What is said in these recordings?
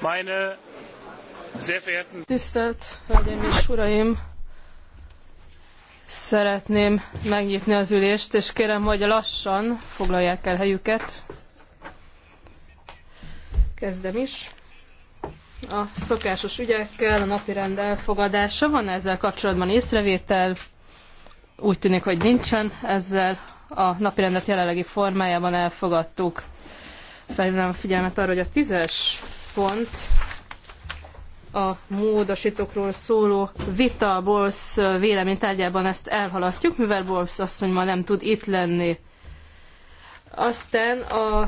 Meine sehr verehrten Tisztelt Hölgyeim és Uraim! Szeretném megnyitni az ülést, és kérem, hogy lassan foglalják el helyüket. Kezdem is. A szokásos ügyekkel a napirend elfogadása van ezzel kapcsolatban észrevétel. Úgy tűnik, hogy nincsen ezzel a napirendet jelenlegi formájában elfogadtuk. Felhívnám a figyelmet arra, hogy a tízes pont a módosítókról szóló vita Bolsz véleménytárgyában ezt elhalasztjuk, mivel Bolsz asszony ma nem tud itt lenni. Aztán a,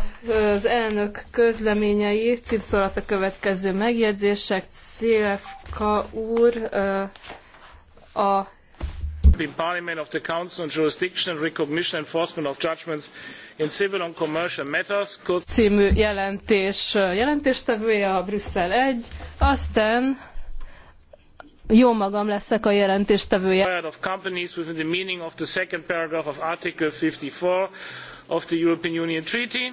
az elnök közleményei címszólat a következő megjegyzések. Szélevka úr a European Parliament of the Council on Jurisdiction and Recognition and Enforcement of Judgments in Civil and Commercial Matters című jelentés jelentéstevője a Brüsszel 1, aztán jó magam leszek a jelentéstevője. of companies within the meaning of the second paragraph of Article 54 of the European Union Treaty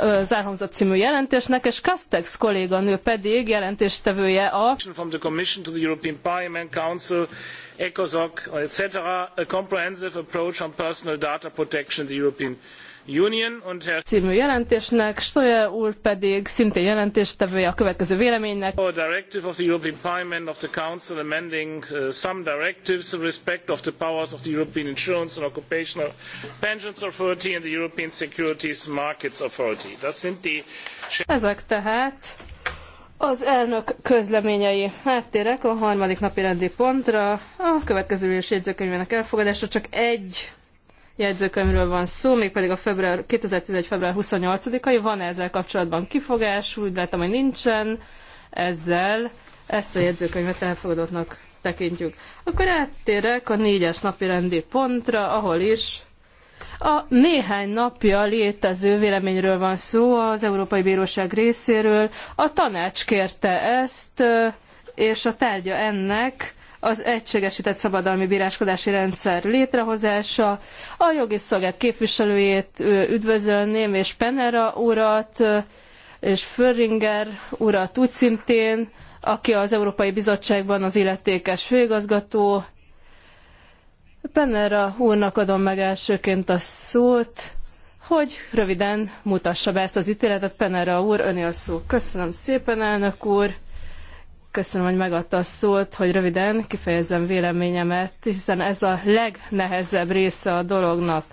az elhangzott című jelentésnek, és Castex kolléganő pedig jelentéstevője a from the Commission to the European Parliament Council, ECOSOC, etc. A comprehensive approach on personal data protection in the European című jelentésnek, Stoja úr pedig szintén jelentéstevője a következő véleménynek. A directive of the European Parliament of the Council amending uh, some directives in respect of the powers of the European Insurance and Occupational Pensions Authority and the European Securities Markets Authority. Das sind die... Ezek tehát az elnök közleményei áttérek a harmadik napi rendi pontra. A következő ülés jegyzőkönyvének elfogadása csak egy jegyzőkönyvről van szó, mégpedig a február, 2011. február 28-ai. van -e ezzel kapcsolatban kifogás? Úgy látom, hogy nincsen. Ezzel ezt a jegyzőkönyvet elfogadottnak tekintjük. Akkor áttérek a négyes napi rendi pontra, ahol is a néhány napja létező véleményről van szó az Európai Bíróság részéről. A tanács kérte ezt, és a tárgya ennek az egységesített szabadalmi bíráskodási rendszer létrehozása. A jogi szolgált képviselőjét üdvözölném, és Penera urat, és Förringer urat úgy szintén, aki az Európai Bizottságban az illetékes főigazgató. Penera úrnak adom meg elsőként a szót hogy röviden mutassa be ezt az ítéletet. Penera úr, önél szó. Köszönöm szépen, elnök úr. Köszönöm, hogy megadta a szót, hogy röviden kifejezzem véleményemet, hiszen ez a legnehezebb része a dolognak.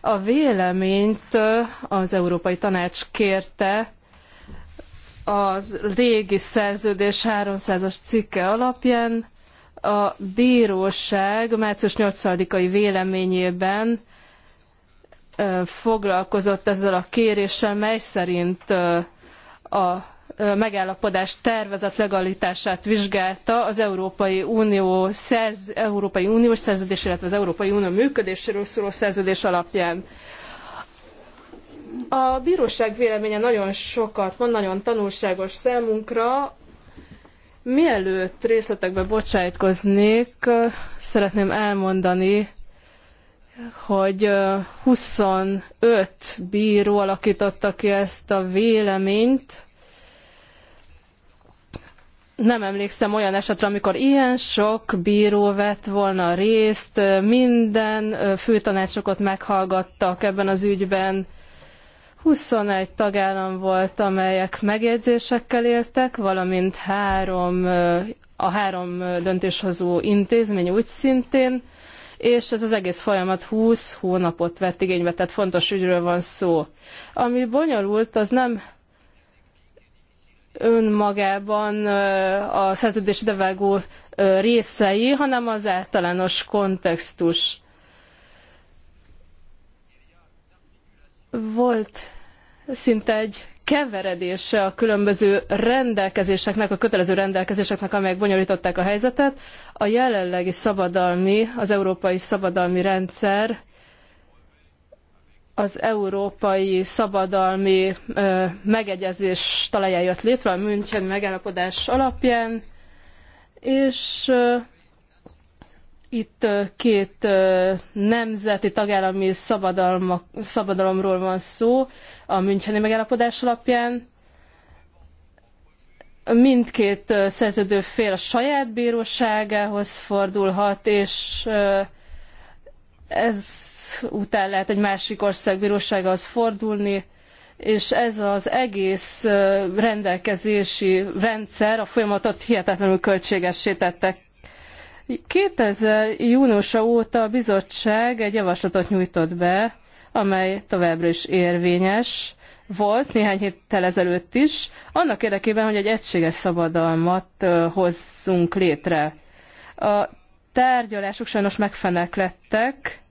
A véleményt az Európai Tanács kérte a régi szerződés 300-as cikke alapján, a bíróság március 8-ai véleményében foglalkozott ezzel a kéréssel, mely szerint a megállapodás tervezett legalitását vizsgálta az Európai Unió, szerz, Európai Uniós szerződés, illetve az Európai Unió működéséről szóló szerződés alapján. A bíróság véleménye nagyon sokat mond, nagyon tanulságos számunkra. Mielőtt részletekbe bocsájtkoznék, szeretném elmondani, hogy 25 bíró alakította ki ezt a véleményt, nem emlékszem olyan esetre, amikor ilyen sok bíró vett volna részt, minden főtanácsokat meghallgattak ebben az ügyben. 21 tagállam volt, amelyek megjegyzésekkel éltek, valamint három, a három döntéshozó intézmény úgy szintén, és ez az egész folyamat 20 hónapot vett igénybe, tehát fontos ügyről van szó. Ami bonyolult, az nem önmagában a szerződés devágó részei, hanem az általános kontextus. Volt szinte egy keveredése a különböző rendelkezéseknek, a kötelező rendelkezéseknek, amelyek bonyolították a helyzetet. A jelenlegi szabadalmi, az európai szabadalmi rendszer az európai szabadalmi ö, megegyezés talaján jött létre, a München megállapodás alapján, és ö, itt ö, két ö, nemzeti tagállami szabadalomról van szó a Müncheni megállapodás alapján. Mindkét szerződő fél a saját bíróságához fordulhat, és ö, ez után lehet egy másik ország bíróságához fordulni, és ez az egész rendelkezési rendszer a folyamatot hihetetlenül költségessé tette. 2000 júniusa óta a bizottság egy javaslatot nyújtott be, amely továbbra is érvényes volt néhány héttel ezelőtt is, annak érdekében, hogy egy egységes szabadalmat hozzunk létre. A tárgyalások sajnos megfeneklettek,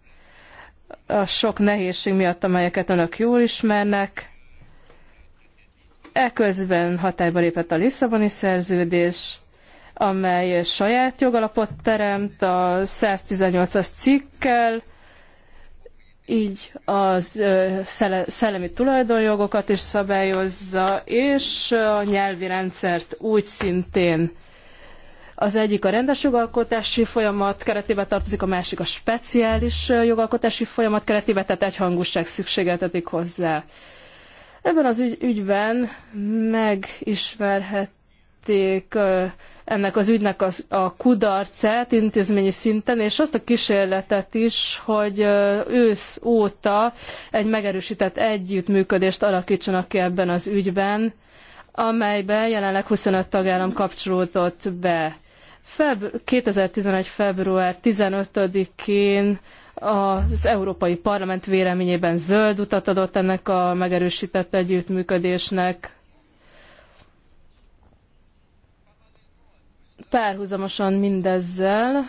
a sok nehézség miatt, amelyeket önök jól ismernek. Eközben hatályba lépett a Lisszaboni szerződés, amely saját jogalapot teremt a 118-as cikkkel, így a szellemi tulajdonjogokat is szabályozza, és a nyelvi rendszert úgy szintén az egyik a rendes jogalkotási folyamat keretébe tartozik, a másik a speciális jogalkotási folyamat keretébe, tehát egyhangúság szükségeltetik hozzá. Ebben az ügy, ügyben megismerhették ennek az ügynek az, a kudarcát intézményi szinten, és azt a kísérletet is, hogy ősz óta egy megerősített együttműködést alakítsanak ki ebben az ügyben, amelyben jelenleg 25 tagállam kapcsolódott be. Feb 2011. február 15-én az Európai Parlament véleményében zöld utat adott ennek a megerősített együttműködésnek. Párhuzamosan mindezzel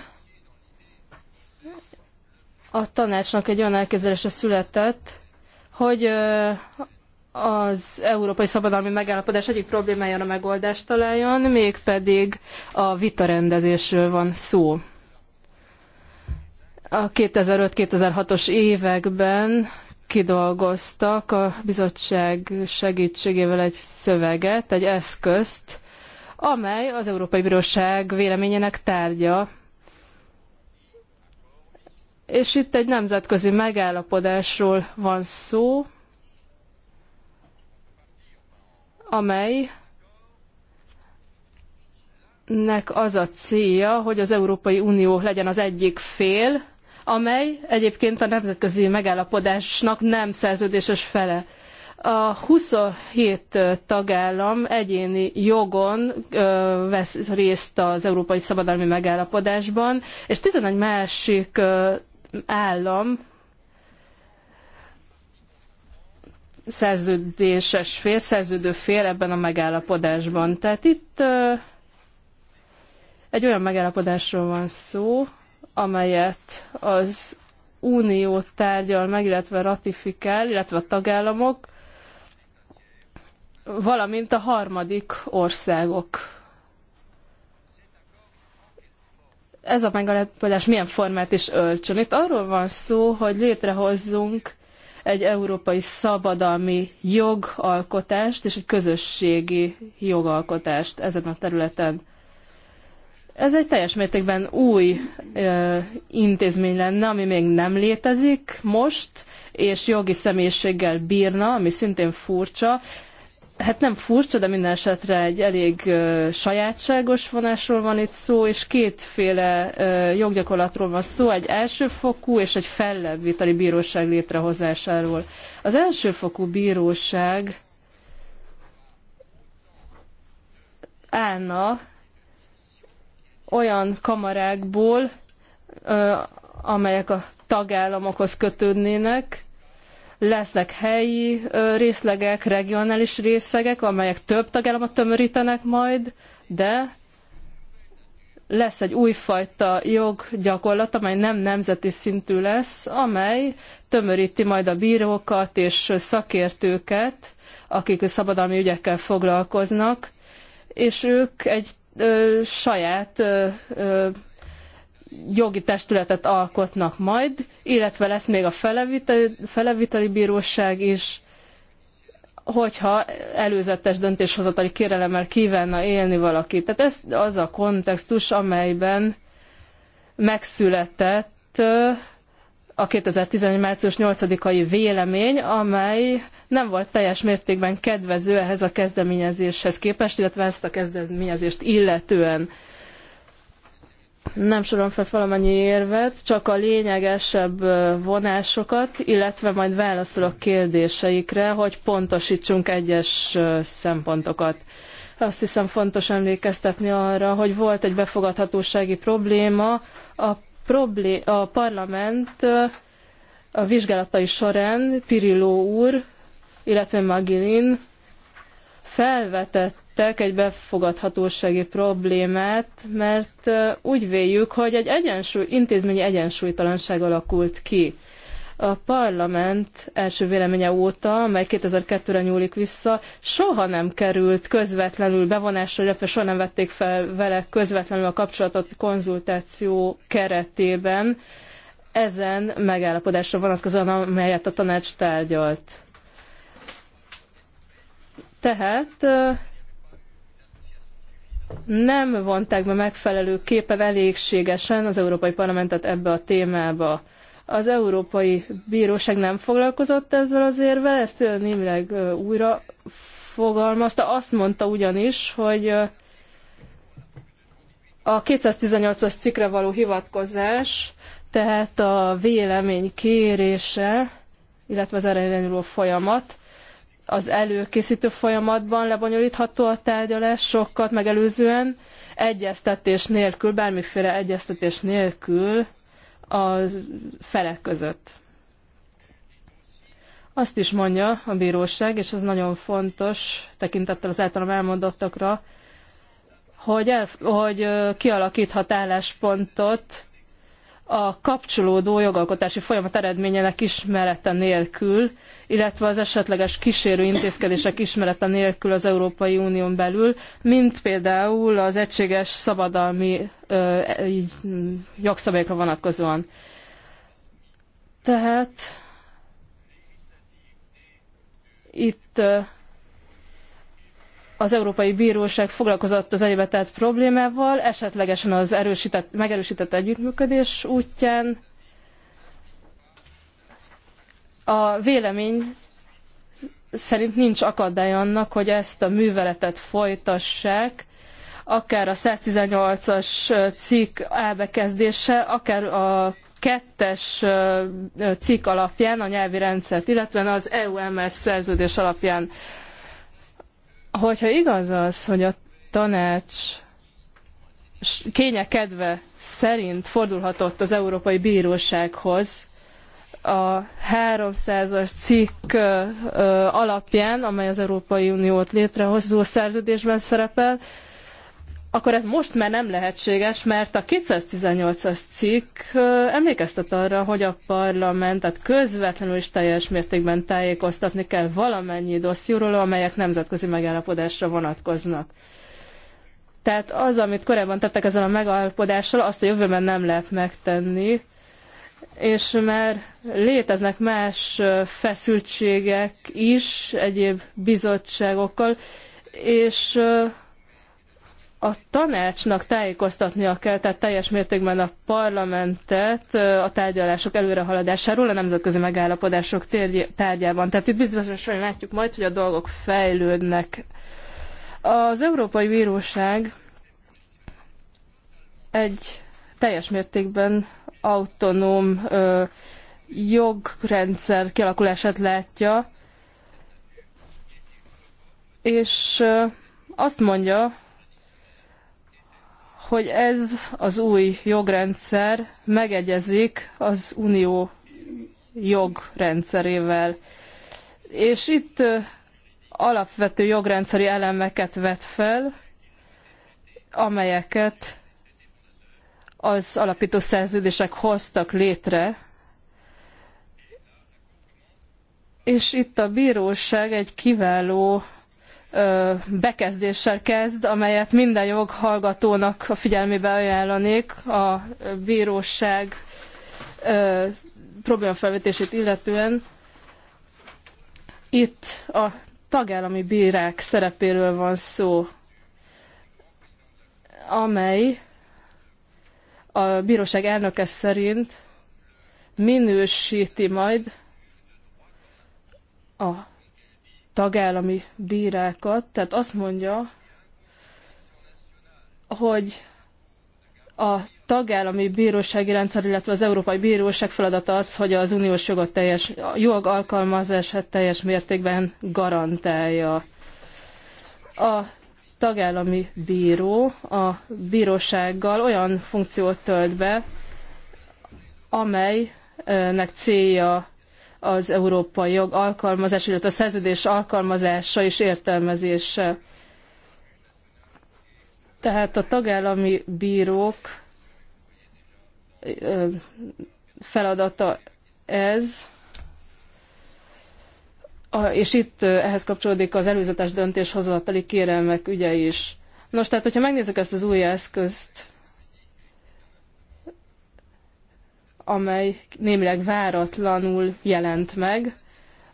a tanácsnak egy olyan elképzelése született, hogy az európai szabadalmi megállapodás egyik problémájára megoldást találjon, mégpedig a vitarendezésről van szó. A 2005-2006-os években kidolgoztak a bizottság segítségével egy szöveget, egy eszközt, amely az Európai Bíróság véleményének tárgya. És itt egy nemzetközi megállapodásról van szó, amely nek az a célja, hogy az Európai Unió legyen az egyik fél, amely egyébként a nemzetközi megállapodásnak nem szerződéses fele. A 27 tagállam egyéni jogon ö, vesz részt az Európai Szabadalmi Megállapodásban, és 11 másik ö, állam szerződéses fél, szerződő fél ebben a megállapodásban. Tehát itt egy olyan megállapodásról van szó, amelyet az Unió tárgyal meg, illetve ratifikál, illetve a tagállamok, valamint a harmadik országok. Ez a megállapodás milyen formát is öltsön. Itt arról van szó, hogy létrehozzunk egy európai szabadalmi jogalkotást és egy közösségi jogalkotást ezen a területen. Ez egy teljes mértékben új ö, intézmény lenne, ami még nem létezik most, és jogi személyiséggel bírna, ami szintén furcsa, hát nem furcsa, de minden esetre egy elég sajátságos vonásról van itt szó, és kétféle joggyakorlatról van szó, egy elsőfokú és egy fellebbviteli bíróság létrehozásáról. Az elsőfokú bíróság állna olyan kamarákból, amelyek a tagállamokhoz kötődnének, lesznek helyi részlegek, regionális részlegek, amelyek több tagállamot tömörítenek majd, de lesz egy újfajta joggyakorlat, amely nem nemzeti szintű lesz, amely tömöríti majd a bírókat és szakértőket, akik szabadalmi ügyekkel foglalkoznak, és ők egy ö, saját ö, ö, jogi testületet alkotnak majd, illetve lesz még a feleviteli, feleviteli bíróság is, hogyha előzetes döntéshozatali kérelemmel kívánna élni valaki. Tehát ez az a kontextus, amelyben megszületett a 2011. március 8-ai vélemény, amely nem volt teljes mértékben kedvező ehhez a kezdeményezéshez képest, illetve ezt a kezdeményezést illetően nem sorom fel valamennyi érvet, csak a lényegesebb vonásokat, illetve majd válaszolok kérdéseikre, hogy pontosítsunk egyes szempontokat. Azt hiszem fontos emlékeztetni arra, hogy volt egy befogadhatósági probléma, a, problé- a parlament a vizsgálatai során Pirilló úr, illetve Magilin felvetett tek egy befogadhatósági problémát, mert úgy véljük, hogy egy egyensúly, intézményi egyensúlytalanság alakult ki. A parlament első véleménye óta, mely 2002-re nyúlik vissza, soha nem került közvetlenül bevonásra, illetve soha nem vették fel vele közvetlenül a kapcsolatot konzultáció keretében ezen megállapodásra vonatkozóan, amelyet a tanács tárgyalt. Tehát nem vonták be megfelelő képen elégségesen az Európai Parlamentet ebbe a témába. Az Európai Bíróság nem foglalkozott ezzel az érvel, ezt némileg újra fogalmazta. Azt mondta ugyanis, hogy a 218-as cikkre való hivatkozás, tehát a vélemény kérése, illetve az erre irányuló folyamat, az előkészítő folyamatban lebonyolítható a tárgyalás sokkal megelőzően, egyeztetés nélkül, bármiféle egyeztetés nélkül a felek között. Azt is mondja a bíróság, és ez nagyon fontos tekintettel az általam elmondottakra, hogy, el, hogy kialakíthat álláspontot a kapcsolódó jogalkotási folyamat eredményének ismerete nélkül, illetve az esetleges kísérő intézkedések ismerete nélkül az Európai Unión belül, mint például az egységes szabadalmi ö, jogszabályokra vonatkozóan. Tehát itt az Európai Bíróság foglalkozott az egyebetett problémával, esetlegesen az erősített, megerősített együttműködés útján. A vélemény szerint nincs akadály annak, hogy ezt a műveletet folytassák, akár a 118-as cikk elbekezdése, akár a kettes cikk alapján, a nyelvi rendszert, illetve az EU-MS szerződés alapján Hogyha igaz az, hogy a tanács kénye kedve szerint fordulhatott az Európai Bírósághoz, a 300-as cikk alapján, amely az Európai Uniót létrehozó szerződésben szerepel, akkor ez most már nem lehetséges, mert a 218-as cikk emlékeztet arra, hogy a parlamentet közvetlenül is teljes mértékben tájékoztatni kell valamennyi dossziúról, amelyek nemzetközi megállapodásra vonatkoznak. Tehát az, amit korábban tettek ezzel a megállapodással, azt a jövőben nem lehet megtenni, és mert léteznek más feszültségek is egyéb bizottságokkal, és a tanácsnak tájékoztatnia kell, tehát teljes mértékben a parlamentet a tárgyalások előrehaladásáról a nemzetközi megállapodások tárgyában. Tehát itt bizonyosan látjuk majd, hogy a dolgok fejlődnek. Az Európai Bíróság egy teljes mértékben autonóm jogrendszer kialakulását látja, és azt mondja, hogy ez az új jogrendszer megegyezik az unió jogrendszerével. És itt alapvető jogrendszeri elemeket vet fel, amelyeket az alapító szerződések hoztak létre, és itt a bíróság egy kiváló bekezdéssel kezd, amelyet minden joghallgatónak a figyelmébe ajánlanék a bíróság problémafelvetését illetően. Itt a tagállami bírák szerepéről van szó, amely a bíróság elnöke szerint minősíti majd a tagállami bírákat, tehát azt mondja, hogy a tagállami bírósági rendszer, illetve az Európai Bíróság feladata az, hogy az uniós jogot teljes, a jog alkalmazását teljes mértékben garantálja. A tagállami bíró a bírósággal olyan funkciót tölt be, amelynek célja az európai jog alkalmazása, illetve a szerződés alkalmazása és értelmezése. Tehát a tagállami bírók feladata ez, és itt ehhez kapcsolódik az előzetes döntéshozatali kérelmek ügye is. Nos, tehát hogyha megnézzük ezt az új eszközt, amely némileg váratlanul jelent meg,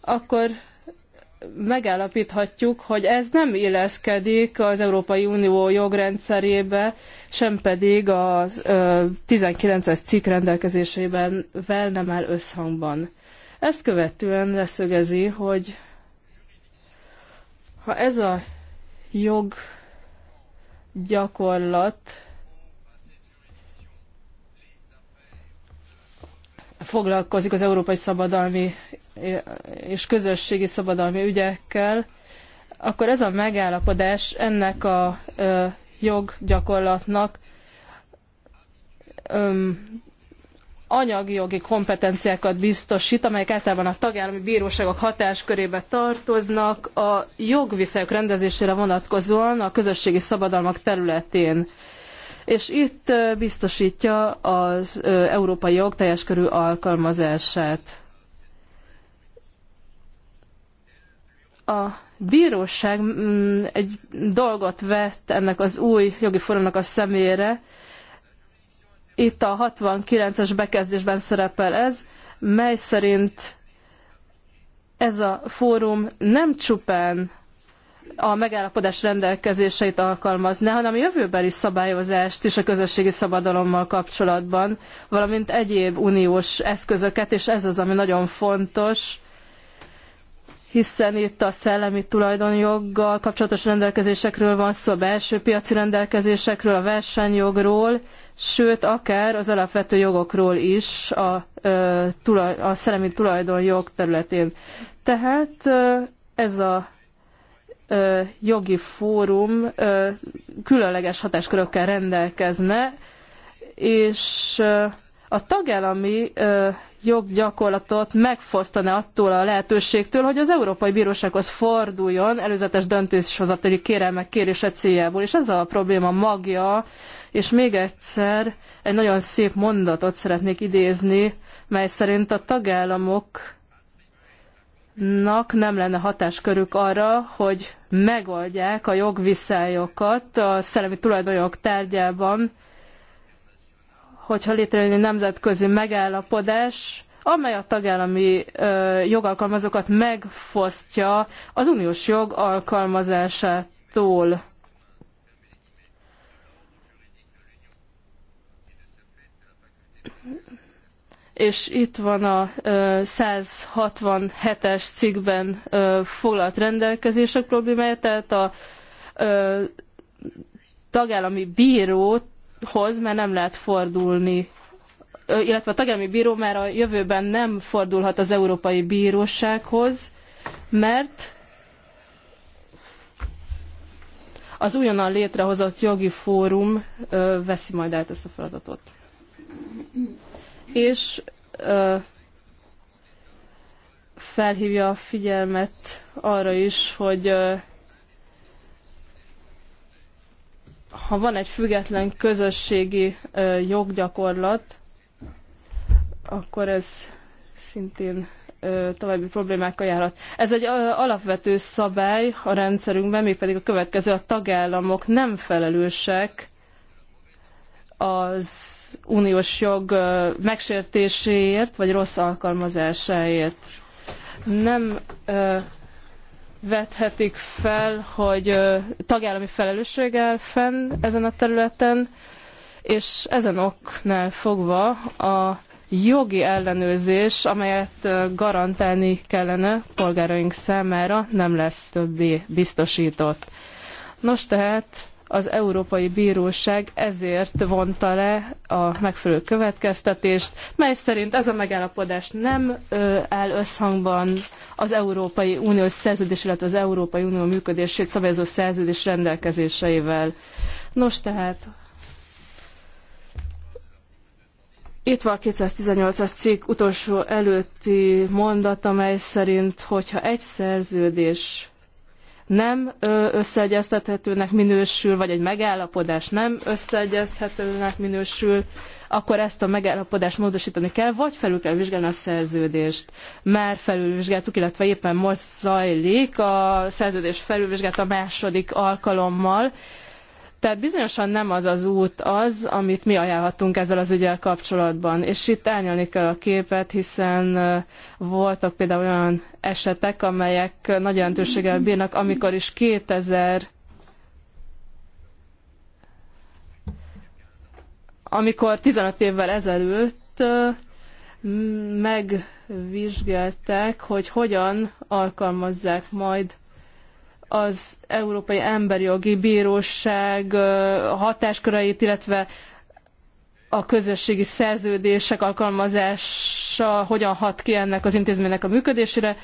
akkor megállapíthatjuk, hogy ez nem illeszkedik az Európai Unió jogrendszerébe, sem pedig a 19-es cikk rendelkezésében vel nem áll összhangban. Ezt követően leszögezi, hogy ha ez a jog gyakorlat foglalkozik az európai szabadalmi és közösségi szabadalmi ügyekkel, akkor ez a megállapodás ennek a joggyakorlatnak anyagi jogi kompetenciákat biztosít, amelyek általában a tagállami bíróságok hatáskörébe tartoznak a jogviszonyok rendezésére vonatkozóan a közösségi szabadalmak területén és itt biztosítja az európai jog teljes körű alkalmazását. A bíróság mm, egy dolgot vett ennek az új jogi forumnak a szemére Itt a 69-es bekezdésben szerepel ez, mely szerint ez a fórum nem csupán a megállapodás rendelkezéseit alkalmazná, hanem a jövőbeli szabályozást is a közösségi szabadalommal kapcsolatban, valamint egyéb uniós eszközöket, és ez az, ami nagyon fontos, hiszen itt a szellemi tulajdonjoggal kapcsolatos rendelkezésekről van szó, a belső piaci rendelkezésekről, a versenyjogról, sőt, akár az alapvető jogokról is a, a szellemi tulajdonjog területén. Tehát ez a jogi fórum különleges hatáskörökkel rendelkezne, és a tagállami joggyakorlatot megfosztana attól a lehetőségtől, hogy az Európai Bírósághoz forduljon előzetes döntéshozatali kérelmek kérése céljából. És ez a probléma magja, és még egyszer egy nagyon szép mondatot szeretnék idézni, mely szerint a tagállamok nak nem lenne hatáskörük arra, hogy megoldják a jogviszályokat a szellemi tulajdonjog tárgyában, hogyha létrejön egy nemzetközi megállapodás, amely a tagállami ö, jogalkalmazókat megfosztja az uniós jog alkalmazásától és itt van a 167-es cikkben foglalt rendelkezések problémája, tehát a tagállami bíróhoz már nem lehet fordulni illetve a tagállami bíró már a jövőben nem fordulhat az Európai Bírósághoz, mert az újonnan létrehozott jogi fórum veszi majd át ezt a feladatot és ö, felhívja a figyelmet arra is, hogy ö, ha van egy független közösségi ö, joggyakorlat, akkor ez szintén ö, további problémákkal járhat. Ez egy ö, alapvető szabály a rendszerünkben, mégpedig a következő, a tagállamok nem felelősek az uniós jog megsértéséért, vagy rossz alkalmazásáért. Nem vethetik fel, hogy tagállami felelősség áll fenn ezen a területen, és ezen oknál fogva a jogi ellenőrzés, amelyet garantálni kellene polgáraink számára, nem lesz többé biztosított. Nos tehát az Európai Bíróság ezért vonta le a megfelelő következtetést, mely szerint ez a megállapodás nem áll összhangban az Európai Uniós szerződés, illetve az Európai Unió működését szabályozó szerződés rendelkezéseivel. Nos tehát, Itt van a 218-as cikk utolsó előtti mondat, amely szerint, hogyha egy szerződés nem összeegyeztethetőnek minősül, vagy egy megállapodás nem összeegyeztethetőnek minősül, akkor ezt a megállapodást módosítani kell, vagy felül kell vizsgálni a szerződést. Már felülvizsgáltuk, illetve éppen most zajlik a szerződés felülvizsgált a második alkalommal, tehát bizonyosan nem az az út az, amit mi ajánlhatunk ezzel az ügyel kapcsolatban. És itt árnyalni kell a képet, hiszen voltak például olyan esetek, amelyek nagy jelentőséggel bírnak, amikor is 2000 amikor 15 évvel ezelőtt megvizsgálták, hogy hogyan alkalmazzák majd az Európai Emberi Jogi Bíróság hatásköreit, illetve a közösségi szerződések alkalmazása hogyan hat ki ennek az intézménynek a működésére,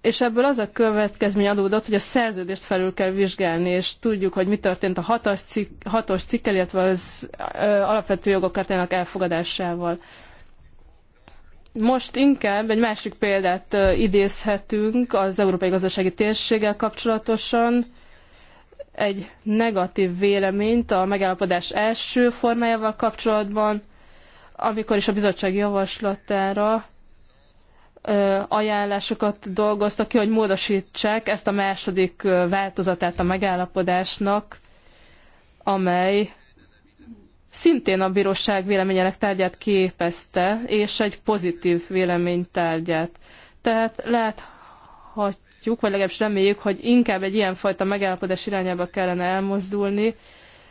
és ebből az a következmény adódott, hogy a szerződést felül kell vizsgálni, és tudjuk, hogy mi történt a hatos, cikkel, illetve az ö, alapvető jogok elfogadásával most inkább egy másik példát idézhetünk az európai gazdasági térséggel kapcsolatosan, egy negatív véleményt a megállapodás első formájával kapcsolatban, amikor is a bizottság javaslatára ajánlásokat dolgoztak ki, hogy módosítsák ezt a második változatát a megállapodásnak, amely szintén a bíróság véleményének tárgyát képezte, és egy pozitív véleménytárgyát. Tehát láthatjuk, vagy legalábbis reméljük, hogy inkább egy ilyenfajta megállapodás irányába kellene elmozdulni,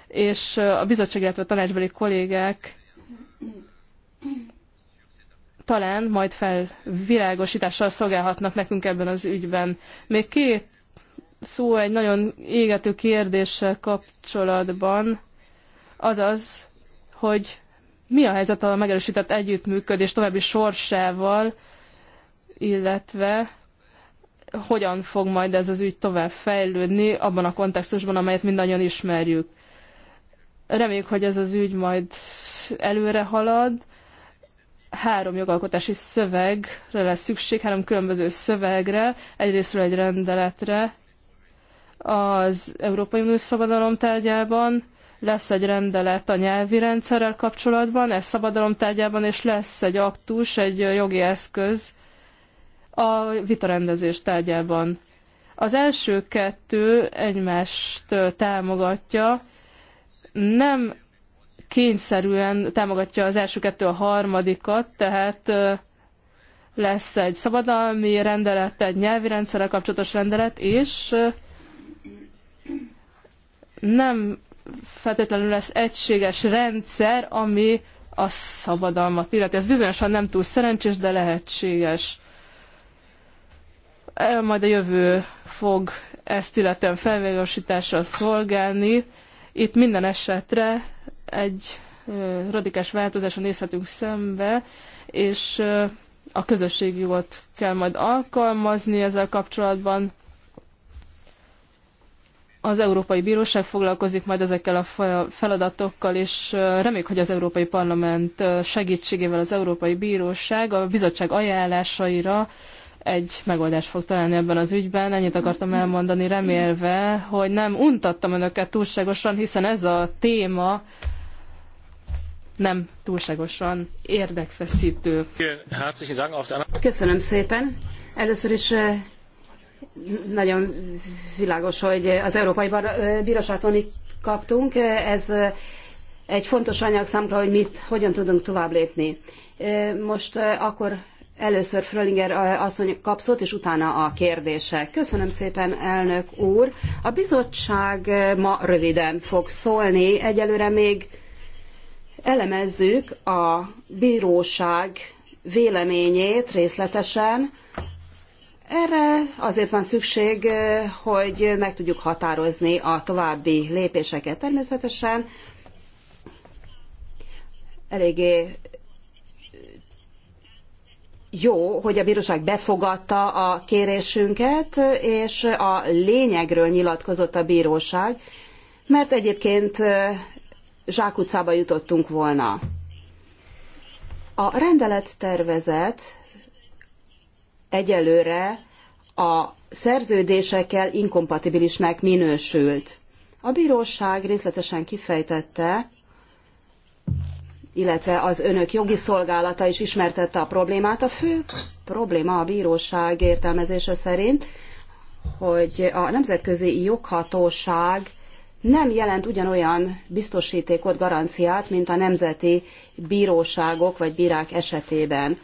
és a bizottság, illetve a tanácsbeli kollégák talán majd felvilágosítással szolgálhatnak nekünk ebben az ügyben. Még két szó egy nagyon égető kérdéssel kapcsolatban, azaz hogy mi a helyzet a megerősített együttműködés további sorsával, illetve hogyan fog majd ez az ügy tovább fejlődni abban a kontextusban, amelyet mindannyian ismerjük. Reméljük, hogy ez az ügy majd előre halad. Három jogalkotási szövegre lesz szükség, három különböző szövegre, egyrésztről egy rendeletre az Európai Unió Szabadalom tárgyában, lesz egy rendelet a nyelvi rendszerrel kapcsolatban, ez szabadalom tárgyában, és lesz egy aktus, egy jogi eszköz a vitarendezés tárgyában. Az első kettő egymást támogatja, nem kényszerűen támogatja az első kettő a harmadikat, tehát lesz egy szabadalmi rendelet, egy nyelvi rendszerrel kapcsolatos rendelet, és nem feltétlenül lesz egységes rendszer, ami a szabadalmat illeti. Ez bizonyosan nem túl szerencsés, de lehetséges. E, majd a jövő fog ezt illetően felvégosításra szolgálni. Itt minden esetre egy radikás változáson nézhetünk szembe, és a közösségjogot kell majd alkalmazni ezzel kapcsolatban, az Európai Bíróság foglalkozik majd ezekkel a feladatokkal, és reméljük, hogy az Európai Parlament segítségével az Európai Bíróság a bizottság ajánlásaira egy megoldást fog találni ebben az ügyben. Ennyit akartam elmondani, remélve, hogy nem untattam önöket túlságosan, hiszen ez a téma nem túlságosan érdekfeszítő. Köszönöm szépen. Először is nagyon világos, hogy az Európai Bíróságtól mit kaptunk. Ez egy fontos anyag számra, hogy mit, hogyan tudunk tovább lépni. Most akkor először Frölinger asszony kapszott, és utána a kérdése Köszönöm szépen, elnök úr. A bizottság ma röviden fog szólni. Egyelőre még elemezzük a bíróság véleményét részletesen, erre azért van szükség, eh, hogy meg tudjuk határozni a további lépéseket. Természetesen eléggé jó, hogy a bíróság befogadta a kérésünket, és a lényegről nyilatkozott a bíróság, mert egyébként eh, zsákutcába jutottunk volna. A rendelet tervezet egyelőre a szerződésekkel inkompatibilisnek minősült. A bíróság részletesen kifejtette, illetve az önök jogi szolgálata is ismertette a problémát. A fő probléma a bíróság értelmezése szerint, hogy a nemzetközi joghatóság nem jelent ugyanolyan biztosítékot, garanciát, mint a nemzeti bíróságok vagy bírák esetében.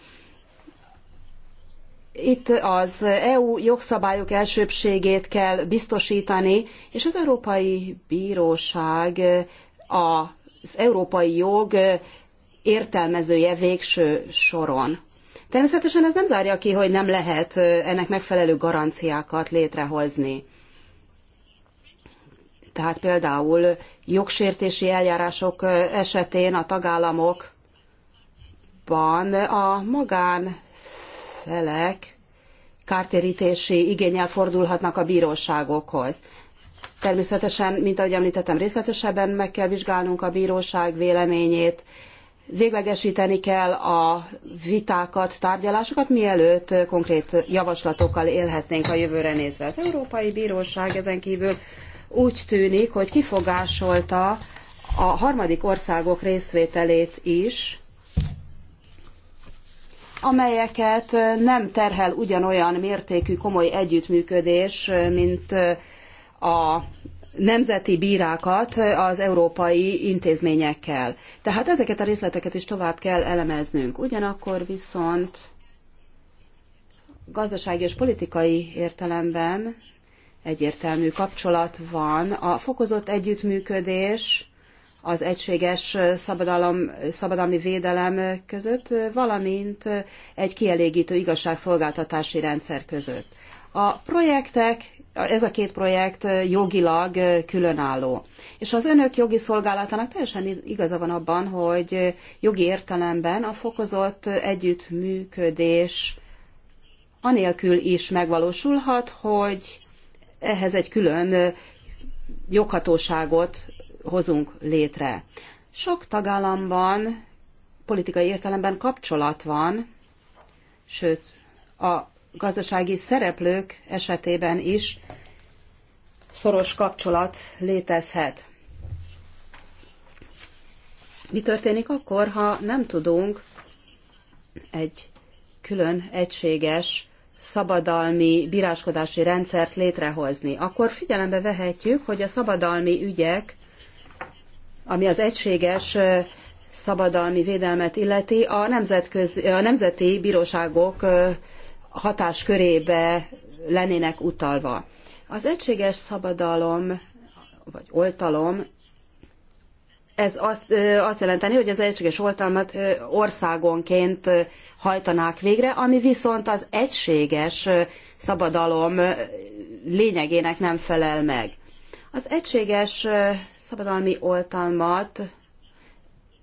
Itt az EU jogszabályok elsőbségét kell biztosítani, és az Európai Bíróság az európai jog értelmezője végső soron. Természetesen ez nem zárja ki, hogy nem lehet ennek megfelelő garanciákat létrehozni. Tehát például jogsértési eljárások esetén a tagállamokban a magán felek kártérítési igényel fordulhatnak a bíróságokhoz. Természetesen, mint ahogy említettem, részletesebben meg kell vizsgálnunk a bíróság véleményét, véglegesíteni kell a vitákat, tárgyalásokat, mielőtt konkrét javaslatokkal élhetnénk a jövőre nézve. Az Európai Bíróság ezen kívül úgy tűnik, hogy kifogásolta a harmadik országok részvételét is amelyeket nem terhel ugyanolyan mértékű komoly együttműködés, mint a nemzeti bírákat az európai intézményekkel. Tehát ezeket a részleteket is tovább kell elemeznünk. Ugyanakkor viszont gazdasági és politikai értelemben egyértelmű kapcsolat van a fokozott együttműködés az egységes szabadalom, szabadalmi védelem között, valamint egy kielégítő igazságszolgáltatási rendszer között. A projektek, ez a két projekt jogilag különálló. És az önök jogi szolgálatának teljesen igaza van abban, hogy jogi értelemben a fokozott együttműködés anélkül is megvalósulhat, hogy ehhez egy külön joghatóságot hozunk létre. Sok tagállamban politikai értelemben kapcsolat van, sőt, a gazdasági szereplők esetében is szoros kapcsolat létezhet. Mi történik akkor, ha nem tudunk egy külön egységes szabadalmi bíráskodási rendszert létrehozni? Akkor figyelembe vehetjük, hogy a szabadalmi ügyek ami az egységes szabadalmi védelmet illeti, a, nemzetközi, a nemzeti bíróságok hatáskörébe lennének utalva. Az egységes szabadalom, vagy oltalom, ez azt, azt jelenteni, hogy az egységes oltalmat országonként hajtanák végre, ami viszont az egységes szabadalom lényegének nem felel meg. Az egységes szabadalmi oltalmat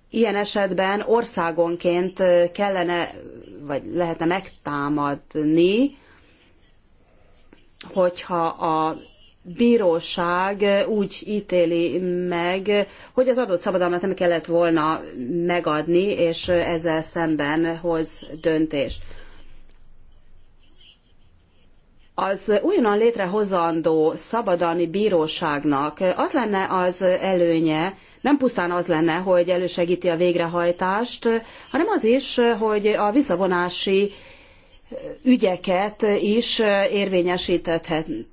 ilyen esetben országonként kellene, vagy lehetne megtámadni, hogyha a bíróság úgy ítéli meg, hogy az adott szabadalmat nem kellett volna megadni, és ezzel szemben hoz döntést az újonnan létrehozandó szabadalmi bíróságnak az lenne az előnye, nem pusztán az lenne, hogy elősegíti a végrehajtást, hanem az is, hogy a visszavonási ügyeket is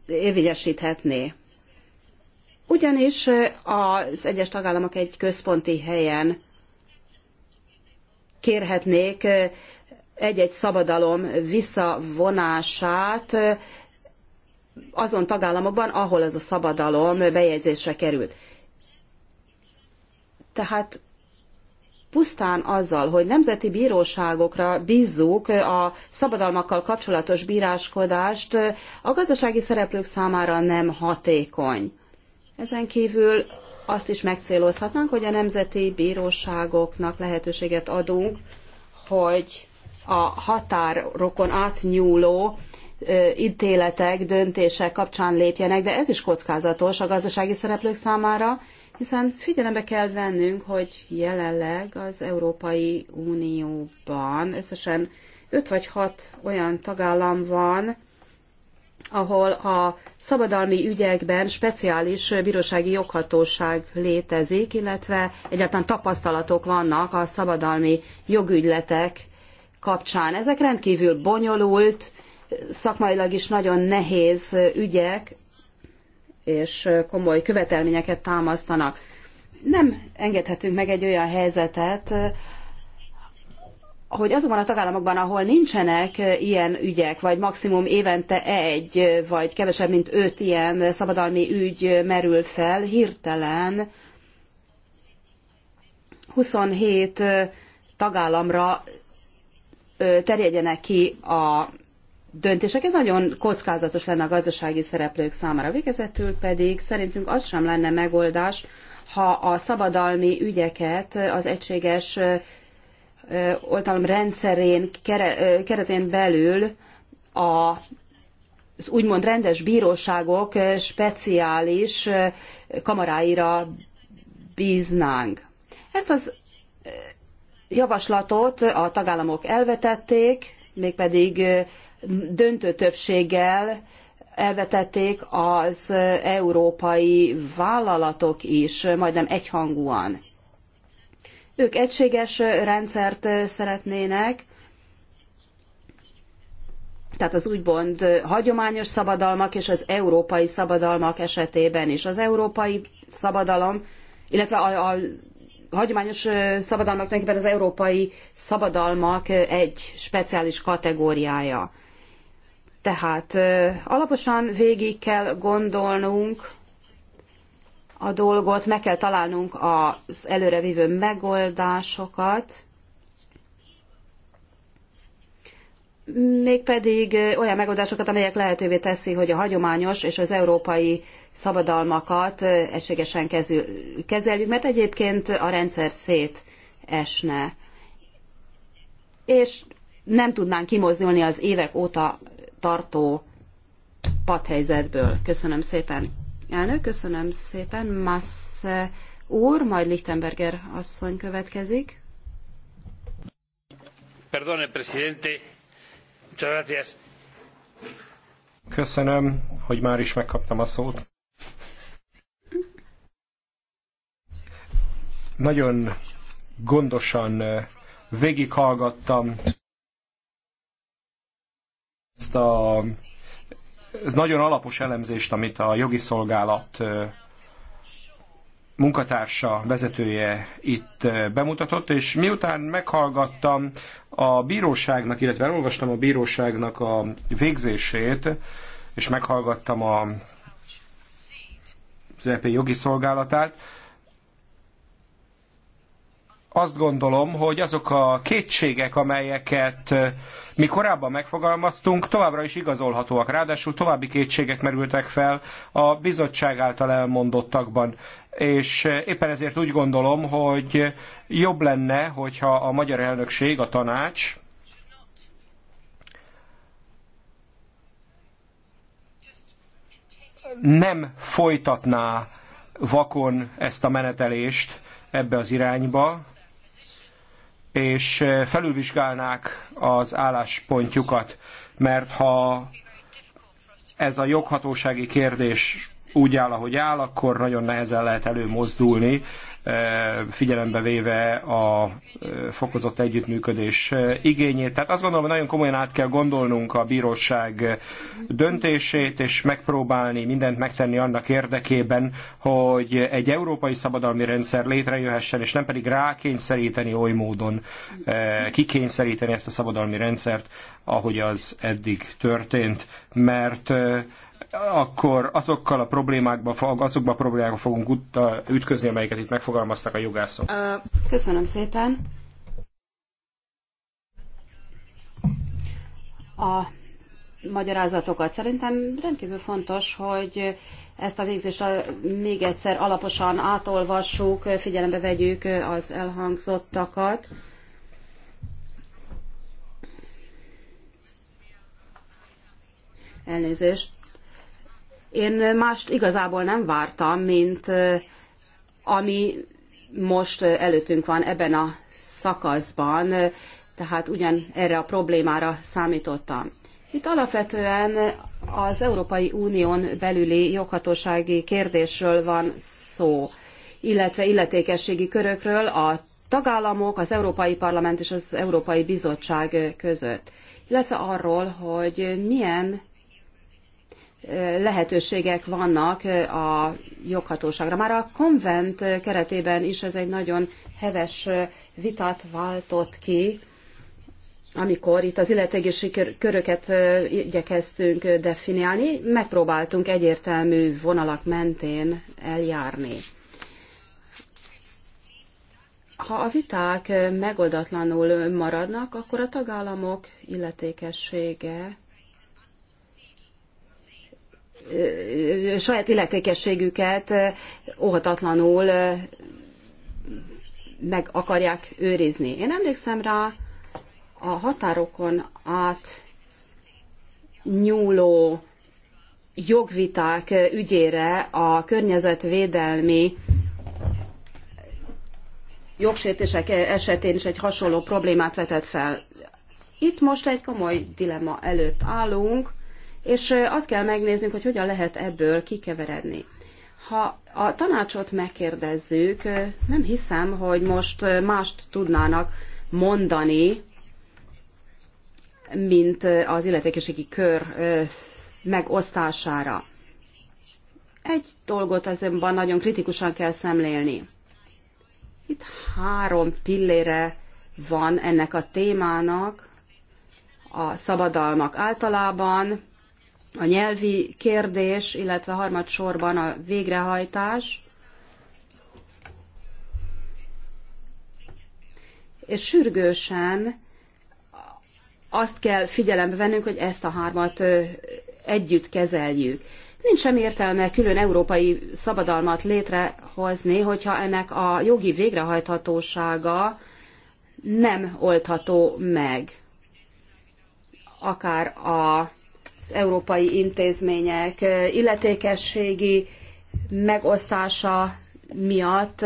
érvényesíthetné. Ugyanis az egyes tagállamok egy központi helyen kérhetnék egy-egy szabadalom visszavonását azon tagállamokban, ahol ez a szabadalom bejegyzésre került. Tehát pusztán azzal, hogy nemzeti bíróságokra bízzuk a szabadalmakkal kapcsolatos bíráskodást, a gazdasági szereplők számára nem hatékony. Ezen kívül azt is megcélozhatnánk, hogy a nemzeti bíróságoknak lehetőséget adunk, hogy a határokon átnyúló ítéletek, döntések kapcsán lépjenek, de ez is kockázatos a gazdasági szereplők számára, hiszen figyelembe kell vennünk, hogy jelenleg az Európai Unióban összesen 5 vagy 6 olyan tagállam van, ahol a szabadalmi ügyekben speciális bírósági joghatóság létezik, illetve egyáltalán tapasztalatok vannak a szabadalmi jogügyletek kapcsán. Ezek rendkívül bonyolult, szakmailag is nagyon nehéz ügyek, és komoly követelményeket támasztanak. Nem engedhetünk meg egy olyan helyzetet, hogy azokban a tagállamokban, ahol nincsenek ilyen ügyek, vagy maximum évente egy, vagy kevesebb, mint öt ilyen szabadalmi ügy merül fel, hirtelen 27 tagállamra terjedjenek ki a döntések. Ez nagyon kockázatos lenne a gazdasági szereplők számára. Végezetül pedig szerintünk az sem lenne megoldás, ha a szabadalmi ügyeket az egységes oltalom rendszerén, keretén belül a az úgymond rendes bíróságok speciális kamaráira bíznánk. Ezt az javaslatot a tagállamok elvetették, mégpedig döntő többséggel elvetették az európai vállalatok is, majdnem egyhangúan. Ők egységes rendszert szeretnének, tehát az úgymond hagyományos szabadalmak és az európai szabadalmak esetében is. Az európai szabadalom, illetve az hagyományos szabadalmak tulajdonképpen az európai szabadalmak egy speciális kategóriája. Tehát alaposan végig kell gondolnunk a dolgot, meg kell találnunk az előrevívő megoldásokat, mégpedig olyan megoldásokat, amelyek lehetővé teszi, hogy a hagyományos és az európai szabadalmakat egységesen kezeljük, mert egyébként a rendszer szétesne. És nem tudnánk kimozdulni az évek óta tartó padhelyzetből. Köszönöm szépen. Elnök, köszönöm szépen. Massz úr, majd Lichtenberger asszony következik. Perdone, presidente. Köszönöm, hogy már is megkaptam a szót. Nagyon gondosan eh, végighallgattam ezt a ez nagyon alapos elemzést, amit a jogi szolgálat eh, munkatársa, vezetője itt eh, bemutatott, és miután meghallgattam a bíróságnak, illetve elolvastam a bíróságnak a végzését, és meghallgattam a, az EP jogi szolgálatát, azt gondolom, hogy azok a kétségek, amelyeket mi korábban megfogalmaztunk, továbbra is igazolhatóak. Ráadásul további kétségek merültek fel a bizottság által elmondottakban. És éppen ezért úgy gondolom, hogy jobb lenne, hogyha a magyar elnökség, a tanács, nem folytatná vakon ezt a menetelést ebbe az irányba, és eh, felülvizsgálnák az álláspontjukat, mert ha ez a joghatósági kérdés úgy áll, ahogy áll, akkor nagyon nehezen lehet előmozdulni, eh, figyelembe véve a eh, fokozott együttműködés eh, igényét. Tehát azt gondolom, hogy nagyon komolyan át kell gondolnunk a bíróság döntését, és megpróbálni mindent megtenni annak érdekében, hogy egy európai szabadalmi rendszer létrejöhessen, és nem pedig rákényszeríteni oly módon, kikényszeríteni ezt a szabadalmi rendszert, ahogy az eddig történt. Mert akkor azokkal a problémákban, azokba a problémákba fogunk ütközni, amelyeket itt megfogalmaztak a jogászok. Köszönöm szépen. A magyarázatokat. Szerintem rendkívül fontos, hogy ezt a végzést még egyszer alaposan átolvassuk, figyelembe vegyük az elhangzottakat. Elnézést. Én mást igazából nem vártam, mint ami most előttünk van ebben a szakaszban, tehát ugyan erre a problémára számítottam. Itt alapvetően az Európai Unión belüli joghatósági kérdésről van szó, illetve illetékességi körökről a tagállamok, az Európai Parlament és az Európai Bizottság között, illetve arról, hogy milyen lehetőségek vannak a joghatóságra. Már a konvent keretében is ez egy nagyon heves vitát váltott ki, amikor itt az illetegési köröket igyekeztünk definiálni, megpróbáltunk egyértelmű vonalak mentén eljárni. Ha a viták megoldatlanul maradnak, akkor a tagállamok illetékessége saját illetékességüket óhatatlanul meg akarják őrizni. Én emlékszem rá a határokon át nyúló jogviták ügyére a környezetvédelmi jogsértések esetén is egy hasonló problémát vetett fel. Itt most egy komoly dilemma előtt állunk, és azt kell megnéznünk, hogy hogyan lehet ebből kikeveredni. Ha a tanácsot megkérdezzük, nem hiszem, hogy most mást tudnának mondani, mint az illetékeségi kör megosztására. Egy dolgot azonban nagyon kritikusan kell szemlélni. Itt három pillére van ennek a témának, a szabadalmak általában, a nyelvi kérdés, illetve harmadsorban a végrehajtás, és sürgősen azt kell figyelembe vennünk, hogy ezt a hármat együtt kezeljük. Nincs sem értelme külön európai szabadalmat létrehozni, hogyha ennek a jogi végrehajthatósága nem oltható meg. Akár a európai intézmények illetékességi megosztása miatt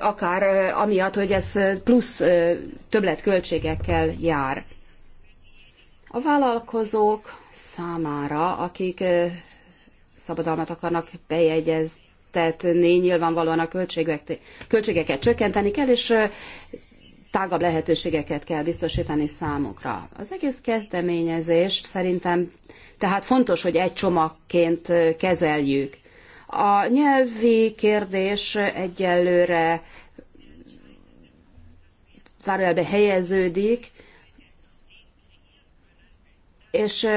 akár amiatt, hogy ez plusz többletköltségekkel jár. A vállalkozók számára, akik szabadalmat akarnak bejegyezni, tetni, nyilvánvalóan a költségeket csökkenteni kell, és tágabb lehetőségeket kell biztosítani számukra. Az egész kezdeményezést szerintem tehát fontos, hogy egy csomagként kezeljük. A nyelvi kérdés egyelőre zárójelbe helyeződik, és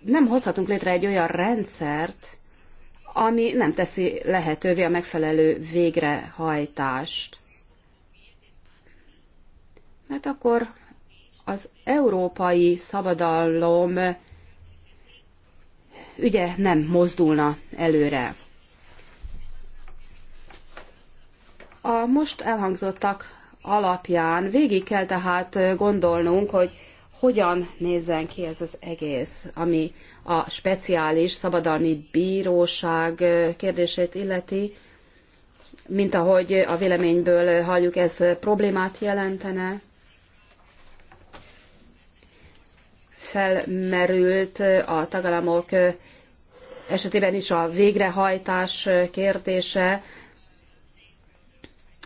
nem hozhatunk létre egy olyan rendszert, ami nem teszi lehetővé a megfelelő végrehajtást mert hát akkor az európai szabadalom ügye nem mozdulna előre. A most elhangzottak alapján végig kell tehát gondolnunk, hogy hogyan nézzen ki ez az egész, ami a speciális szabadalmi bíróság kérdését illeti, mint ahogy a véleményből halljuk, ez problémát jelentene. felmerült a tagállamok esetében is a végrehajtás kérdése,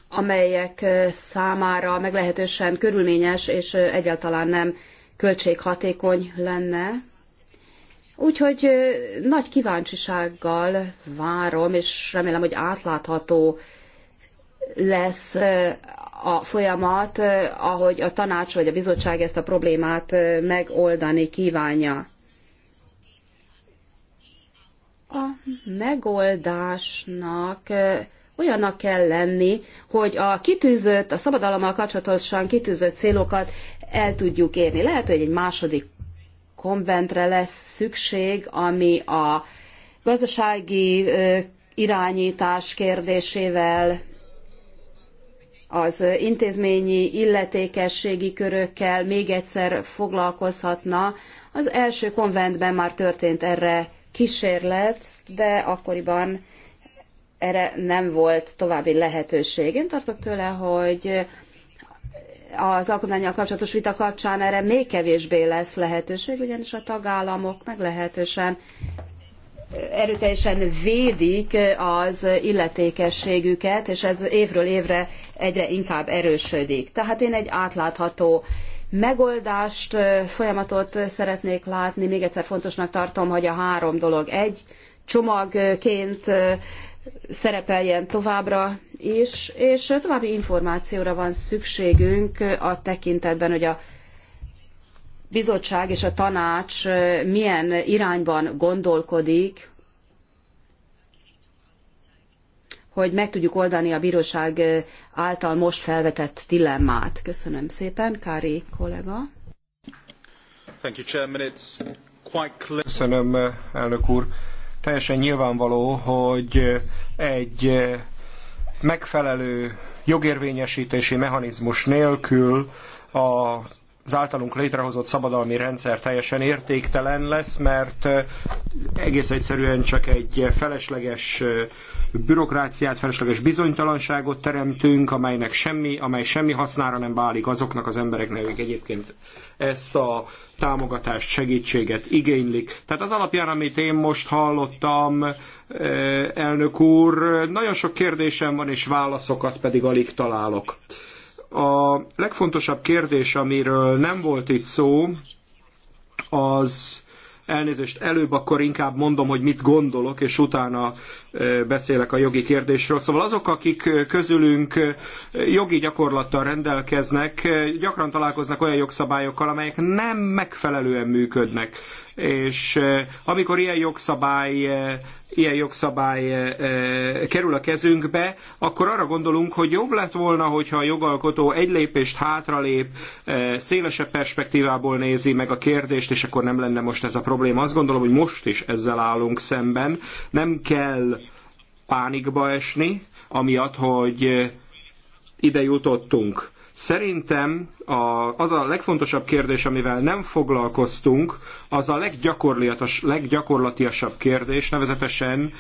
amelyek számára meglehetősen körülményes és egyáltalán nem költséghatékony lenne. Úgyhogy nagy kíváncsisággal várom, és remélem, hogy átlátható lesz a folyamat, eh, ahogy a tanács vagy a bizottság ezt a problémát eh, megoldani kívánja. A megoldásnak eh, olyannak kell lenni, hogy a kitűzött, a szabadalommal kapcsolatosan kitűzött célokat el tudjuk érni. Lehet, hogy egy második konventre lesz szükség, ami a gazdasági irányítás kérdésével az intézményi illetékességi körökkel még egyszer foglalkozhatna. Az első konventben már történt erre kísérlet, de akkoriban erre nem volt további lehetőség. Én tartok tőle, hogy az alkotmányjal kapcsolatos vita kapcsán erre még kevésbé lesz lehetőség, ugyanis a tagállamok meglehetősen erőteljesen védik az illetékességüket, és ez évről évre egyre inkább erősödik. Tehát én egy átlátható megoldást, folyamatot szeretnék látni. Még egyszer fontosnak tartom, hogy a három dolog egy csomagként szerepeljen továbbra is, és további információra van szükségünk a tekintetben, hogy a bizottság és a tanács milyen irányban gondolkodik, hogy meg tudjuk oldani a bíróság által most felvetett dilemmát. Köszönöm szépen, Kári kollega. Köszönöm, elnök úr. Teljesen nyilvánvaló, hogy egy megfelelő jogérvényesítési mechanizmus nélkül a az általunk létrehozott szabadalmi rendszer teljesen értéktelen lesz, mert egész egyszerűen csak egy felesleges bürokráciát, felesleges bizonytalanságot teremtünk, amelynek semmi, amely semmi hasznára nem válik azoknak az embereknek, akik egyébként ezt a támogatást, segítséget igénylik. Tehát az alapján, amit én most hallottam, elnök úr, nagyon sok kérdésem van, és válaszokat pedig alig találok. A legfontosabb kérdés, amiről nem volt itt szó, az elnézést előbb, akkor inkább mondom, hogy mit gondolok, és utána beszélek a jogi kérdésről. Szóval azok, akik közülünk jogi gyakorlattal rendelkeznek, gyakran találkoznak olyan jogszabályokkal, amelyek nem megfelelően működnek. És eh, amikor ilyen jogszabály, eh, ilyen jogszabály eh, kerül a kezünkbe, akkor arra gondolunk, hogy jobb lett volna, hogyha a jogalkotó egy lépést hátralép, szélesebb perspektívából nézi meg a kérdést, és akkor nem lenne most ez a probléma. Azt gondolom, hogy most is ezzel állunk szemben. Nem kell pánikba esni, amiatt, hogy eh, ide jutottunk. Szerintem a, az a legfontosabb kérdés, amivel nem foglalkoztunk, az a leggyakorlatiasabb kérdés, nevezetesen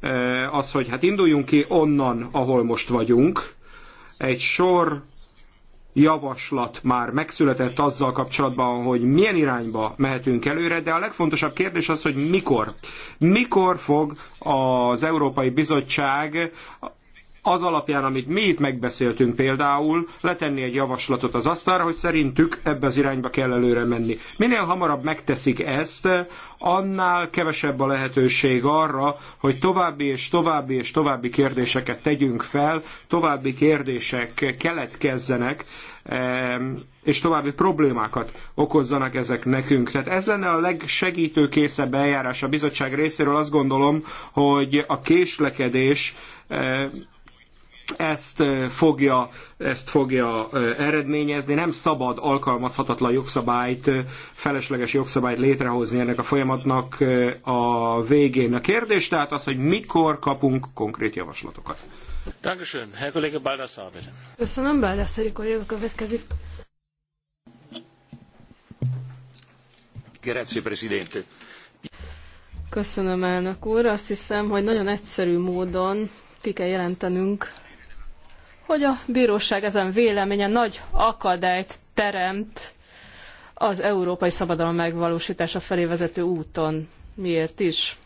eh, az, hogy hát induljunk ki onnan, ahol most vagyunk. Egy sor javaslat már megszületett azzal kapcsolatban, hogy milyen irányba mehetünk előre, de a legfontosabb kérdés az, hogy mikor. Mikor fog az Európai Bizottság az alapján, amit mi itt megbeszéltünk például, letenni egy javaslatot az asztalra, hogy szerintük ebbe az irányba kell előre menni. Minél hamarabb megteszik ezt, annál kevesebb a lehetőség arra, hogy további és további és további kérdéseket tegyünk fel, további kérdések keletkezzenek, és további problémákat okozzanak ezek nekünk. Tehát ez lenne a legsegítőkészebb eljárás a bizottság részéről. Azt gondolom, hogy a késlekedés ezt fogja, ezt fogja eredményezni. Nem szabad alkalmazhatatlan jogszabályt, felesleges jogszabályt létrehozni ennek a folyamatnak a végén. A kérdés tehát az, hogy mikor kapunk konkrét javaslatokat. Dankeschön, Herr Kollege Baldassar, bitte. Köszönöm, Baldassari kolléga következik. Grazie, Presidente. Köszönöm, elnök úr. Azt hiszem, hogy nagyon egyszerű módon ki kell jelentenünk hogy a bíróság ezen véleménye nagy akadályt teremt az európai szabadalom megvalósítása felé vezető úton. Miért is?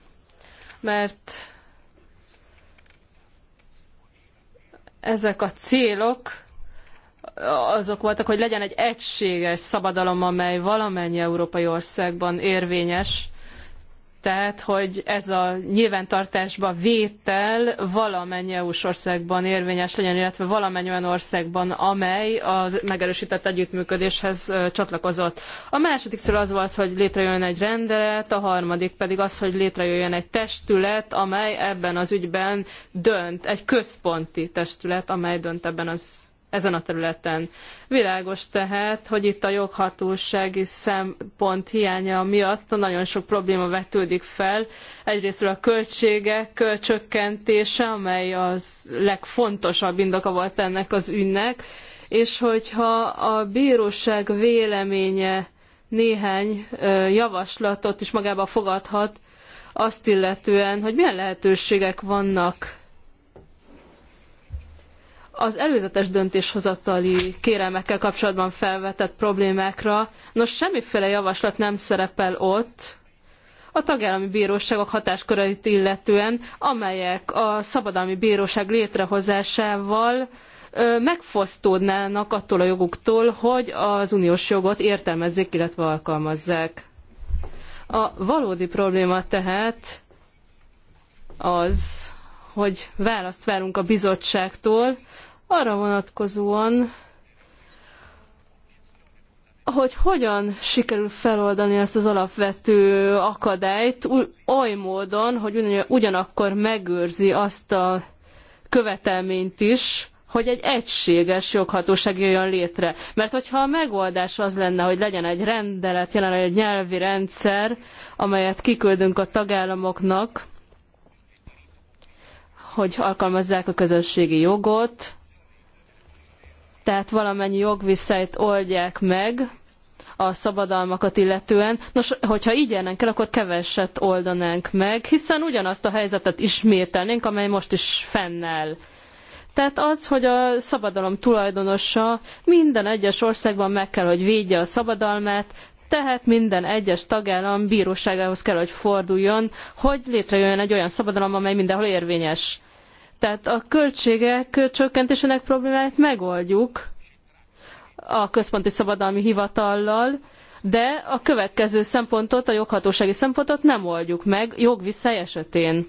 Mert ezek a célok azok voltak, hogy legyen egy egységes szabadalom, amely valamennyi európai országban érvényes, tehát hogy ez a nyilvántartásba vétel valamennyi EU-s országban érvényes legyen, illetve valamennyi olyan országban, amely a megerősített együttműködéshez csatlakozott. A második cél az volt, hogy létrejöjjön egy rendelet, a harmadik pedig az, hogy létrejöjjön egy testület, amely ebben az ügyben dönt, egy központi testület, amely dönt ebben az ezen a területen. Világos tehát, hogy itt a joghatósági szempont hiánya miatt nagyon sok probléma vetődik fel. Egyrésztről a költségek csökkentése, amely az legfontosabb indoka volt ennek az ünnek, és hogyha a bíróság véleménye néhány javaslatot is magába fogadhat, azt illetően, hogy milyen lehetőségek vannak az előzetes döntéshozatali kérelmekkel kapcsolatban felvetett problémákra, nos semmiféle javaslat nem szerepel ott, a tagállami bíróságok hatásköreit illetően, amelyek a szabadalmi bíróság létrehozásával megfosztódnának attól a joguktól, hogy az uniós jogot értelmezzék, illetve alkalmazzák. A valódi probléma tehát az, hogy választ várunk a bizottságtól arra vonatkozóan, hogy hogyan sikerül feloldani ezt az alapvető akadályt oly módon, hogy ugyanakkor megőrzi azt a követelményt is, hogy egy egységes joghatóság jöjjön létre. Mert hogyha a megoldás az lenne, hogy legyen egy rendelet, jelenleg egy nyelvi rendszer, amelyet kiküldünk a tagállamoknak, hogy alkalmazzák a közösségi jogot, tehát valamennyi jogviszályt oldják meg a szabadalmakat illetően. Nos, hogyha így járnánk el, akkor keveset oldanánk meg, hiszen ugyanazt a helyzetet ismételnénk, amely most is fennel. Tehát az, hogy a szabadalom tulajdonosa minden egyes országban meg kell, hogy védje a szabadalmát, tehát minden egyes tagállam bíróságához kell, hogy forduljon, hogy létrejöjjön egy olyan szabadalom, amely mindenhol érvényes. Tehát a költségek csökkentésének problémáját megoldjuk a központi szabadalmi hivatallal, de a következő szempontot, a joghatósági szempontot nem oldjuk meg jogviszály esetén.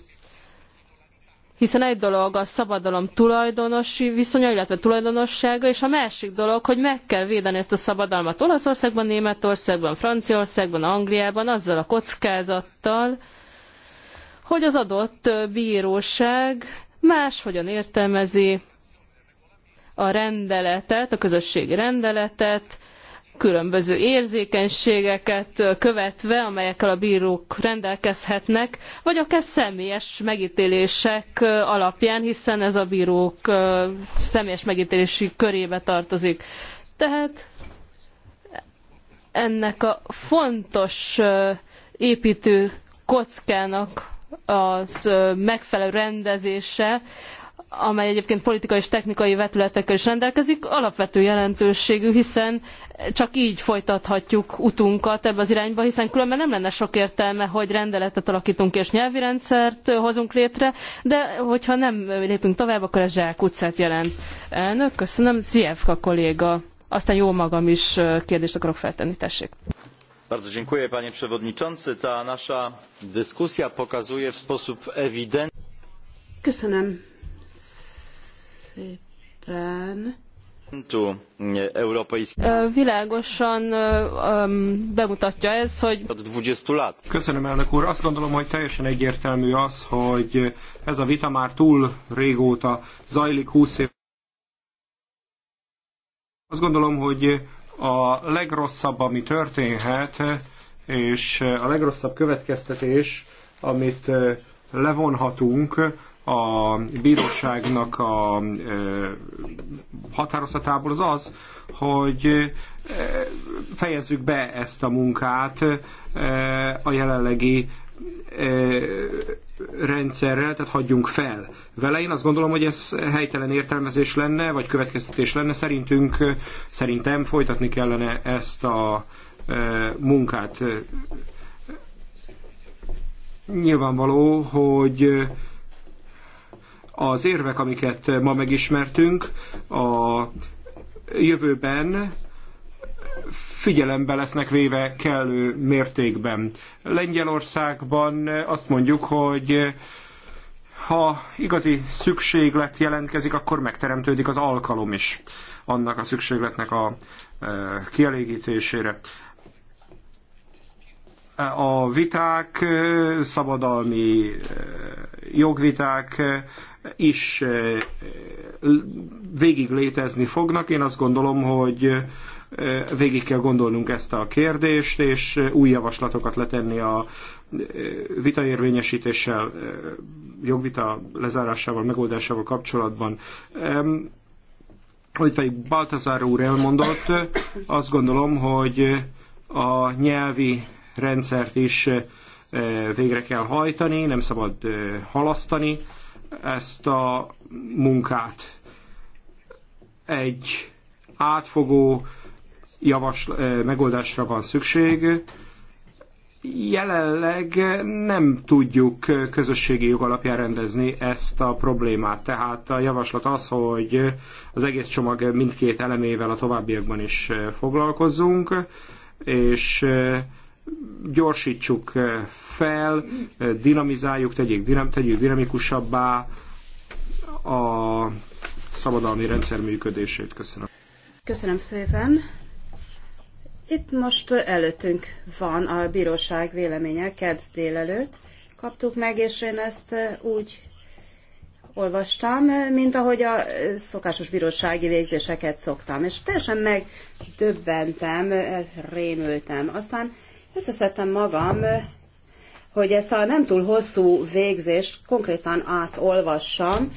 Hiszen egy dolog a szabadalom tulajdonosi viszonya, illetve tulajdonossága, és a másik dolog, hogy meg kell védeni ezt a szabadalmat Olaszországban, Németországban, Franciaországban, Angliában, azzal a kockázattal, hogy az adott bíróság máshogyan értelmezi a rendeletet, a közösségi rendeletet, különböző érzékenységeket követve, amelyekkel a bírók rendelkezhetnek, vagy akár személyes megítélések alapján, hiszen ez a bírók személyes megítélési körébe tartozik. Tehát ennek a fontos építő kockának az megfelelő rendezése, amely egyébként politikai és technikai vetületekkel is rendelkezik, alapvető jelentőségű, hiszen csak így folytathatjuk utunkat ebbe az irányba, hiszen különben nem lenne sok értelme, hogy rendeletet alakítunk és nyelvi rendszert hozunk létre, de hogyha nem lépünk tovább, akkor ez zsákutcát jelent. Elnök, köszönöm, Zievka kolléga. Aztán jó magam is kérdést akarok feltenni, tessék panie przewodniczący. Ta nasza dyskusja pokazuje w sposób ewidentny. E, e, világosan e, bemutatja ez, hogy... 20 lat. Köszönöm, elnök úr. Azt gondolom, hogy teljesen egyértelmű az, hogy ez a vita már túl régóta zajlik, 20 év. Azt gondolom, hogy a legrosszabb, ami történhet, és a legrosszabb következtetés, amit levonhatunk a bíróságnak a határozatából az az, hogy fejezzük be ezt a munkát a jelenlegi rendszerrel, tehát hagyjunk fel vele. Én azt gondolom, hogy ez helytelen értelmezés lenne, vagy következtetés lenne. Szerintünk, szerintem folytatni kellene ezt a munkát. Nyilvánvaló, hogy az érvek, amiket ma megismertünk, a jövőben figyelembe lesznek véve kellő mértékben. Lengyelországban azt mondjuk, hogy ha igazi szükséglet jelentkezik, akkor megteremtődik az alkalom is annak a szükségletnek a e, kielégítésére. A viták, e, szabadalmi e, jogviták is végig létezni fognak. Én azt gondolom, hogy Végig kell gondolnunk ezt a kérdést, és új javaslatokat letenni a vitaérvényesítéssel, jogvita lezárásával, megoldásával kapcsolatban. Amit pedig Baltazár úr elmondott, azt gondolom, hogy a nyelvi rendszert is végre kell hajtani, nem szabad halasztani ezt a munkát. Egy átfogó Javasl megoldásra van szükség. Jelenleg nem tudjuk közösségi jog alapján rendezni ezt a problémát. Tehát a javaslat az, hogy az egész csomag mindkét elemével a továbbiakban is foglalkozzunk, és gyorsítsuk fel, dinamizáljuk, tegyük, dinam, tegyük dinamikusabbá a szabadalmi rendszer működését. Köszönöm. Köszönöm szépen. Itt most előttünk van a bíróság véleménye, kedd délelőtt kaptuk meg, és én ezt eh, úgy olvastam, eh, mint ahogy a eh, szokásos bírósági végzéseket szoktam. És teljesen megdöbbentem, rémültem. Aztán összeszedtem magam, hogy ezt a nem túl hosszú végzést konkrétan átolvassam,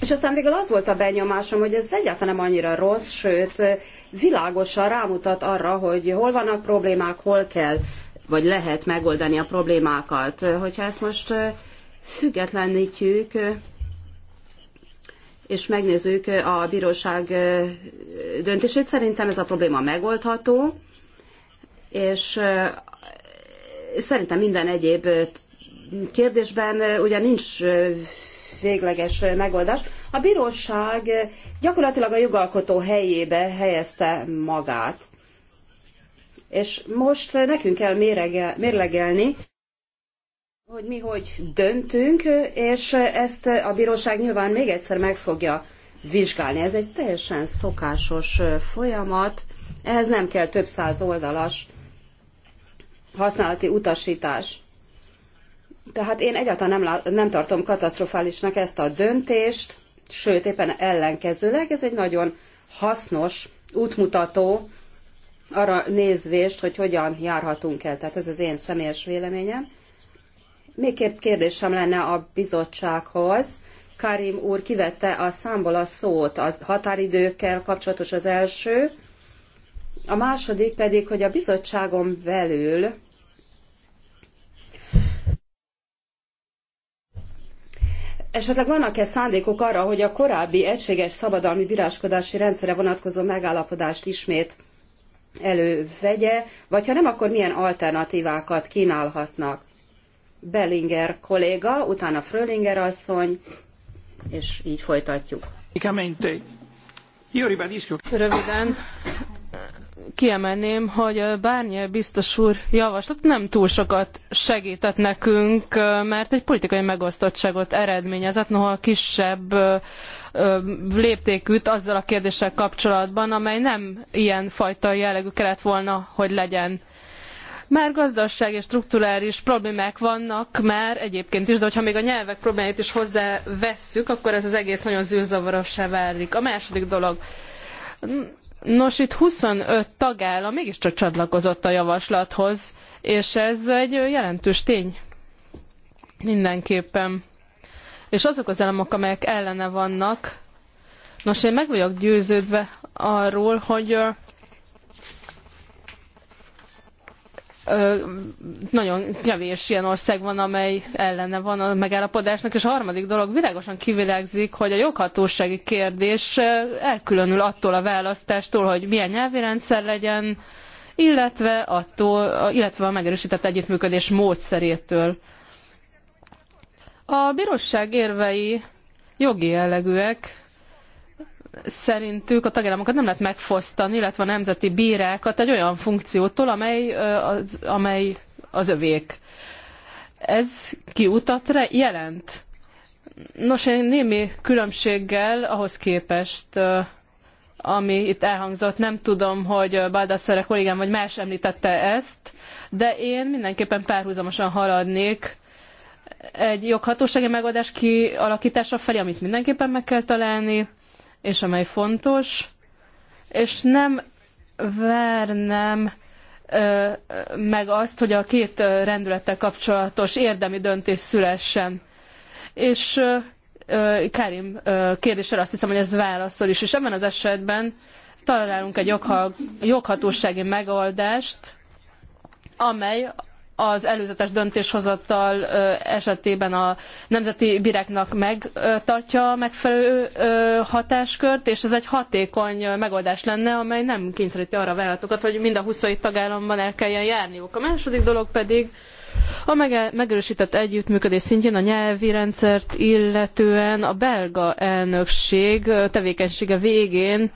És aztán végül az volt a benyomásom, hogy ez egyáltalán nem annyira rossz, sőt, világosan rámutat arra, hogy hol vannak problémák, hol kell, vagy lehet megoldani a problémákat. Hogyha ezt most függetlenítjük, és megnézzük a bíróság döntését, szerintem ez a probléma megoldható, és szerintem minden egyéb kérdésben ugye nincs végleges megoldás A bíróság gyakorlatilag a jogalkotó helyébe helyezte magát. És most nekünk kell mérege, mérlegelni, hogy mi hogy döntünk, és ezt a bíróság nyilván még egyszer meg fogja vizsgálni. Ez egy teljesen szokásos folyamat, ehhez nem kell több száz oldalas használati utasítás. Tehát én egyáltalán nem, nem tartom katasztrofálisnak ezt a döntést, sőt, éppen ellenkezőleg ez egy nagyon hasznos útmutató arra nézvést, hogy hogyan járhatunk el. Tehát ez az én személyes véleményem. Még két kérdésem lenne a bizottsághoz. Karim úr kivette a számból a szót, az határidőkkel kapcsolatos az első, a második pedig, hogy a bizottságon belül Esetleg vannak-e szándékok arra, hogy a korábbi egységes szabadalmi bíráskodási rendszere vonatkozó megállapodást ismét elővegye, vagy ha nem, akkor milyen alternatívákat kínálhatnak? Bellinger kolléga, utána Frölinger asszony, és így folytatjuk. Röviden, kiemelném, hogy Bárnyi biztos úr javaslat nem túl sokat segített nekünk, mert egy politikai megosztottságot eredményezett, noha kisebb léptékűt azzal a kérdéssel kapcsolatban, amely nem ilyen fajta jellegű kellett volna, hogy legyen már gazdaság és strukturális problémák vannak már egyébként is, de hogyha még a nyelvek problémáit is hozzá vesszük, akkor ez az egész nagyon zűrzavarossá válik. A második dolog, Nos, itt 25 tagállam mégiscsak csatlakozott a javaslathoz, és ez egy jelentős tény mindenképpen. És azok az elemek, amelyek ellene vannak, nos, én meg vagyok győződve arról, hogy nagyon kevés ilyen ország van, amely ellene van a megállapodásnak, és a harmadik dolog világosan kivilágzik, hogy a joghatósági kérdés elkülönül attól a választástól, hogy milyen nyelvi rendszer legyen, illetve, attól, illetve a megerősített együttműködés módszerétől. A bíróság érvei jogi jellegűek, szerintük a tagállamokat nem lehet megfosztani, illetve a nemzeti bírákat egy olyan funkciótól, amely az, amely az övék. Ez kiutat jelent. Nos, én némi különbséggel ahhoz képest, ami itt elhangzott, nem tudom, hogy Baldassare kollégám vagy más említette ezt, de én mindenképpen párhuzamosan haladnék egy joghatósági megoldás kialakítása felé, amit mindenképpen meg kell találni, és amely fontos, és nem vernem meg azt, hogy a két rendülettel kapcsolatos érdemi döntés szülessen. És Karim kérdésre azt hiszem, hogy ez válaszol is, és ebben az esetben találunk egy joghatósági megoldást, amely az előzetes döntéshozatal esetében a nemzeti bíráknak megtartja a megfelelő hatáskört, és ez egy hatékony megoldás lenne, amely nem kényszeríti arra a vállalatokat, hogy mind a 27 tagállamban el kelljen járniuk. A második dolog pedig, a megerősített együttműködés szintjén a nyelvi rendszert illetően a belga elnökség tevékenysége végén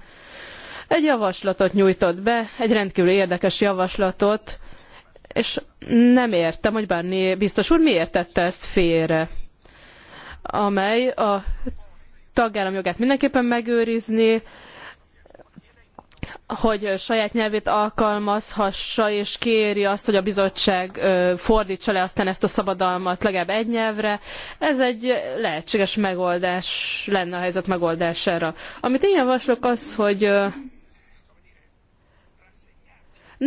egy javaslatot nyújtott be, egy rendkívül érdekes javaslatot, és nem értem, hogy bárni biztos úr miért tette ezt félre, amely a tagállam jogát mindenképpen megőrizni, hogy saját nyelvét alkalmazhassa, és kéri azt, hogy a bizottság fordítsa le aztán ezt a szabadalmat legalább egy nyelvre. Ez egy lehetséges megoldás lenne a helyzet megoldására. Amit én javaslok az, hogy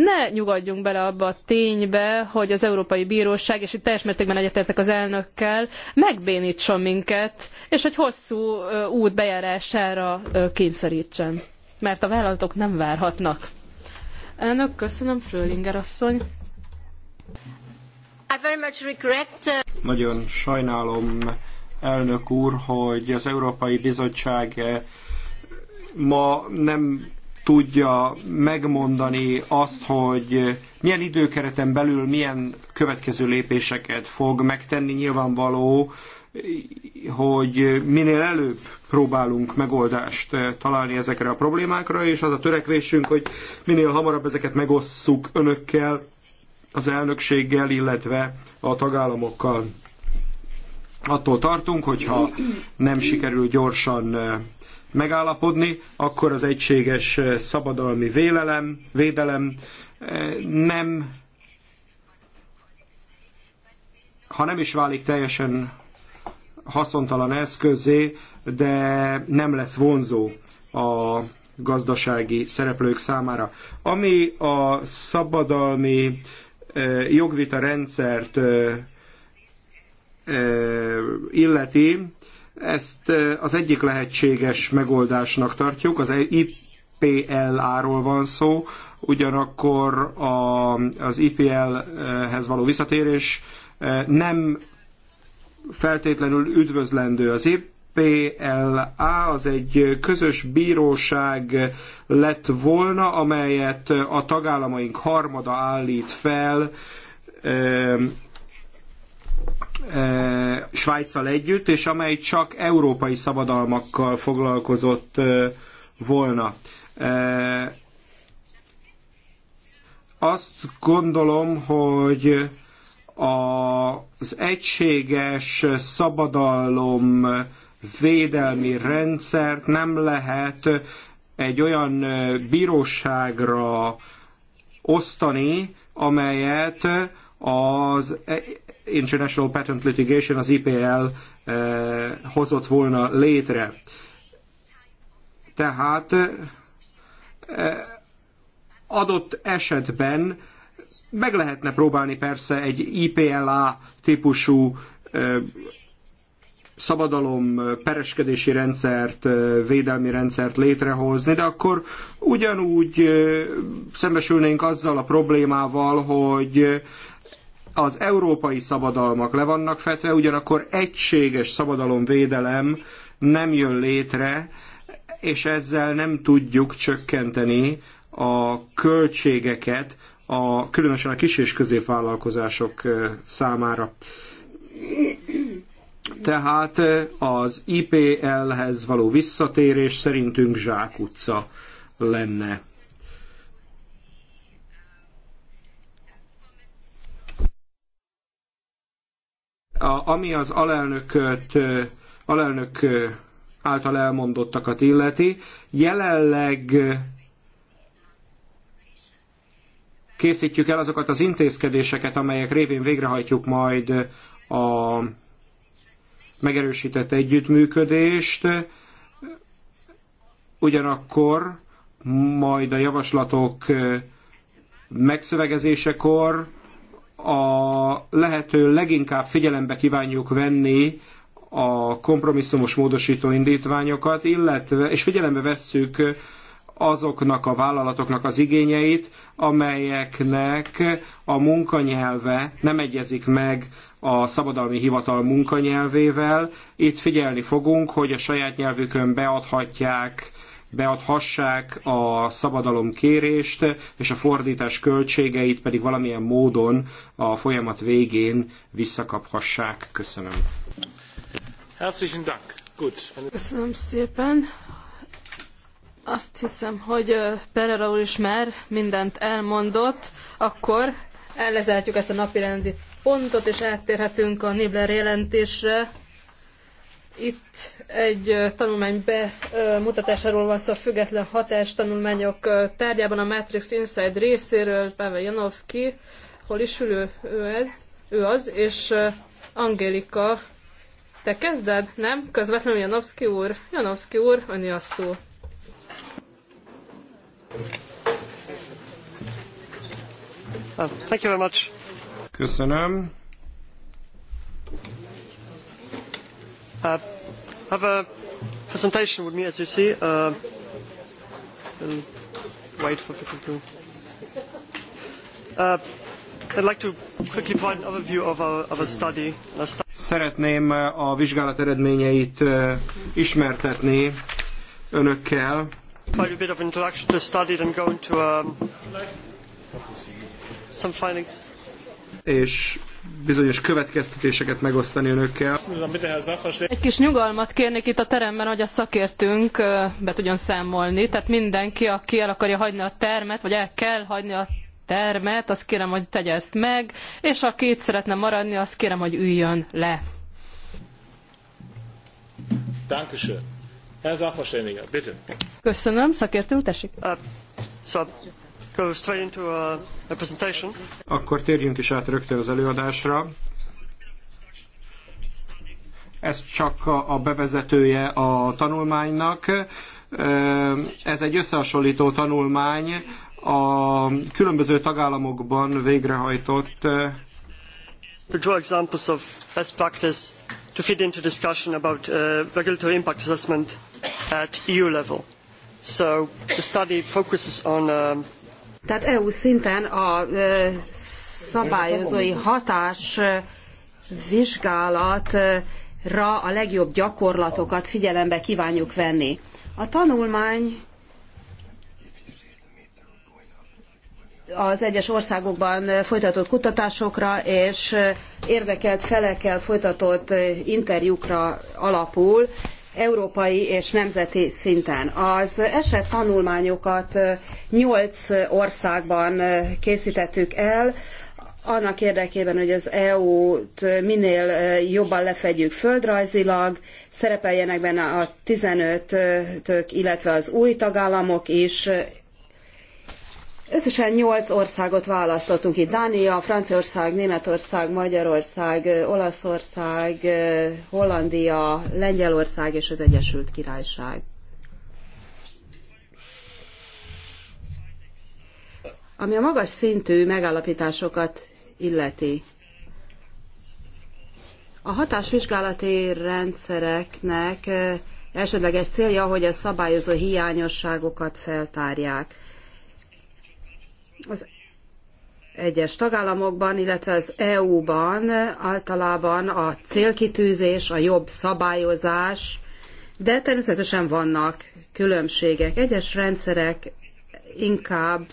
ne nyugodjunk bele abba a ténybe, hogy az Európai Bíróság, és itt teljes mértékben egyetértek az elnökkel, megbénítson minket, és egy hosszú út bejárására kényszerítsen. Mert a vállalatok nem várhatnak. Elnök, köszönöm, Frölinger asszony. Uh, Nagyon sajnálom, elnök úr, hogy az Európai Bizottság eh, ma nem tudja megmondani azt, hogy milyen időkereten belül milyen következő lépéseket fog megtenni. Nyilvánvaló, hogy minél előbb próbálunk megoldást találni ezekre a problémákra, és az a törekvésünk, hogy minél hamarabb ezeket megosszuk önökkel, az elnökséggel, illetve a tagállamokkal. Attól tartunk, hogyha nem sikerül gyorsan megállapodni, akkor az egységes eh, szabadalmi vélelem, védelem eh, nem, ha nem is válik teljesen haszontalan eszközé, de nem lesz vonzó a gazdasági szereplők számára. Ami a szabadalmi eh, jogvita rendszert illeti, ezt az egyik lehetséges megoldásnak tartjuk, az IPLA-ról van szó, ugyanakkor a, az IPL-hez való visszatérés nem feltétlenül üdvözlendő. Az PLA az egy közös bíróság lett volna, amelyet a tagállamaink harmada állít fel E, Svájccal együtt, és amely csak európai szabadalmakkal foglalkozott e, volna. E, azt gondolom, hogy az egységes szabadalom védelmi rendszert nem lehet egy olyan bíróságra osztani, amelyet az International Patent Litigation, az IPL eh, hozott volna létre. Tehát eh, adott esetben meg lehetne próbálni persze egy IPLA típusú eh, szabadalom pereskedési rendszert, védelmi rendszert létrehozni, de akkor ugyanúgy szembesülnénk azzal a problémával, hogy az európai szabadalmak le vannak fetve, ugyanakkor egységes szabadalomvédelem nem jön létre, és ezzel nem tudjuk csökkenteni a költségeket, a, különösen a kis- és középvállalkozások számára. Tehát az IPL-hez való visszatérés szerintünk zsákutca lenne. A, ami az alelnököt, alelnök által elmondottakat illeti, jelenleg készítjük el azokat az intézkedéseket, amelyek révén végrehajtjuk majd a megerősített együttműködést, ugyanakkor majd a javaslatok megszövegezésekor a lehető leginkább figyelembe kívánjuk venni a kompromisszumos módosító indítványokat, illetve, és figyelembe vesszük azoknak a vállalatoknak az igényeit, amelyeknek a munkanyelve nem egyezik meg a szabadalmi hivatal munkanyelvével. Itt figyelni fogunk, hogy a saját nyelvükön beadhatják beadhassák a szabadalom kérést, és a fordítás költségeit pedig valamilyen módon a folyamat végén visszakaphassák. Köszönöm. Herzlichen Dank. Gut. Köszönöm szépen. Azt hiszem, hogy Perera úr is már mindent elmondott, akkor ellezártjuk ezt a napirendi pontot, és áttérhetünk a Nibler jelentésre. Itt egy tanulmány bemutatásáról van szó a független hatástanulmányok tárgyában a Matrix Inside részéről, Pavel Janowski, hol is ül ő, ez, ő az, és Angelika, te kezded, nem? Közvetlenül Janowski úr. Janowski úr, öni a szó. Thank you very much. Köszönöm. Uh, have a presentation with me, as you see. Uh, and wait for people to. Uh, I'd like to quickly provide an overview of our, of our study. Szeretném uh, a vizsgálat eredményeit uh, ismertetni önökkel. Provide a bit of introduction to the study, then go into um, some findings. És bizonyos következtetéseket megosztani önökkel. Egy kis nyugalmat kérnék itt a teremben, hogy a szakértünk be tudjon számolni. Tehát mindenki, aki el akarja hagyni a termet, vagy el kell hagyni a termet, azt kérem, hogy tegye ezt meg, és aki itt szeretne maradni, azt kérem, hogy üljön le. Dankeschön. bitte. Köszönöm, szakértő, tessék. Uh, so szóval go straight into a, a presentation. Akkor térjünk is át rögtön az előadásra. Ez csak a bevezetője a tanulmánynak. Ez egy összehasonlító tanulmány a különböző tagállamokban végrehajtott draw examples of best practice to fit into discussion about uh, regulatory impact assessment at EU level. So the study focuses on um, tehát EU szinten a szabályozói hatás vizsgálatra a legjobb gyakorlatokat figyelembe kívánjuk venni. A tanulmány az egyes országokban folytatott kutatásokra és érdekelt felekkel folytatott interjúkra alapul, európai és nemzeti szinten. Az eset tanulmányokat nyolc országban készítettük el, annak érdekében, hogy az EU-t minél jobban lefedjük földrajzilag, szerepeljenek benne a 15-ök, illetve az új tagállamok is, Összesen nyolc országot választottunk itt. Dánia, Franciaország, Németország, Magyarország, Olaszország, eh, Hollandia, Lengyelország és az Egyesült Királyság. Ami a magas szintű megállapításokat illeti. A hatásvizsgálati rendszereknek eh, elsődleges célja, hogy a szabályozó hiányosságokat feltárják az egyes tagállamokban, illetve az EU-ban általában a célkitűzés, a jobb szabályozás, de természetesen vannak különbségek. Egyes rendszerek inkább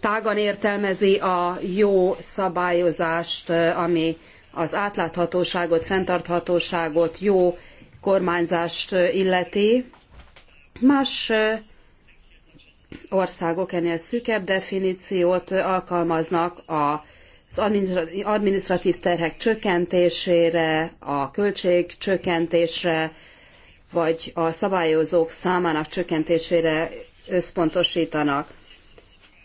tágan értelmezi a jó szabályozást, ami az átláthatóságot, fenntarthatóságot, jó kormányzást illeti. Más országok ennél szűkebb definíciót alkalmaznak a az administratív terhek csökkentésére, a költség csökkentésre, vagy a szabályozók számának csökkentésére összpontosítanak.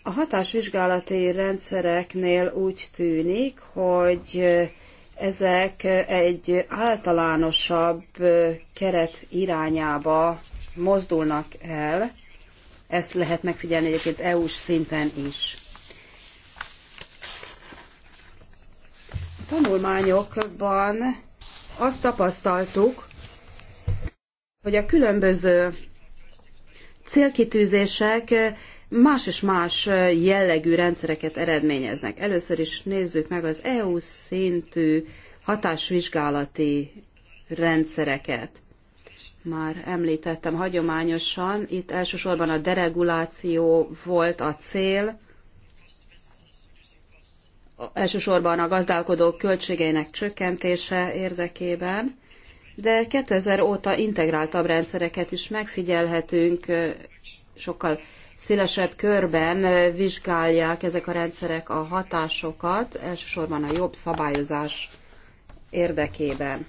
A hatásvizsgálati rendszereknél úgy tűnik, hogy ezek egy általánosabb keret irányába mozdulnak el, ezt lehet megfigyelni egyébként EU-s szinten is. A tanulmányokban azt tapasztaltuk, hogy a különböző célkitűzések más és más jellegű rendszereket eredményeznek. Először is nézzük meg az EU szintű hatásvizsgálati rendszereket már említettem hagyományosan, itt elsősorban a dereguláció volt a cél, elsősorban a gazdálkodók költségeinek csökkentése érdekében, de 2000 óta integráltabb rendszereket is megfigyelhetünk, sokkal szélesebb körben vizsgálják ezek a rendszerek a hatásokat, elsősorban a jobb szabályozás érdekében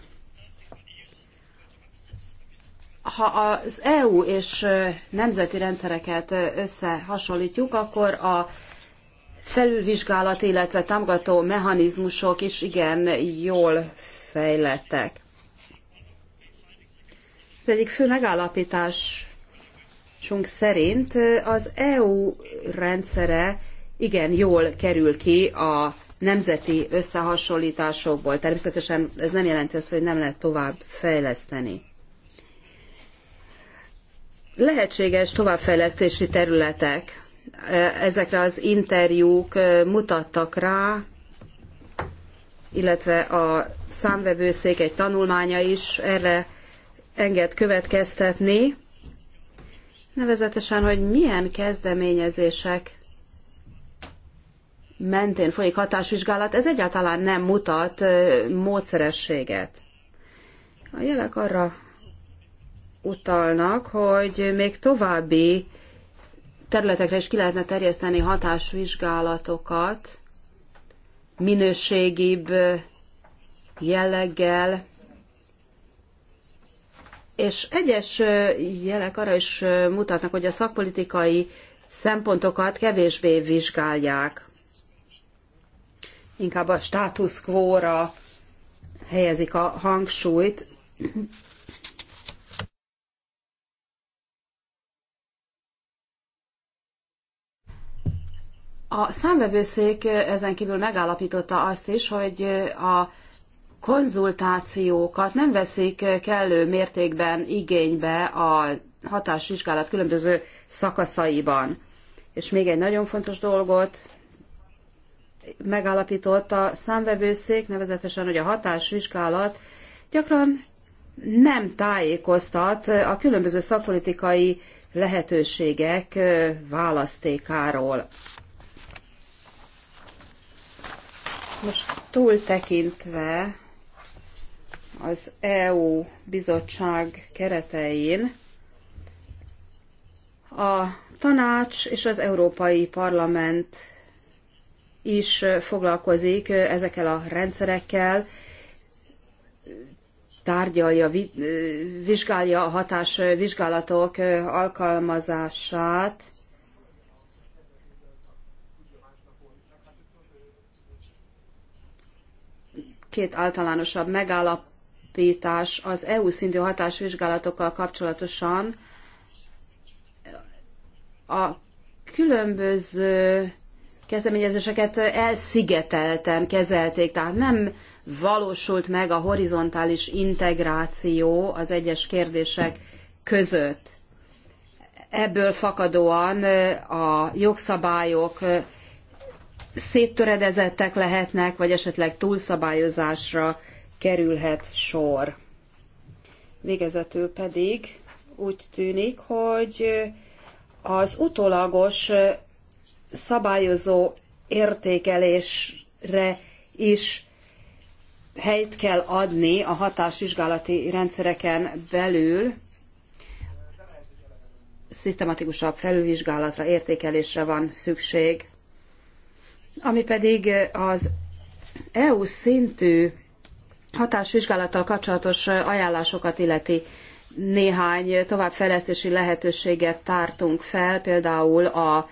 ha az EU és nemzeti rendszereket összehasonlítjuk, akkor a felülvizsgálat, illetve támogató mechanizmusok is igen jól fejlettek. Az egyik fő megállapításunk szerint az EU rendszere igen jól kerül ki a nemzeti összehasonlításokból. Természetesen ez nem jelenti azt, hogy nem lehet tovább fejleszteni lehetséges továbbfejlesztési területek. E, ezekre az interjúk e, mutattak rá, illetve a számvevőszék egy tanulmánya is erre enged következtetni, nevezetesen, hogy milyen kezdeményezések mentén folyik hatásvizsgálat, ez egyáltalán nem mutat e, módszerességet. A jelek arra utalnak, hogy még további területekre is ki lehetne terjeszteni hatásvizsgálatokat minőségibb jelleggel, és egyes jelek arra is mutatnak, hogy a szakpolitikai szempontokat kevésbé vizsgálják. Inkább a status helyezik a hangsúlyt, A számvevőszék ezen kívül megállapította azt is, hogy a konzultációkat nem veszik kellő mértékben igénybe a hatásvizsgálat különböző szakaszaiban. És még egy nagyon fontos dolgot megállapított a számvevőszék, nevezetesen, hogy a hatásvizsgálat gyakran nem tájékoztat a különböző szakpolitikai lehetőségek választékáról. Most túltekintve az EU bizottság keretein a tanács és az Európai Parlament is foglalkozik ezekkel a rendszerekkel, tárgyalja, vizsgálja a hatásvizsgálatok alkalmazását, két általánosabb megállapítás az EU szintű hatásvizsgálatokkal kapcsolatosan a különböző kezdeményezéseket elszigetelten kezelték, tehát nem valósult meg a horizontális integráció az egyes kérdések között. Ebből fakadóan a jogszabályok széttöredezettek lehetnek, vagy esetleg túlszabályozásra kerülhet sor. Végezetül pedig úgy tűnik, hogy az utólagos szabályozó értékelésre is helyt kell adni a hatásvizsgálati rendszereken belül, szisztematikusabb felülvizsgálatra, értékelésre van szükség. Ami pedig az EU szintű hatásvizsgálattal kapcsolatos ajánlásokat illeti néhány továbbfejlesztési lehetőséget tártunk fel, például a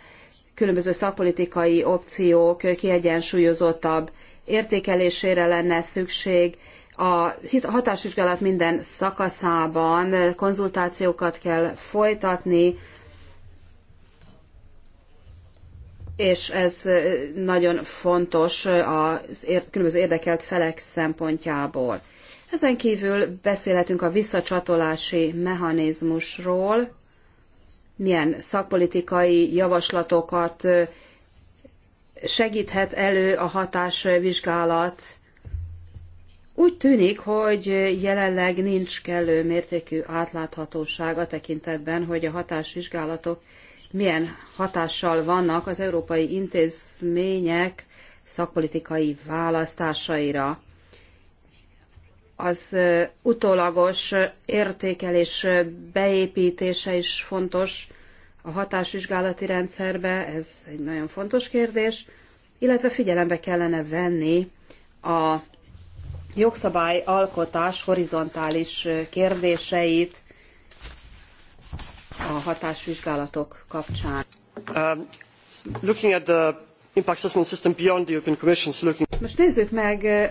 különböző szakpolitikai opciók kiegyensúlyozottabb értékelésére lenne szükség, a hatásvizsgálat minden szakaszában konzultációkat kell folytatni, és ez nagyon fontos az különböző érdekelt felek szempontjából. Ezen kívül beszélhetünk a visszacsatolási mechanizmusról, milyen szakpolitikai javaslatokat segíthet elő a hatásvizsgálat, úgy tűnik, hogy jelenleg nincs kellő mértékű átláthatóság a tekintetben, hogy a hatásvizsgálatok milyen hatással vannak az európai intézmények szakpolitikai választásaira. Az utólagos értékelés beépítése is fontos a hatásvizsgálati rendszerbe, ez egy nagyon fontos kérdés, illetve figyelembe kellene venni a jogszabályalkotás horizontális kérdéseit a hatásvizsgálatok kapcsán. Um, looking at the impact assessment system beyond the European Commission's looking... Most nézzük meg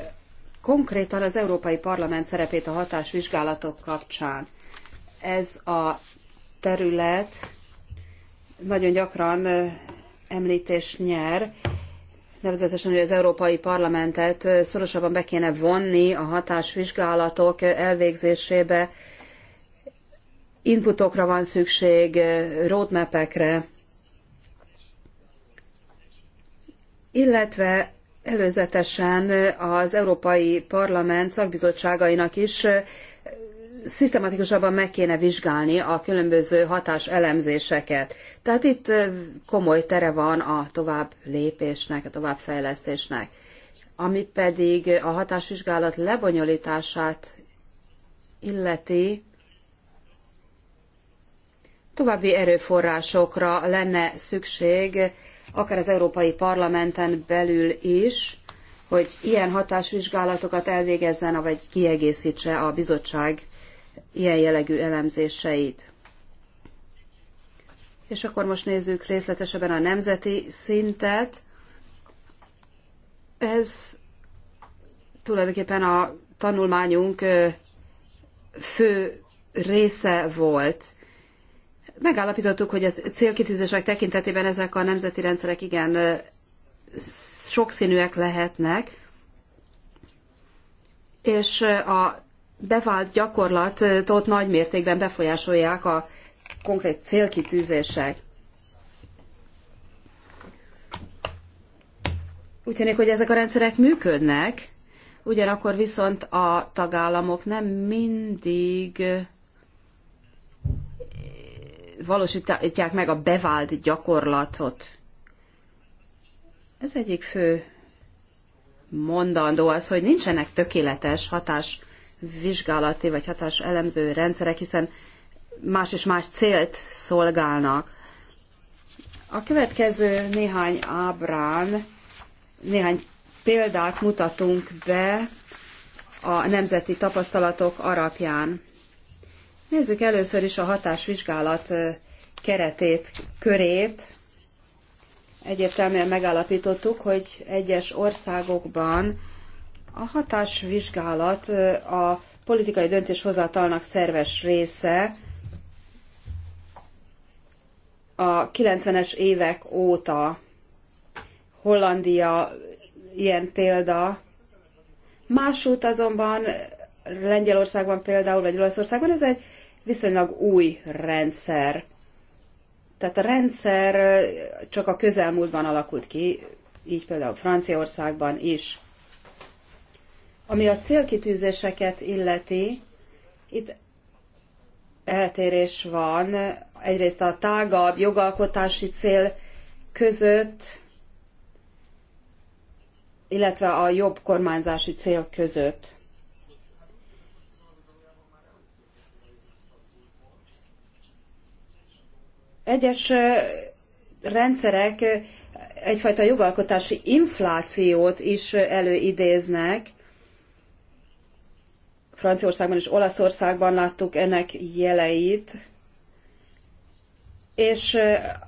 konkrétan az Európai Parlament szerepét a hatásvizsgálatok kapcsán. Ez a terület nagyon gyakran említés nyer, nevezetesen, hogy az Európai Parlamentet szorosabban be kéne vonni a hatásvizsgálatok elvégzésébe. Inputokra van szükség, roadmapekre, illetve előzetesen az Európai Parlament szakbizottságainak is szisztematikusabban meg kéne vizsgálni a különböző hatáselemzéseket. Tehát itt komoly tere van a tovább lépésnek, a fejlesztésnek, Ami pedig a hatásvizsgálat lebonyolítását illeti, további erőforrásokra lenne szükség, akár az Európai Parlamenten belül is, hogy ilyen hatásvizsgálatokat elvégezzen, vagy kiegészítse a bizottság ilyen jellegű elemzéseit. És akkor most nézzük részletesebben a nemzeti szintet. Ez tulajdonképpen a tanulmányunk fő része volt. Megállapítottuk, hogy az célkitűzések tekintetében ezek a nemzeti rendszerek igen sokszínűek lehetnek, és a bevált gyakorlatot nagy mértékben befolyásolják a konkrét célkitűzések. Úgy tűnik, hogy ezek a rendszerek működnek, ugyanakkor viszont a tagállamok nem mindig valósítják meg a bevált gyakorlatot. Ez egyik fő mondandó az, hogy nincsenek tökéletes hatás vizsgálati vagy hatás elemző rendszerek, hiszen más és más célt szolgálnak. A következő néhány ábrán néhány példát mutatunk be a nemzeti tapasztalatok alapján. Nézzük először is a hatásvizsgálat keretét, körét. Egyértelműen megállapítottuk, hogy egyes országokban a hatásvizsgálat a politikai döntéshozatalnak szerves része a 90-es évek óta. Hollandia ilyen példa. Másút azonban Lengyelországban például, vagy Olaszországban ez egy viszonylag új rendszer. Tehát a rendszer csak a közelmúltban alakult ki, így például Franciaországban is. Ami a célkitűzéseket illeti, itt eltérés van egyrészt a tágabb jogalkotási cél között, illetve a jobb kormányzási cél között. Egyes rendszerek egyfajta jogalkotási inflációt is előidéznek, Franciaországban és Olaszországban láttuk ennek jeleit, és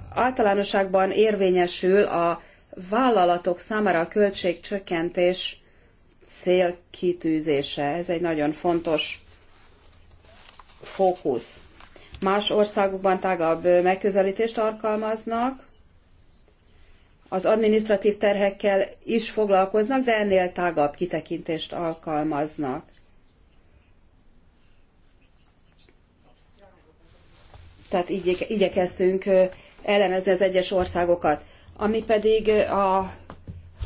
általánosságban érvényesül a vállalatok számára a költségcsökkentés célkitűzése. Ez egy nagyon fontos fókusz. Más országokban tágabb megközelítést alkalmaznak, az administratív terhekkel is foglalkoznak, de ennél tágabb kitekintést alkalmaznak. tehát így igyekeztünk ellenezni az egyes országokat. Ami pedig a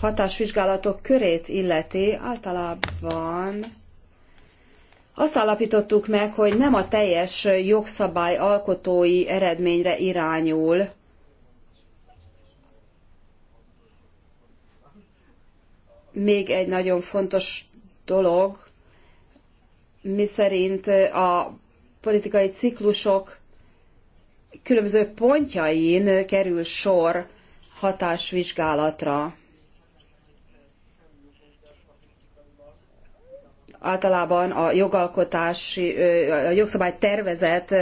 hatásvizsgálatok körét illeti, általában azt állapítottuk meg, hogy nem a teljes jogszabály alkotói eredményre irányul, még egy nagyon fontos dolog, miszerint a politikai ciklusok különböző pontjain kerül sor hatásvizsgálatra. Általában a jogalkotási, a jogszabály tervezet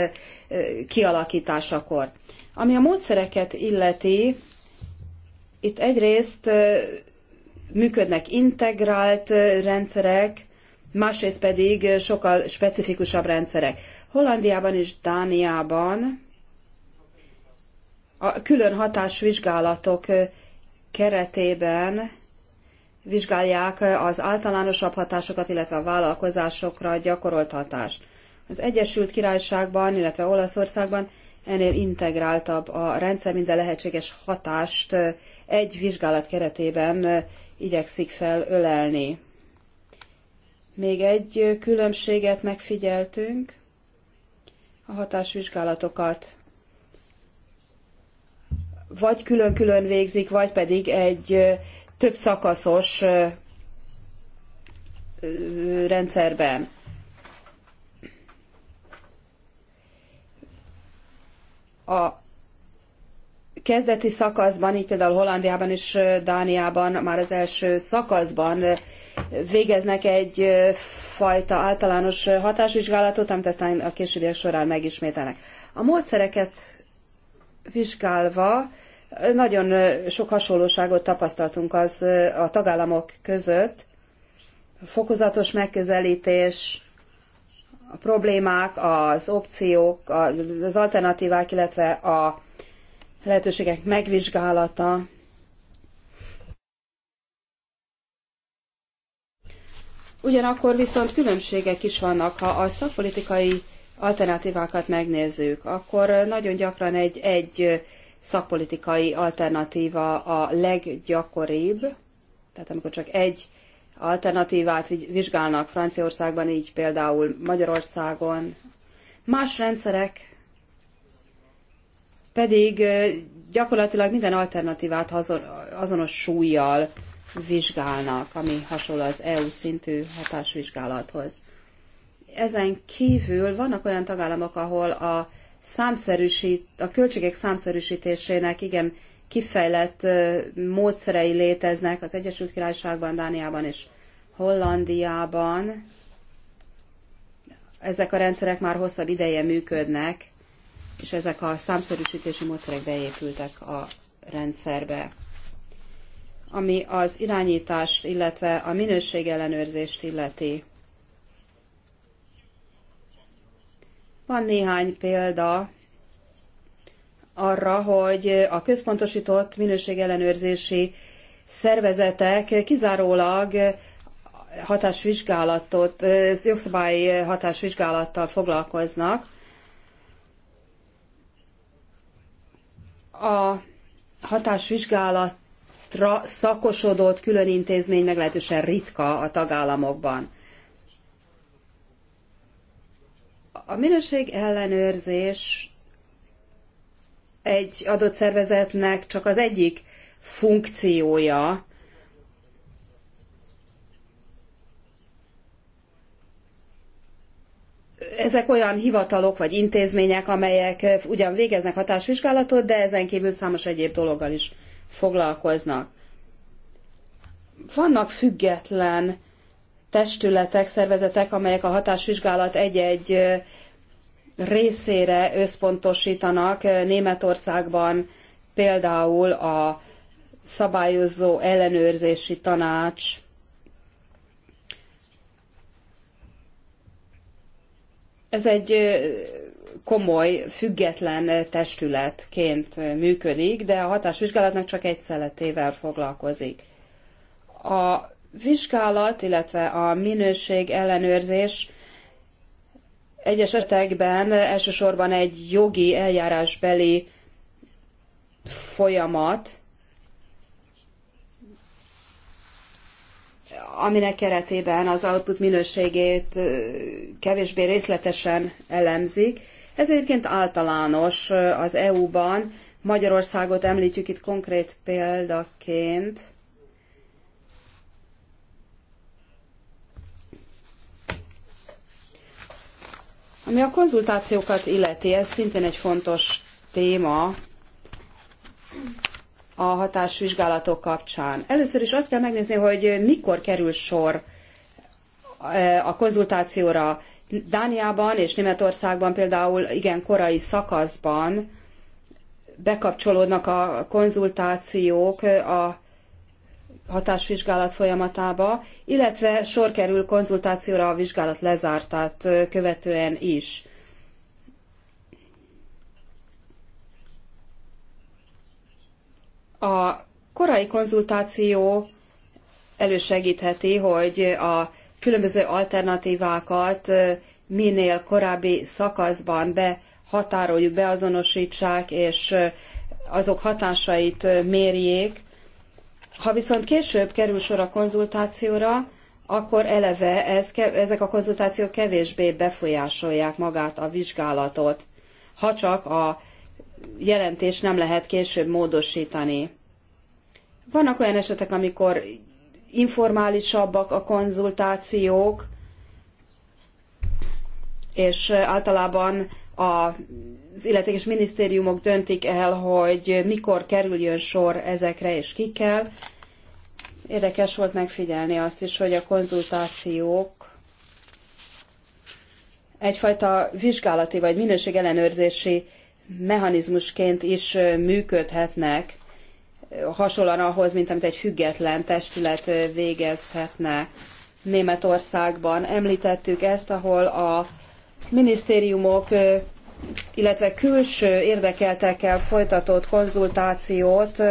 kialakításakor. Ami a módszereket illeti, itt egyrészt működnek integrált rendszerek, másrészt pedig sokkal specifikusabb rendszerek. Hollandiában és Dániában a külön hatásvizsgálatok keretében vizsgálják az általánosabb hatásokat, illetve a vállalkozásokra gyakorolt hatást. Az Egyesült Királyságban, illetve Olaszországban ennél integráltabb a rendszer minden lehetséges hatást egy vizsgálat keretében igyekszik felölelni. Még egy különbséget megfigyeltünk, a hatásvizsgálatokat vagy külön-külön végzik, vagy pedig egy több szakaszos rendszerben. A kezdeti szakaszban, így például Hollandiában és Dániában már az első szakaszban végeznek egy fajta általános hatásvizsgálatot, amit aztán a későbbiek során megismételnek. A módszereket vizsgálva nagyon sok hasonlóságot tapasztaltunk az a tagállamok között. fokozatos megközelítés, a problémák, az opciók, az alternatívák, illetve a lehetőségek megvizsgálata. Ugyanakkor viszont különbségek is vannak, ha a szakpolitikai alternatívákat megnézzük, akkor nagyon gyakran egy, egy szakpolitikai alternatíva a leggyakoribb, tehát amikor csak egy alternatívát vizsgálnak Franciaországban, így például Magyarországon. Más rendszerek pedig gyakorlatilag minden alternatívát azonos súlyjal vizsgálnak, ami hasonló az EU szintű hatásvizsgálathoz. Ezen kívül vannak olyan tagállamok, ahol a, számszerűsít, a költségek számszerűsítésének igen kifejlett módszerei léteznek az Egyesült Királyságban, Dániában és Hollandiában. Ezek a rendszerek már hosszabb ideje működnek, és ezek a számszerűsítési módszerek beépültek a rendszerbe. Ami az irányítást, illetve a minőségellenőrzést illeti. Van néhány példa arra, hogy a központosított minőségellenőrzési szervezetek kizárólag hatásvizsgálatot, jogszabályi hatásvizsgálattal foglalkoznak. A hatásvizsgálatra szakosodott külön intézmény meglehetősen ritka a tagállamokban. A minőség ellenőrzés egy adott szervezetnek csak az egyik funkciója, ezek olyan hivatalok vagy intézmények, amelyek ugyan végeznek hatásvizsgálatot, de ezen kívül számos egyéb dologgal is foglalkoznak. Vannak független testületek, szervezetek, amelyek a hatásvizsgálat egy-egy részére összpontosítanak Németországban, például a szabályozó ellenőrzési tanács, Ez egy komoly, független testületként működik, de a hatásvizsgálatnak csak egy szeletével foglalkozik. A vizsgálat, illetve a minőség ellenőrzés egyes esetekben elsősorban egy jogi eljárásbeli folyamat, aminek keretében az output minőségét kevésbé részletesen elemzik. Ez egyébként általános az EU-ban. Magyarországot említjük itt konkrét példaként. Ami a konzultációkat illeti, ez szintén egy fontos téma a hatásvizsgálatok kapcsán. Először is azt kell megnézni, hogy mikor kerül sor e, a konzultációra. Dániában és Németországban például igen korai szakaszban bekapcsolódnak a konzultációk a hatásvizsgálat folyamatába, illetve sor kerül konzultációra a vizsgálat lezártát követően is. A korai konzultáció elősegítheti, hogy a különböző alternatívákat minél korábbi szakaszban behatároljuk, beazonosítsák, és azok hatásait mérjék, ha viszont később kerül sor a konzultációra, akkor eleve ez, ezek a konzultációk kevésbé befolyásolják magát a vizsgálatot, ha csak a jelentés nem lehet később módosítani. Vannak olyan esetek, amikor informálisabbak a konzultációk, és általában az illetékes minisztériumok döntik el, hogy mikor kerüljön sor ezekre és kikkel. Érdekes volt megfigyelni azt is, hogy a konzultációk egyfajta vizsgálati vagy minőségellenőrzési mechanizmusként is működhetnek, hasonlóan ahhoz, mint amit egy független testület végezhetne. Németországban említettük ezt, ahol a minisztériumok, illetve külső érdekeltekkel folytatott konzultációt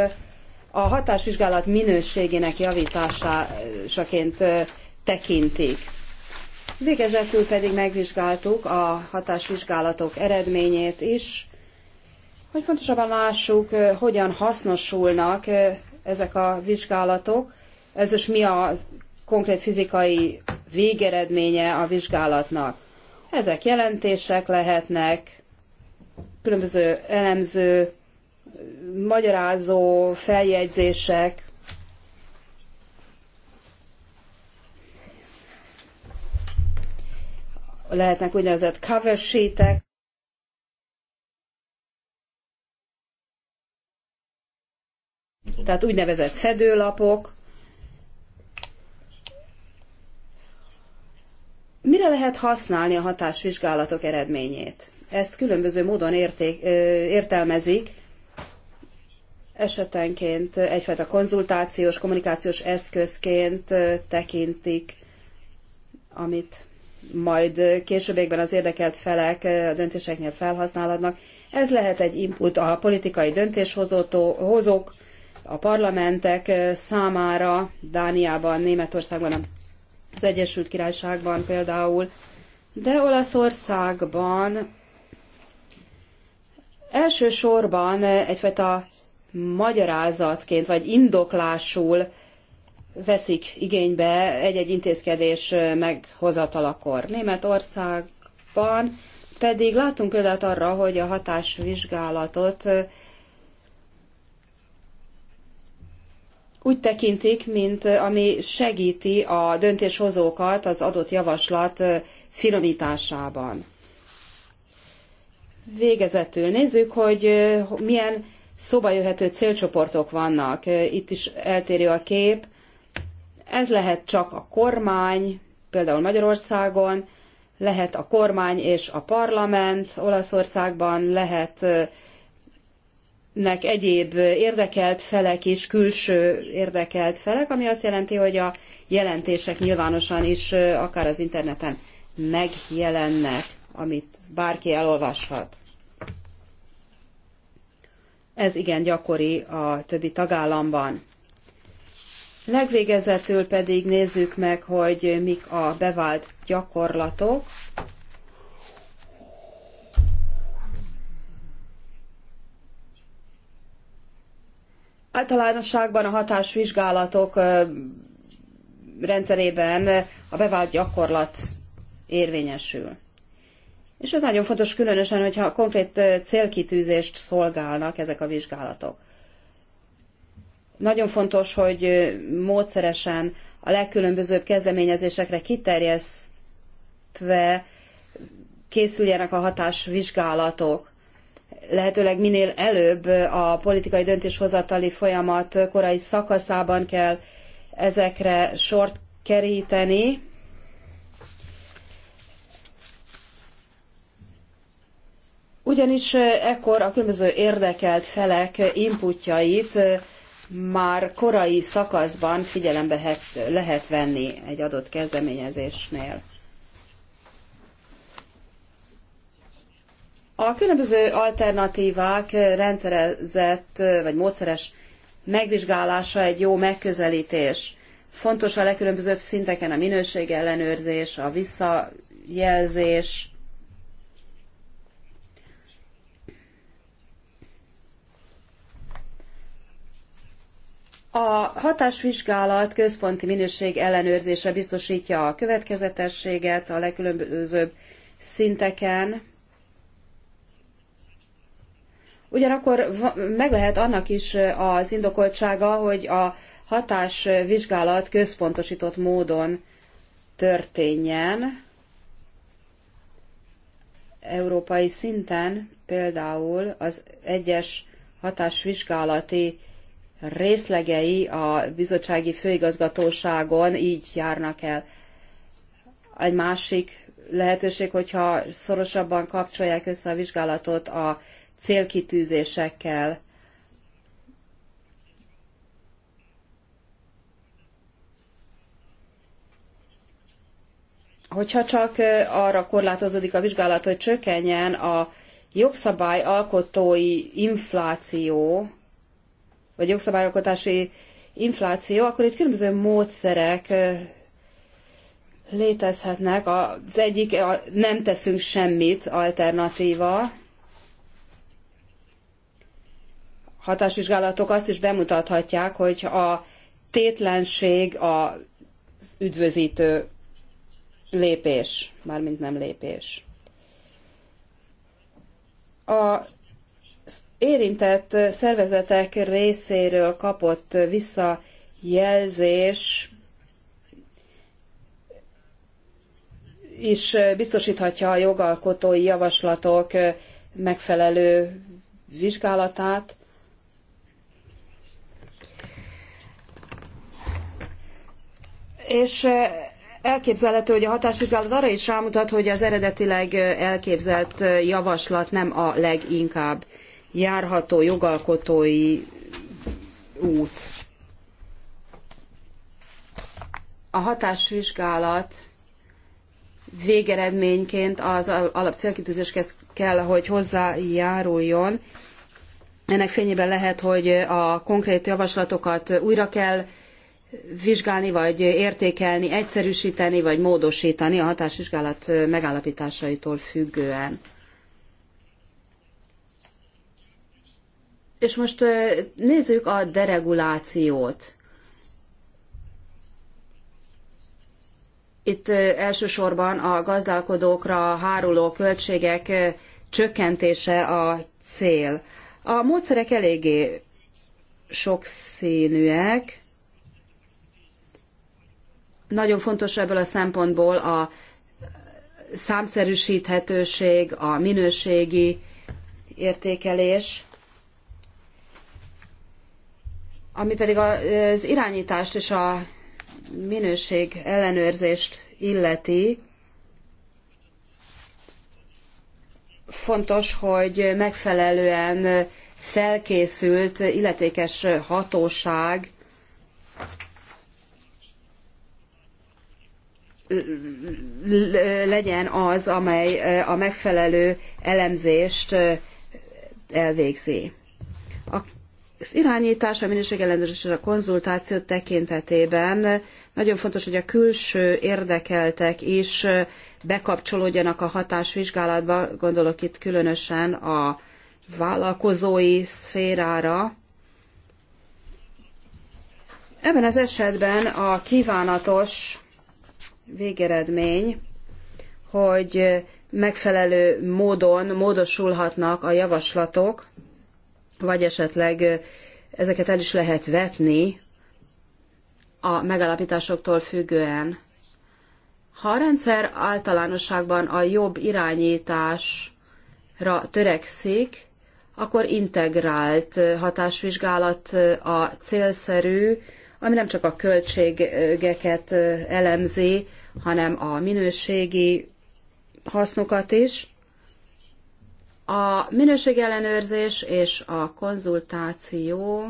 a hatásvizsgálat minőségének javításaként tekintik. Végezetül pedig megvizsgáltuk a hatásvizsgálatok eredményét is, hogy pontosabban lássuk, hogyan hasznosulnak ezek a vizsgálatok, ez is mi a konkrét fizikai végeredménye a vizsgálatnak. Ezek jelentések lehetnek, különböző elemző magyarázó feljegyzések. Lehetnek úgynevezett cover sheetek. Tehát úgynevezett fedőlapok. Mire lehet használni a hatásvizsgálatok eredményét? Ezt különböző módon érték, ö, értelmezik, esetenként egyfajta konzultációs, kommunikációs eszközként tekintik, amit majd későbbiekben az érdekelt felek a döntéseknél felhasználhatnak. Ez lehet egy input a politikai döntéshozók, a parlamentek számára, Dániában, Németországban, az Egyesült Királyságban például, de Olaszországban elsősorban egyfajta magyarázatként vagy indoklásul veszik igénybe egy-egy intézkedés meghozatalakor. Németországban pedig látunk példát arra, hogy a hatásvizsgálatot úgy tekintik, mint ami segíti a döntéshozókat az adott javaslat finomításában. Végezetül nézzük, hogy milyen szóba jöhető célcsoportok vannak. Itt is eltérő a kép. Ez lehet csak a kormány, például Magyarországon, lehet a kormány és a parlament Olaszországban, lehet nek egyéb érdekelt felek is, külső érdekelt felek, ami azt jelenti, hogy a jelentések nyilvánosan is akár az interneten megjelennek, amit bárki elolvashat. Ez igen gyakori a többi tagállamban. Legvégezetül pedig nézzük meg, hogy mik a bevált gyakorlatok. Általánosságban a hatásvizsgálatok rendszerében a bevált gyakorlat érvényesül. És ez nagyon fontos különösen, hogyha konkrét célkitűzést szolgálnak ezek a vizsgálatok. Nagyon fontos, hogy módszeresen a legkülönbözőbb kezdeményezésekre kiterjesztve készüljenek a hatásvizsgálatok. Lehetőleg minél előbb a politikai döntéshozatali folyamat korai szakaszában kell ezekre sort keríteni, ugyanis ekkor a különböző érdekelt felek inputjait már korai szakaszban figyelembe lehet venni egy adott kezdeményezésnél. A különböző alternatívák rendszerezett vagy módszeres megvizsgálása egy jó megközelítés. Fontos a legkülönbözőbb szinteken a minőség ellenőrzés, a visszajelzés, A hatásvizsgálat központi minőség ellenőrzése biztosítja a következetességet a legkülönbözőbb szinteken. Ugyanakkor meg lehet annak is az indokoltsága, hogy a hatásvizsgálat központosított módon történjen. Európai szinten például az egyes hatásvizsgálati részlegei a bizottsági főigazgatóságon így járnak el. Egy másik lehetőség, hogyha szorosabban kapcsolják össze a vizsgálatot a célkitűzésekkel. Hogyha csak arra korlátozódik a vizsgálat, hogy csökkenjen a jogszabály alkotói infláció, vagy jogszabályalkotási infláció, akkor itt különböző módszerek létezhetnek. Az egyik a nem teszünk semmit alternatíva. Hatásvizsgálatok azt is bemutathatják, hogy a tétlenség az üdvözítő lépés, mármint nem lépés. A érintett szervezetek részéről kapott visszajelzés is biztosíthatja a jogalkotói javaslatok megfelelő vizsgálatát. És eh, elképzelhető, hogy a hatásvizsgálat arra is rámutat, hogy az eredetileg elképzelt eh, javaslat nem a leginkább járható jogalkotói út. A hatásvizsgálat végeredményként az alapcélkitűzéshez kell, hogy hozzájáruljon. Ennek fényében lehet, hogy a konkrét javaslatokat újra kell vizsgálni, vagy értékelni, egyszerűsíteni, vagy módosítani a hatásvizsgálat megállapításaitól függően. És most nézzük a deregulációt. Itt elsősorban a gazdálkodókra háruló költségek csökkentése a cél. A módszerek eléggé sokszínűek. Nagyon fontos ebből a szempontból a számszerűsíthetőség, a minőségi értékelés. ami pedig az irányítást és a minőség ellenőrzést illeti, fontos, hogy megfelelően felkészült illetékes hatóság legyen az, amely a megfelelő elemzést elvégzi az irányítás, a minőségellenőrzés és a konzultáció tekintetében nagyon fontos, hogy a külső érdekeltek is bekapcsolódjanak a hatásvizsgálatba, gondolok itt különösen a vállalkozói szférára. Ebben az esetben a kívánatos végeredmény, hogy megfelelő módon módosulhatnak a javaslatok, vagy esetleg ezeket el is lehet vetni a megalapításoktól függően. Ha a rendszer általánosságban a jobb irányításra törekszik, akkor integrált hatásvizsgálat a célszerű, ami nem csak a költségeket elemzi, hanem a minőségi hasznokat is. A minőségellenőrzés és a konzultáció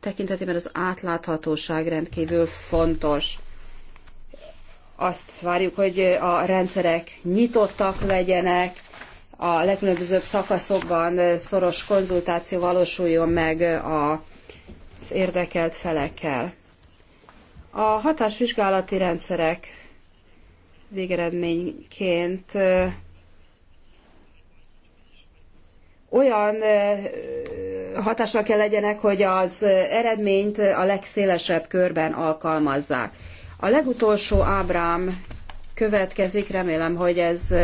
tekintetében az átláthatóság rendkívül fontos. Azt várjuk, hogy a rendszerek nyitottak legyenek, a legkülönbözőbb szakaszokban szoros konzultáció valósuljon meg az érdekelt felekkel. A hatásvizsgálati rendszerek végeredményként olyan hatással kell legyenek, hogy az eredményt a legszélesebb körben alkalmazzák. A legutolsó ábrám következik, remélem, hogy ez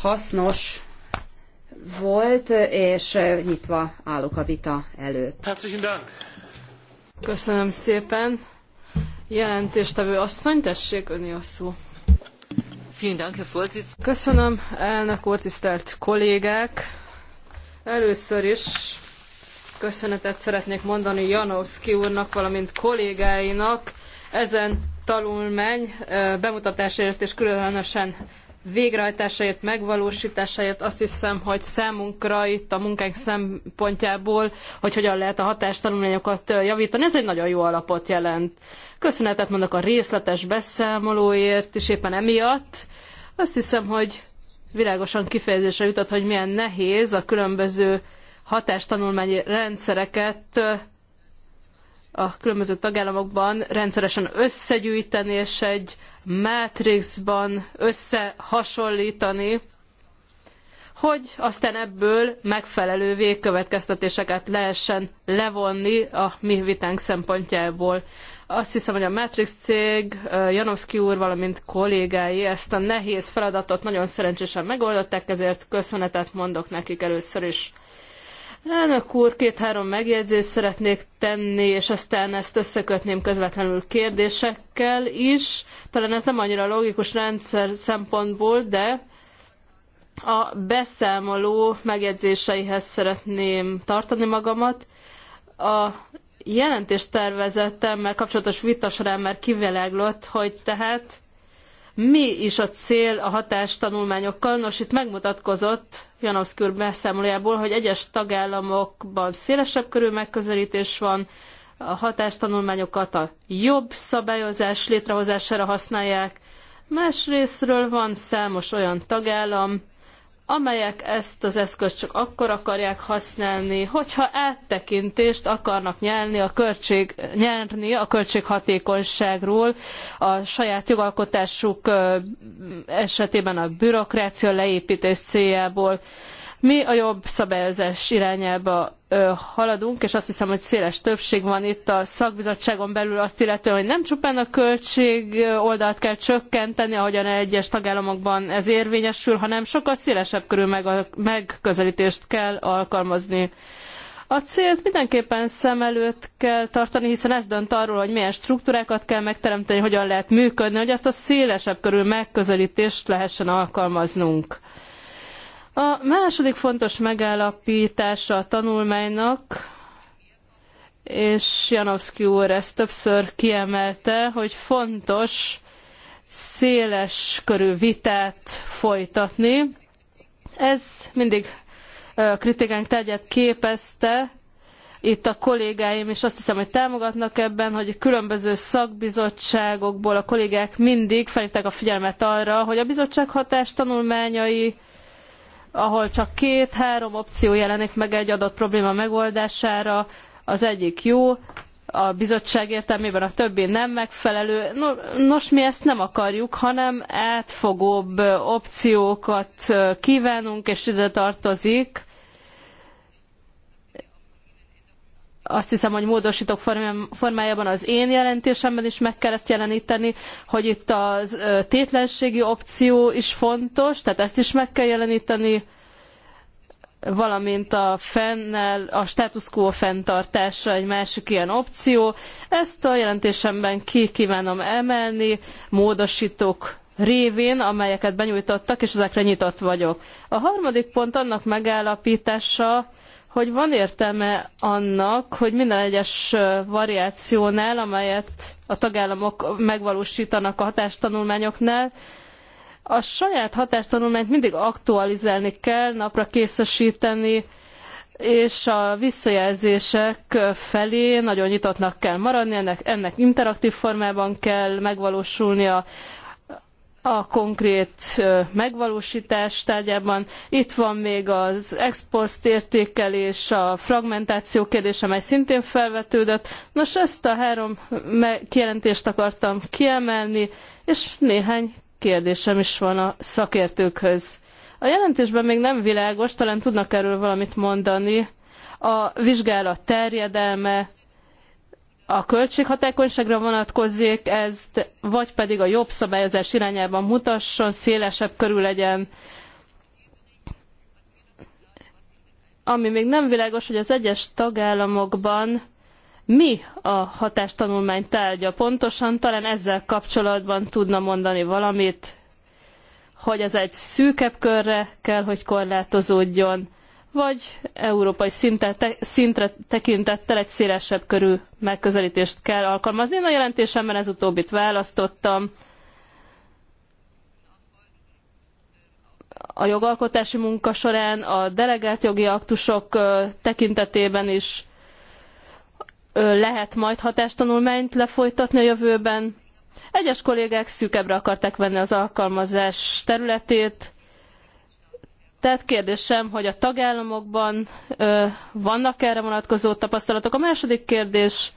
hasznos volt, és nyitva állok a vita előtt. Köszönöm szépen. Jelentéstevő asszony, tessék önni a szó. Köszönöm, elnök úr, tisztelt kollégák! Először is köszönetet szeretnék mondani Janowski úrnak, valamint kollégáinak ezen tanulmány bemutatásáért és különösen végrehajtásáért, megvalósításáért azt hiszem, hogy számunkra itt a munkánk szempontjából, hogy hogyan lehet a hatástanulmányokat javítani, ez egy nagyon jó alapot jelent. Köszönetet mondok a részletes beszámolóért, és éppen emiatt azt hiszem, hogy világosan kifejezésre jutott, hogy milyen nehéz a különböző hatástanulmányi rendszereket a különböző tagállamokban rendszeresen összegyűjteni és egy mátrixban összehasonlítani, hogy aztán ebből megfelelő végkövetkeztetéseket lehessen levonni a mi vitánk szempontjából azt hiszem, hogy a Matrix cég, Janowski úr, valamint kollégái ezt a nehéz feladatot nagyon szerencsésen megoldották, ezért köszönetet mondok nekik először is. Elnök úr, két-három megjegyzést szeretnék tenni, és aztán ezt összekötném közvetlenül kérdésekkel is. Talán ez nem annyira logikus rendszer szempontból, de a beszámoló megjegyzéseihez szeretném tartani magamat. A mert kapcsolatos vita során már kiviláglott, hogy tehát mi is a cél a hatástanulmányokkal. Nos, itt megmutatkozott Janowski úr beszámolójából, hogy egyes tagállamokban szélesebb körű megközelítés van, a hatástanulmányokat a jobb szabályozás létrehozására használják. Másrésztről van számos olyan tagállam, amelyek ezt az eszközt csak akkor akarják használni, hogyha áttekintést akarnak nyelni a költség, nyerni a költséghatékonyságról, a saját jogalkotásuk esetében a bürokrácia leépítés céljából. Mi a jobb szabályozás irányába haladunk, és azt hiszem, hogy széles többség van itt a szakbizottságon belül azt illetően, hogy nem csupán a költség oldalt kell csökkenteni, ahogyan egyes tagállamokban ez érvényesül, hanem sokkal szélesebb körű meg megközelítést kell alkalmazni. A célt mindenképpen szem előtt kell tartani, hiszen ez dönt arról, hogy milyen struktúrákat kell megteremteni, hogyan lehet működni, hogy ezt a szélesebb körű megközelítést lehessen alkalmaznunk. A második fontos megállapítása a tanulmánynak, és Janowski úr ezt többször kiemelte, hogy fontos széles körű vitát folytatni. Ez mindig kritikánk tárgyát képezte, itt a kollégáim, és azt hiszem, hogy támogatnak ebben, hogy a különböző szakbizottságokból a kollégák mindig felhívták a figyelmet arra, hogy a bizottság hatástanulmányai ahol csak két-három opció jelenik meg egy adott probléma megoldására, az egyik jó, a bizottság értelmében a többi nem megfelelő. Nos, mi ezt nem akarjuk, hanem átfogóbb opciókat kívánunk, és ide tartozik azt hiszem, hogy módosítok formájában az én jelentésemben is meg kell ezt jeleníteni, hogy itt a tétlenségi opció is fontos, tehát ezt is meg kell jeleníteni, valamint a fennel, a status quo fenntartása egy másik ilyen opció. Ezt a jelentésemben ki kívánom emelni, módosítok révén, amelyeket benyújtottak, és ezekre nyitott vagyok. A harmadik pont annak megállapítása, hogy van értelme annak, hogy minden egyes variációnál, amelyet a tagállamok megvalósítanak a hatástanulmányoknál, a saját hatástanulmányt mindig aktualizálni kell, napra készesíteni, és a visszajelzések felé nagyon nyitottnak kell maradni, ennek, ennek interaktív formában kell megvalósulnia, a konkrét megvalósítás tárgyában. Itt van még az post értékelés, a fragmentáció kérdése, amely szintén felvetődött. Nos, ezt a három kijelentést akartam kiemelni, és néhány kérdésem is van a szakértőkhöz. A jelentésben még nem világos, talán tudnak erről valamit mondani. A vizsgálat terjedelme, a költséghatékonyságra vonatkozzék, ezt vagy pedig a jobb szabályozás irányában mutasson, szélesebb körül legyen. Ami még nem világos, hogy az egyes tagállamokban mi a hatástanulmány tárgya pontosan, talán ezzel kapcsolatban tudna mondani valamit, hogy ez egy szűkebb körre kell, hogy korlátozódjon, vagy európai te, szintre tekintettel egy szélesebb körű megközelítést kell alkalmazni. Én a jelentésemben ez utóbbit választottam. A jogalkotási munka során a delegált jogi aktusok tekintetében is lehet majd hatástanulmányt lefolytatni a jövőben. Egyes kollégák szűkebbre akarták venni az alkalmazás területét, tehát kérdésem, hogy a tagállamokban ö, vannak erre vonatkozó tapasztalatok. A második kérdés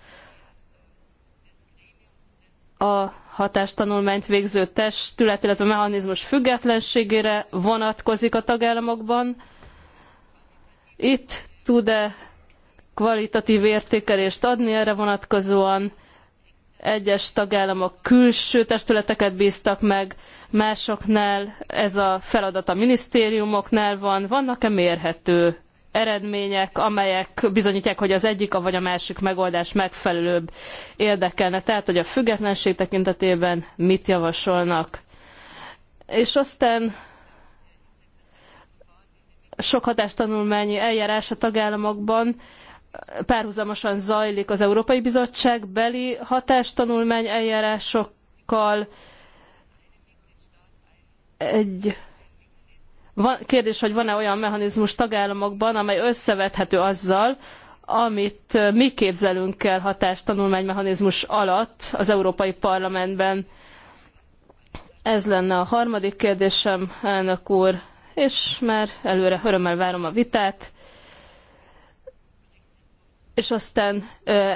a hatástanulmányt végző testület, illetve mechanizmus függetlenségére vonatkozik a tagállamokban. Itt tud-e kvalitatív értékelést adni erre vonatkozóan, egyes tagállamok külső testületeket bíztak meg, másoknál ez a feladat a minisztériumoknál van. Vannak-e mérhető eredmények, amelyek bizonyítják, hogy az egyik, vagy a másik megoldás megfelelőbb érdekelne. Tehát, hogy a függetlenség tekintetében mit javasolnak. És aztán sok hatástanulmányi eljárás a tagállamokban, párhuzamosan zajlik az Európai Bizottság beli hatástanulmány eljárásokkal. Egy van, kérdés, hogy van-e olyan mechanizmus tagállamokban, amely összevethető azzal, amit mi képzelünk el hatástanulmánymechanizmus alatt az Európai Parlamentben. Ez lenne a harmadik kérdésem, elnök úr, és már előre örömmel várom a vitát és aztán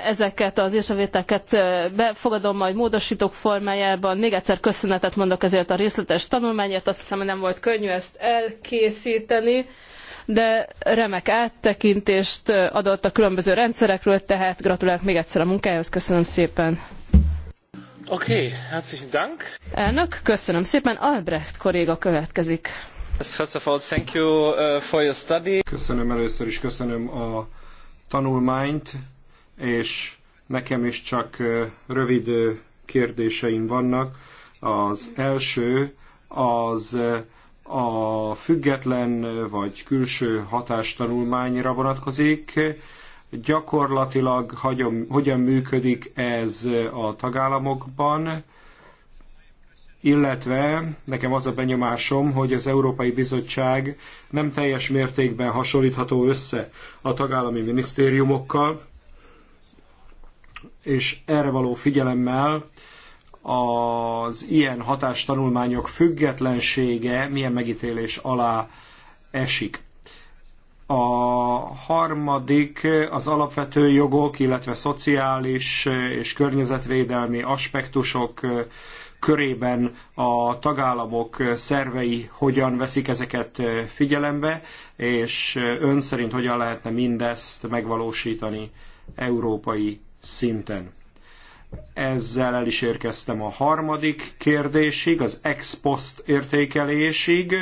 ezeket az észrevételeket befogadom majd módosítók formájában. Még egyszer köszönetet mondok ezért a részletes tanulmányért, azt hiszem, hogy nem volt könnyű ezt elkészíteni, de remek áttekintést adott a különböző rendszerekről, tehát gratulálok még egyszer a munkájához, köszönöm szépen. Oké, okay, herzlichen Dank. Elnök, köszönöm szépen. Albrecht kolléga következik. First of all, thank you uh, for your study. Köszönöm először is, köszönöm a tanulmányt, és nekem is csak rövid kérdéseim vannak. Az első az a független vagy külső hatástanulmányra vonatkozik. Gyakorlatilag hogyan működik ez a tagállamokban, illetve nekem az a benyomásom, hogy az Európai Bizottság nem teljes mértékben hasonlítható össze a tagállami minisztériumokkal, és erre való figyelemmel az ilyen hatástanulmányok függetlensége milyen megítélés alá esik. A harmadik az alapvető jogok, illetve szociális és környezetvédelmi aspektusok körében a tagállamok szervei hogyan veszik ezeket figyelembe, és ön szerint hogyan lehetne mindezt megvalósítani európai szinten. Ezzel el is érkeztem a harmadik kérdésig, az ex post értékelésig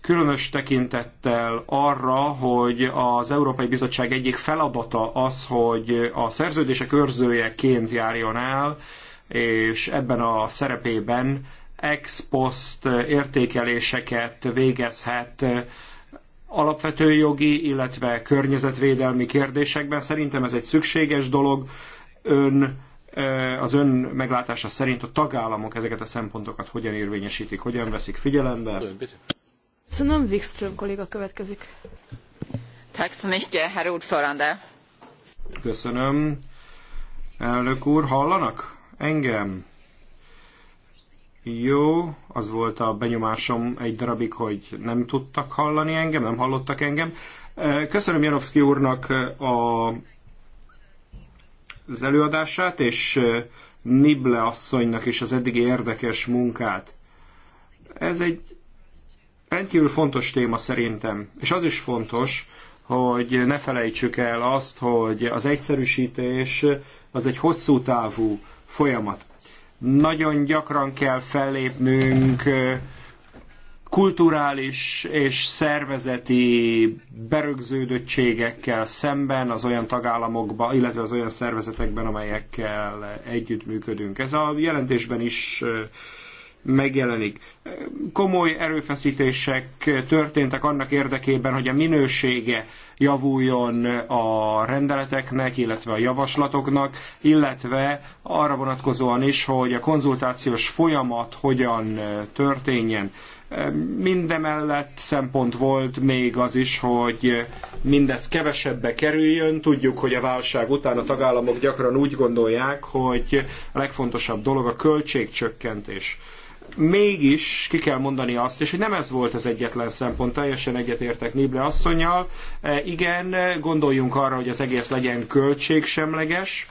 különös tekintettel arra, hogy az Európai Bizottság egyik feladata az, hogy a szerződések őrzőjeként járjon el, és ebben a szerepében ex post értékeléseket végezhet alapvető jogi, illetve környezetvédelmi kérdésekben. Szerintem ez egy szükséges dolog. Ön az ön meglátása szerint a tagállamok ezeket a szempontokat hogyan érvényesítik, hogyan veszik figyelembe? Köszönöm, Wikström kolléga következik. Köszönöm. Elnök úr, hallanak? Engem jó, az volt a benyomásom egy darabig, hogy nem tudtak hallani engem, nem hallottak engem. Köszönöm Janowski úrnak a, az előadását, és Nible asszonynak is az eddigi érdekes munkát. Ez egy rendkívül fontos téma szerintem, és az is fontos, hogy ne felejtsük el azt, hogy az egyszerűsítés az egy hosszú távú folyamat. Nagyon gyakran kell fellépnünk kulturális és szervezeti berögződöttségekkel szemben az olyan tagállamokban, illetve az olyan szervezetekben, amelyekkel együttműködünk. Ez a jelentésben is megjelenik. Komoly erőfeszítések történtek annak érdekében, hogy a minősége javuljon a rendeleteknek, illetve a javaslatoknak, illetve arra vonatkozóan is, hogy a konzultációs folyamat hogyan történjen. Mindemellett szempont volt még az is, hogy mindez kevesebbe kerüljön. Tudjuk, hogy a válság után a tagállamok gyakran úgy gondolják, hogy a legfontosabb dolog a költségcsökkentés mégis ki kell mondani azt, és hogy nem ez volt az egyetlen szempont, teljesen egyetértek Nible asszonyjal. E, igen, gondoljunk arra, hogy az egész legyen költségsemleges,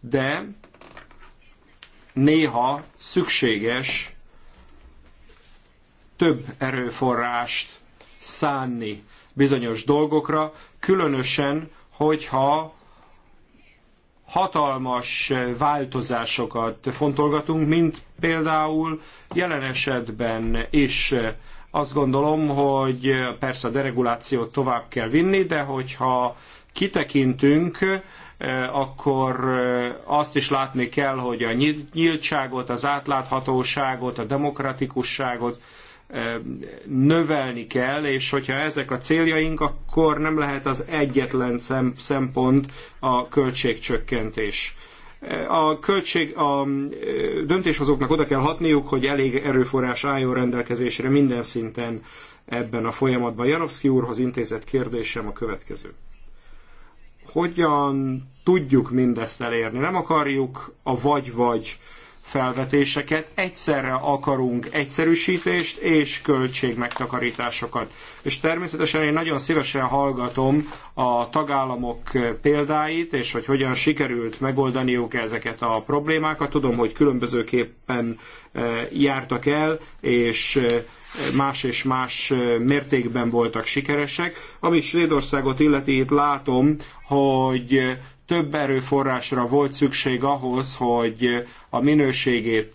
de néha szükséges több erőforrást szánni bizonyos dolgokra, különösen, hogyha hatalmas változásokat fontolgatunk, mint például jelen esetben is azt gondolom, hogy persze a deregulációt tovább kell vinni, de hogyha kitekintünk, akkor azt is látni kell, hogy a nyíltságot, az átláthatóságot, a demokratikusságot, növelni kell, és hogyha ezek a céljaink, akkor nem lehet az egyetlen szempont a költségcsökkentés. A költség, a döntéshozóknak oda kell hatniuk, hogy elég erőforrás álljon rendelkezésre minden szinten ebben a folyamatban. Janowski úrhoz intézett kérdésem a következő. Hogyan tudjuk mindezt elérni? Nem akarjuk a vagy-vagy felvetéseket, egyszerre akarunk egyszerűsítést és költségmegtakarításokat. És természetesen én nagyon szívesen hallgatom a tagállamok példáit, és hogy hogyan sikerült megoldaniuk ezeket a problémákat. Tudom, hogy különbözőképpen e, jártak el, és e, más és más e, mértékben voltak sikeresek. Ami Svédországot illeti, itt látom, hogy több erőforrásra volt szükség ahhoz, hogy a minőségét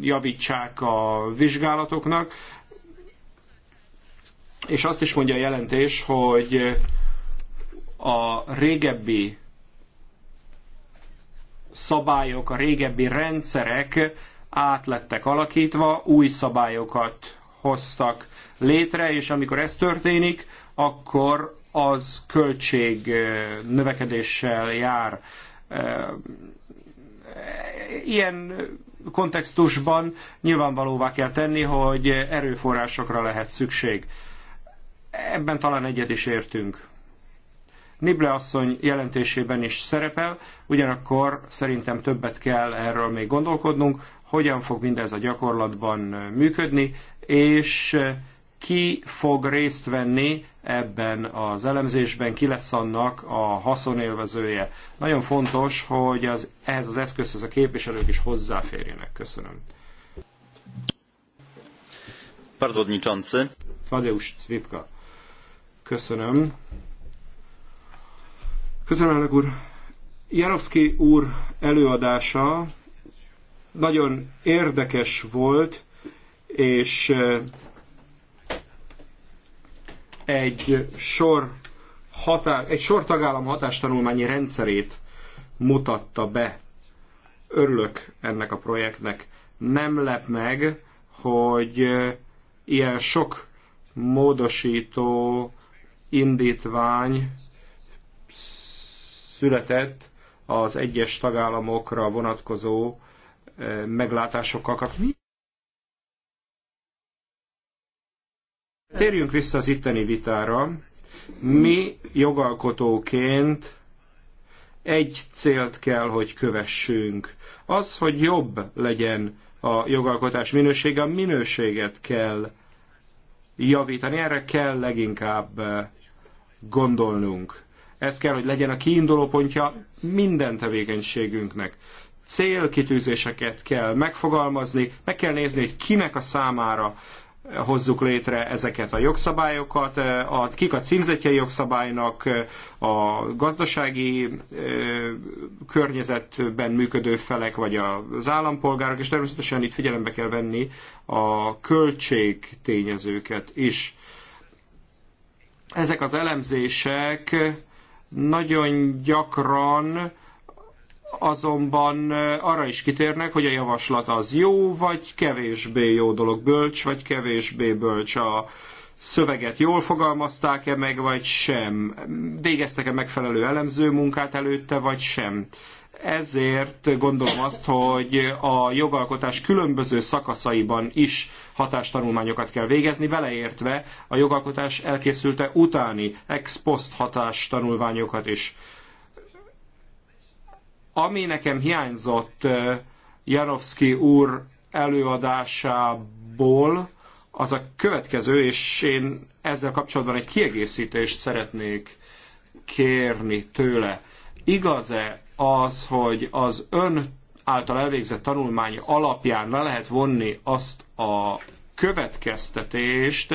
javítsák a vizsgálatoknak, és azt is mondja a jelentés, hogy a régebbi szabályok, a régebbi rendszerek átlettek alakítva, új szabályokat hoztak létre, és amikor ez történik, akkor az költség növekedéssel jár. Ilyen kontextusban nyilvánvalóvá kell tenni, hogy erőforrásokra lehet szükség. Ebben talán egyet is értünk. Nible asszony jelentésében is szerepel, ugyanakkor szerintem többet kell erről még gondolkodnunk, hogyan fog mindez a gyakorlatban működni, és ki fog részt venni ebben az elemzésben, ki lesz annak a haszonélvezője. Nagyon fontos, hogy az, ehhez az eszközhöz a képviselők is hozzáférjenek. Köszönöm. Bardzo Tadeusz Cvipka. Köszönöm. Köszönöm, elnök úr. Jarovszki úr előadása nagyon érdekes volt, és egy sor, hatá, egy sor tagállam hatástanulmányi rendszerét mutatta be. Örülök ennek a projektnek. Nem lep meg, hogy ilyen sok módosító indítvány született az egyes tagállamokra vonatkozó meglátásokkal kapcsolatban. Térjünk vissza az itteni vitára. Mi jogalkotóként egy célt kell, hogy kövessünk. Az, hogy jobb legyen a jogalkotás minősége, a minőséget kell javítani. Erre kell leginkább eh, gondolnunk. Ez kell, hogy legyen a kiinduló pontja minden tevékenységünknek. Célkitűzéseket kell megfogalmazni, meg kell nézni, hogy kinek a számára hozzuk létre ezeket a jogszabályokat, e, a, kik a címzetje jogszabálynak, a gazdasági e, környezetben működő felek, vagy az állampolgárok, és természetesen itt figyelembe kell venni a költségtényezőket is. Ezek az elemzések nagyon gyakran azonban arra is kitérnek, hogy a javaslat az jó vagy kevésbé jó dolog, bölcs vagy kevésbé bölcs a szöveget jól fogalmazták-e meg, vagy sem? Végeztek-e megfelelő elemző munkát előtte, vagy sem? Ezért gondolom azt, hogy a jogalkotás különböző szakaszaiban is hatástanulmányokat kell végezni, beleértve a jogalkotás elkészülte utáni ex post hatástanulmányokat is ami nekem hiányzott Jarovszki úr előadásából, az a következő, és én ezzel kapcsolatban egy kiegészítést szeretnék kérni tőle. Igaz-e az, hogy az ön által elvégzett tanulmány alapján le lehet vonni azt a következtetést,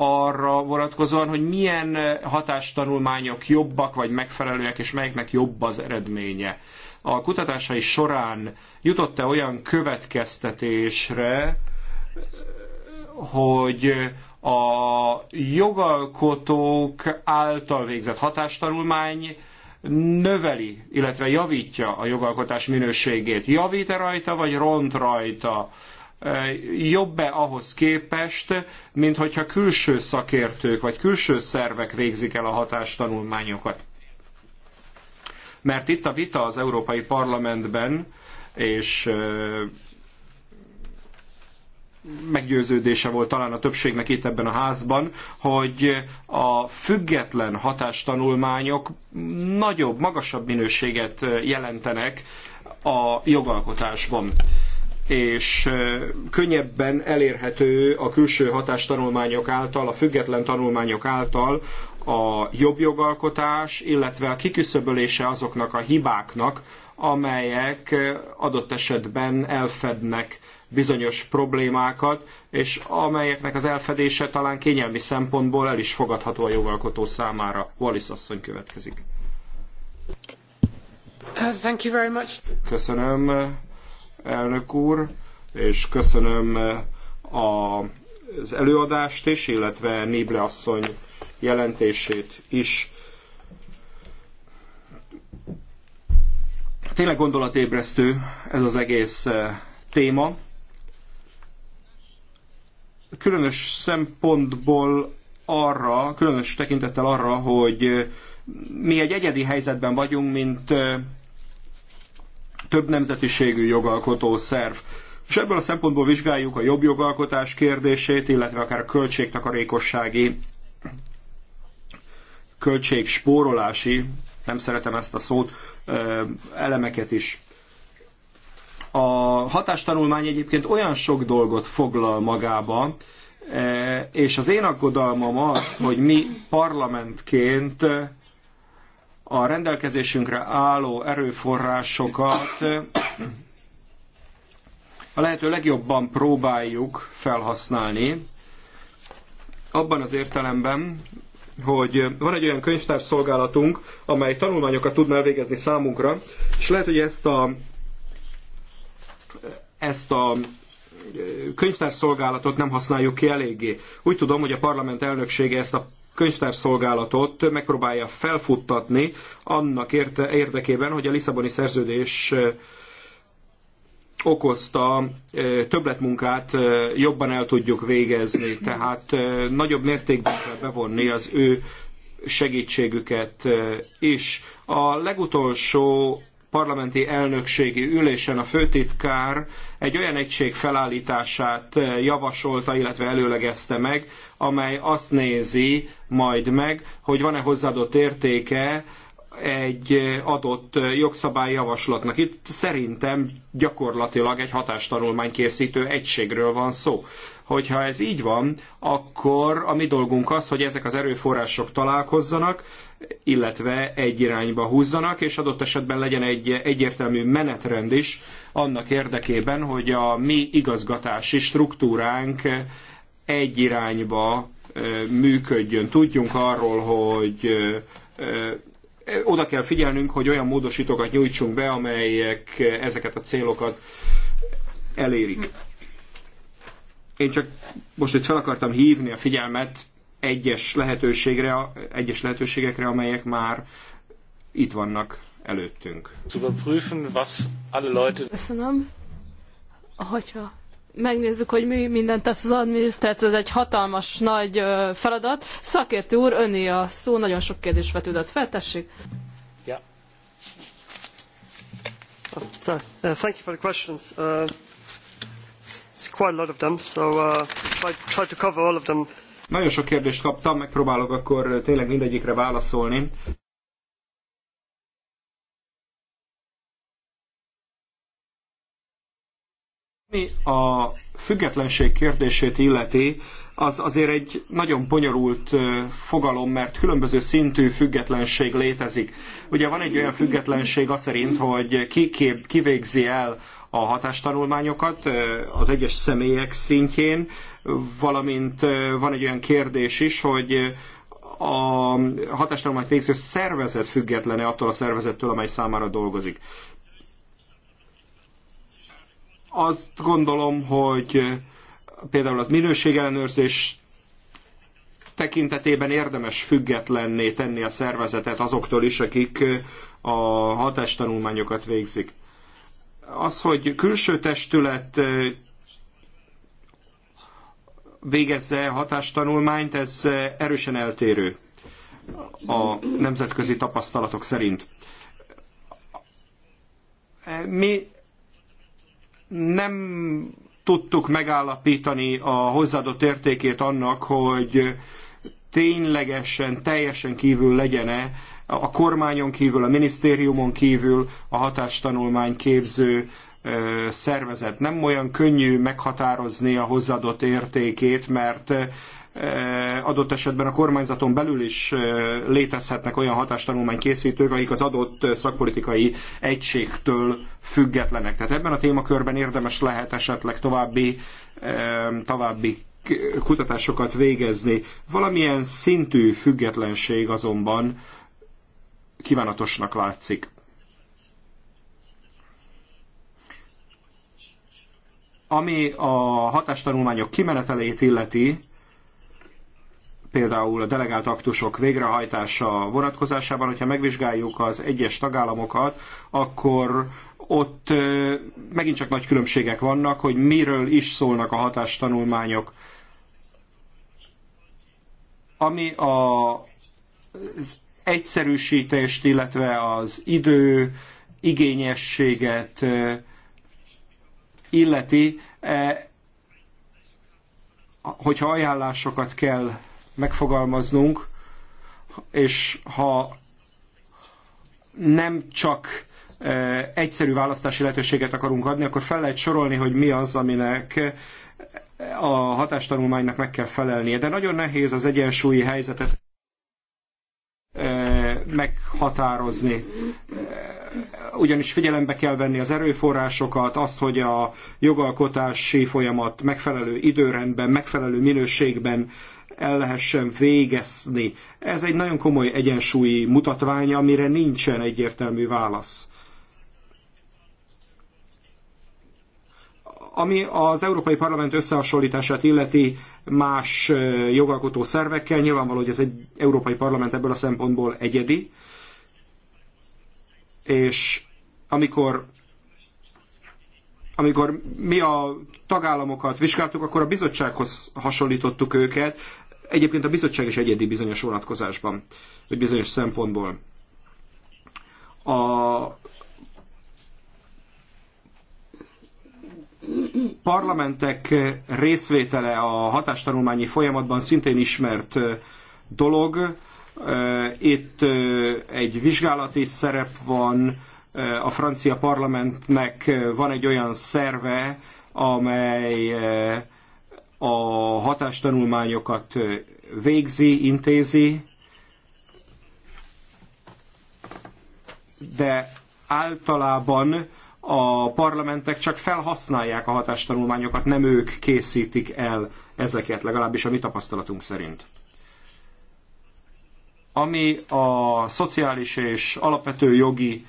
arra vonatkozóan, hogy milyen hatástanulmányok jobbak vagy megfelelőek, és melyeknek jobb az eredménye. A kutatásai során jutott-e olyan következtetésre, hogy a jogalkotók által végzett hatástanulmány növeli, illetve javítja a jogalkotás minőségét. Javít-e rajta, vagy ront rajta? jobb-e ahhoz képest, mint hogyha külső szakértők vagy külső szervek végzik el a hatástanulmányokat. Mert itt a vita az Európai Parlamentben, és meggyőződése volt talán a többségnek itt ebben a házban, hogy a független hatástanulmányok nagyobb, magasabb minőséget jelentenek a jogalkotásban és könnyebben elérhető a külső hatástanulmányok által, a független tanulmányok által a jobb jogalkotás, illetve a kiküszöbölése azoknak a hibáknak, amelyek adott esetben elfednek bizonyos problémákat, és amelyeknek az elfedése talán kényelmi szempontból el is fogadható a jogalkotó számára. Wallis asszony következik. Thank you very much. Köszönöm, elnök úr, és köszönöm eh, a, az előadást is, illetve Nible asszony jelentését is. Tényleg gondolatébresztő ez az egész eh, téma. Különös szempontból arra, különös tekintettel arra, hogy eh, mi egy egyedi helyzetben vagyunk, mint több nemzetiségű jogalkotó szerv. És ebből a szempontból vizsgáljuk a jobb jogalkotás kérdését, illetve akár a költségtakarékossági, költségspórolási, nem szeretem ezt a szót, elemeket is. A hatástanulmány egyébként olyan sok dolgot foglal magába, és az én aggodalmam az, hogy mi parlamentként a rendelkezésünkre álló erőforrásokat a lehető legjobban próbáljuk felhasználni, abban az értelemben, hogy van egy olyan könyvtárszolgálatunk, amely tanulmányokat tudna elvégezni számunkra, és lehet, hogy ezt a, ezt a könyvtárszolgálatot nem használjuk ki eléggé. Úgy tudom, hogy a parlament elnöksége ezt a könyvtárszolgálatot megpróbálja felfuttatni annak érte, érdekében, hogy a Lisszaboni szerződés okozta többletmunkát jobban el tudjuk végezni. Tehát nagyobb mértékben kell bevonni az ő segítségüket is. A legutolsó parlamenti elnökségi ülésen a főtitkár egy olyan egység felállítását eh, javasolta, illetve előlegezte meg, amely azt nézi majd meg, hogy van-e hozzáadott értéke egy eh, adott eh, jogszabályjavaslatnak. Itt szerintem gyakorlatilag egy hatástanulmány készítő egységről van szó. Hogyha ez így van, akkor a mi dolgunk az, hogy ezek az erőforrások találkozzanak, illetve egy irányba húzzanak, és adott esetben legyen egy egyértelmű menetrend is annak érdekében, hogy a mi igazgatási struktúránk egy irányba működjön. Tudjunk arról, hogy oda kell figyelnünk, hogy olyan módosítókat nyújtsunk be, amelyek ezeket a célokat elérik. Én csak most itt fel akartam hívni a figyelmet egyes, lehetőségre, egyes lehetőségekre, amelyek már itt vannak előttünk. Köszönöm. Hogyha megnézzük, hogy mi mindent tesz az adminisztráció, ez egy hatalmas nagy feladat. Szakértő úr, öné a szó, nagyon sok kérdés vetődött fel, tessék. Ja. Oh, uh, thank you for the questions. Uh, it's quite a lot of them, so uh, I tried to cover all of them. Nagyon sok kérdést kaptam, megpróbálok akkor tényleg mindegyikre válaszolni. Ami a függetlenség kérdését illeti, az azért egy nagyon bonyolult fogalom, mert különböző szintű függetlenség létezik. Ugye van egy olyan függetlenség az szerint, hogy ki kép, kivégzi el a hatástanulmányokat az egyes személyek szintjén, valamint van egy olyan kérdés is, hogy a hatástanulmányt végző szervezet függetlene attól a szervezettől, amely számára dolgozik. Azt gondolom, hogy például az minőségellenőrzés tekintetében érdemes függetlenné tenni a szervezetet azoktól is, akik a hatástanulmányokat végzik az, hogy külső testület végezze hatástanulmányt, ez erősen eltérő a nemzetközi tapasztalatok szerint. Mi nem tudtuk megállapítani a hozzáadott értékét annak, hogy ténylegesen, teljesen kívül legyen-e a kormányon kívül, a minisztériumon kívül a hatástanulmány képző szervezet. Nem olyan könnyű meghatározni a hozzáadott értékét, mert adott esetben a kormányzaton belül is létezhetnek olyan hatástanulmány készítők, akik az adott szakpolitikai egységtől függetlenek. Tehát ebben a témakörben érdemes lehet esetleg további, további kutatásokat végezni. Valamilyen szintű függetlenség azonban kívánatosnak látszik. Ami a hatástanulmányok kimeneteleit illeti, például a delegált aktusok végrehajtása vonatkozásában, hogyha megvizsgáljuk az egyes tagállamokat, akkor ott megint csak nagy különbségek vannak, hogy miről is szólnak a hatástanulmányok. Ami a, az egyszerűsítést, illetve az idő igényességet illeti, hogyha ajánlásokat kell megfogalmaznunk, és ha nem csak egyszerű választási lehetőséget akarunk adni, akkor fel lehet sorolni, hogy mi az, aminek a hatástanulmánynak meg kell felelnie. De nagyon nehéz az egyensúlyi helyzetet meghatározni. Ugyanis figyelembe kell venni az erőforrásokat, azt, hogy a jogalkotási folyamat megfelelő időrendben, megfelelő minőségben el lehessen végezni. Ez egy nagyon komoly egyensúlyi mutatvány, amire nincsen egyértelmű válasz. Ami az Európai Parlament összehasonlítását illeti más jogalkotó szervekkel, nyilvánvaló, hogy ez egy Európai Parlament ebből a szempontból egyedi, és amikor amikor mi a tagállamokat vizsgáltuk, akkor a bizottsághoz hasonlítottuk őket. Egyébként a bizottság is egyedi bizonyos vonatkozásban, vagy bizonyos szempontból. A parlamentek részvétele a hatástanulmányi folyamatban szintén ismert dolog. Itt egy vizsgálati szerep van, a francia parlamentnek van egy olyan szerve, amely a hatástanulmányokat végzi, intézi, de általában a parlamentek csak felhasználják a hatástanulmányokat, nem ők készítik el ezeket, legalábbis a mi tapasztalatunk szerint. Ami a szociális és alapvető jogi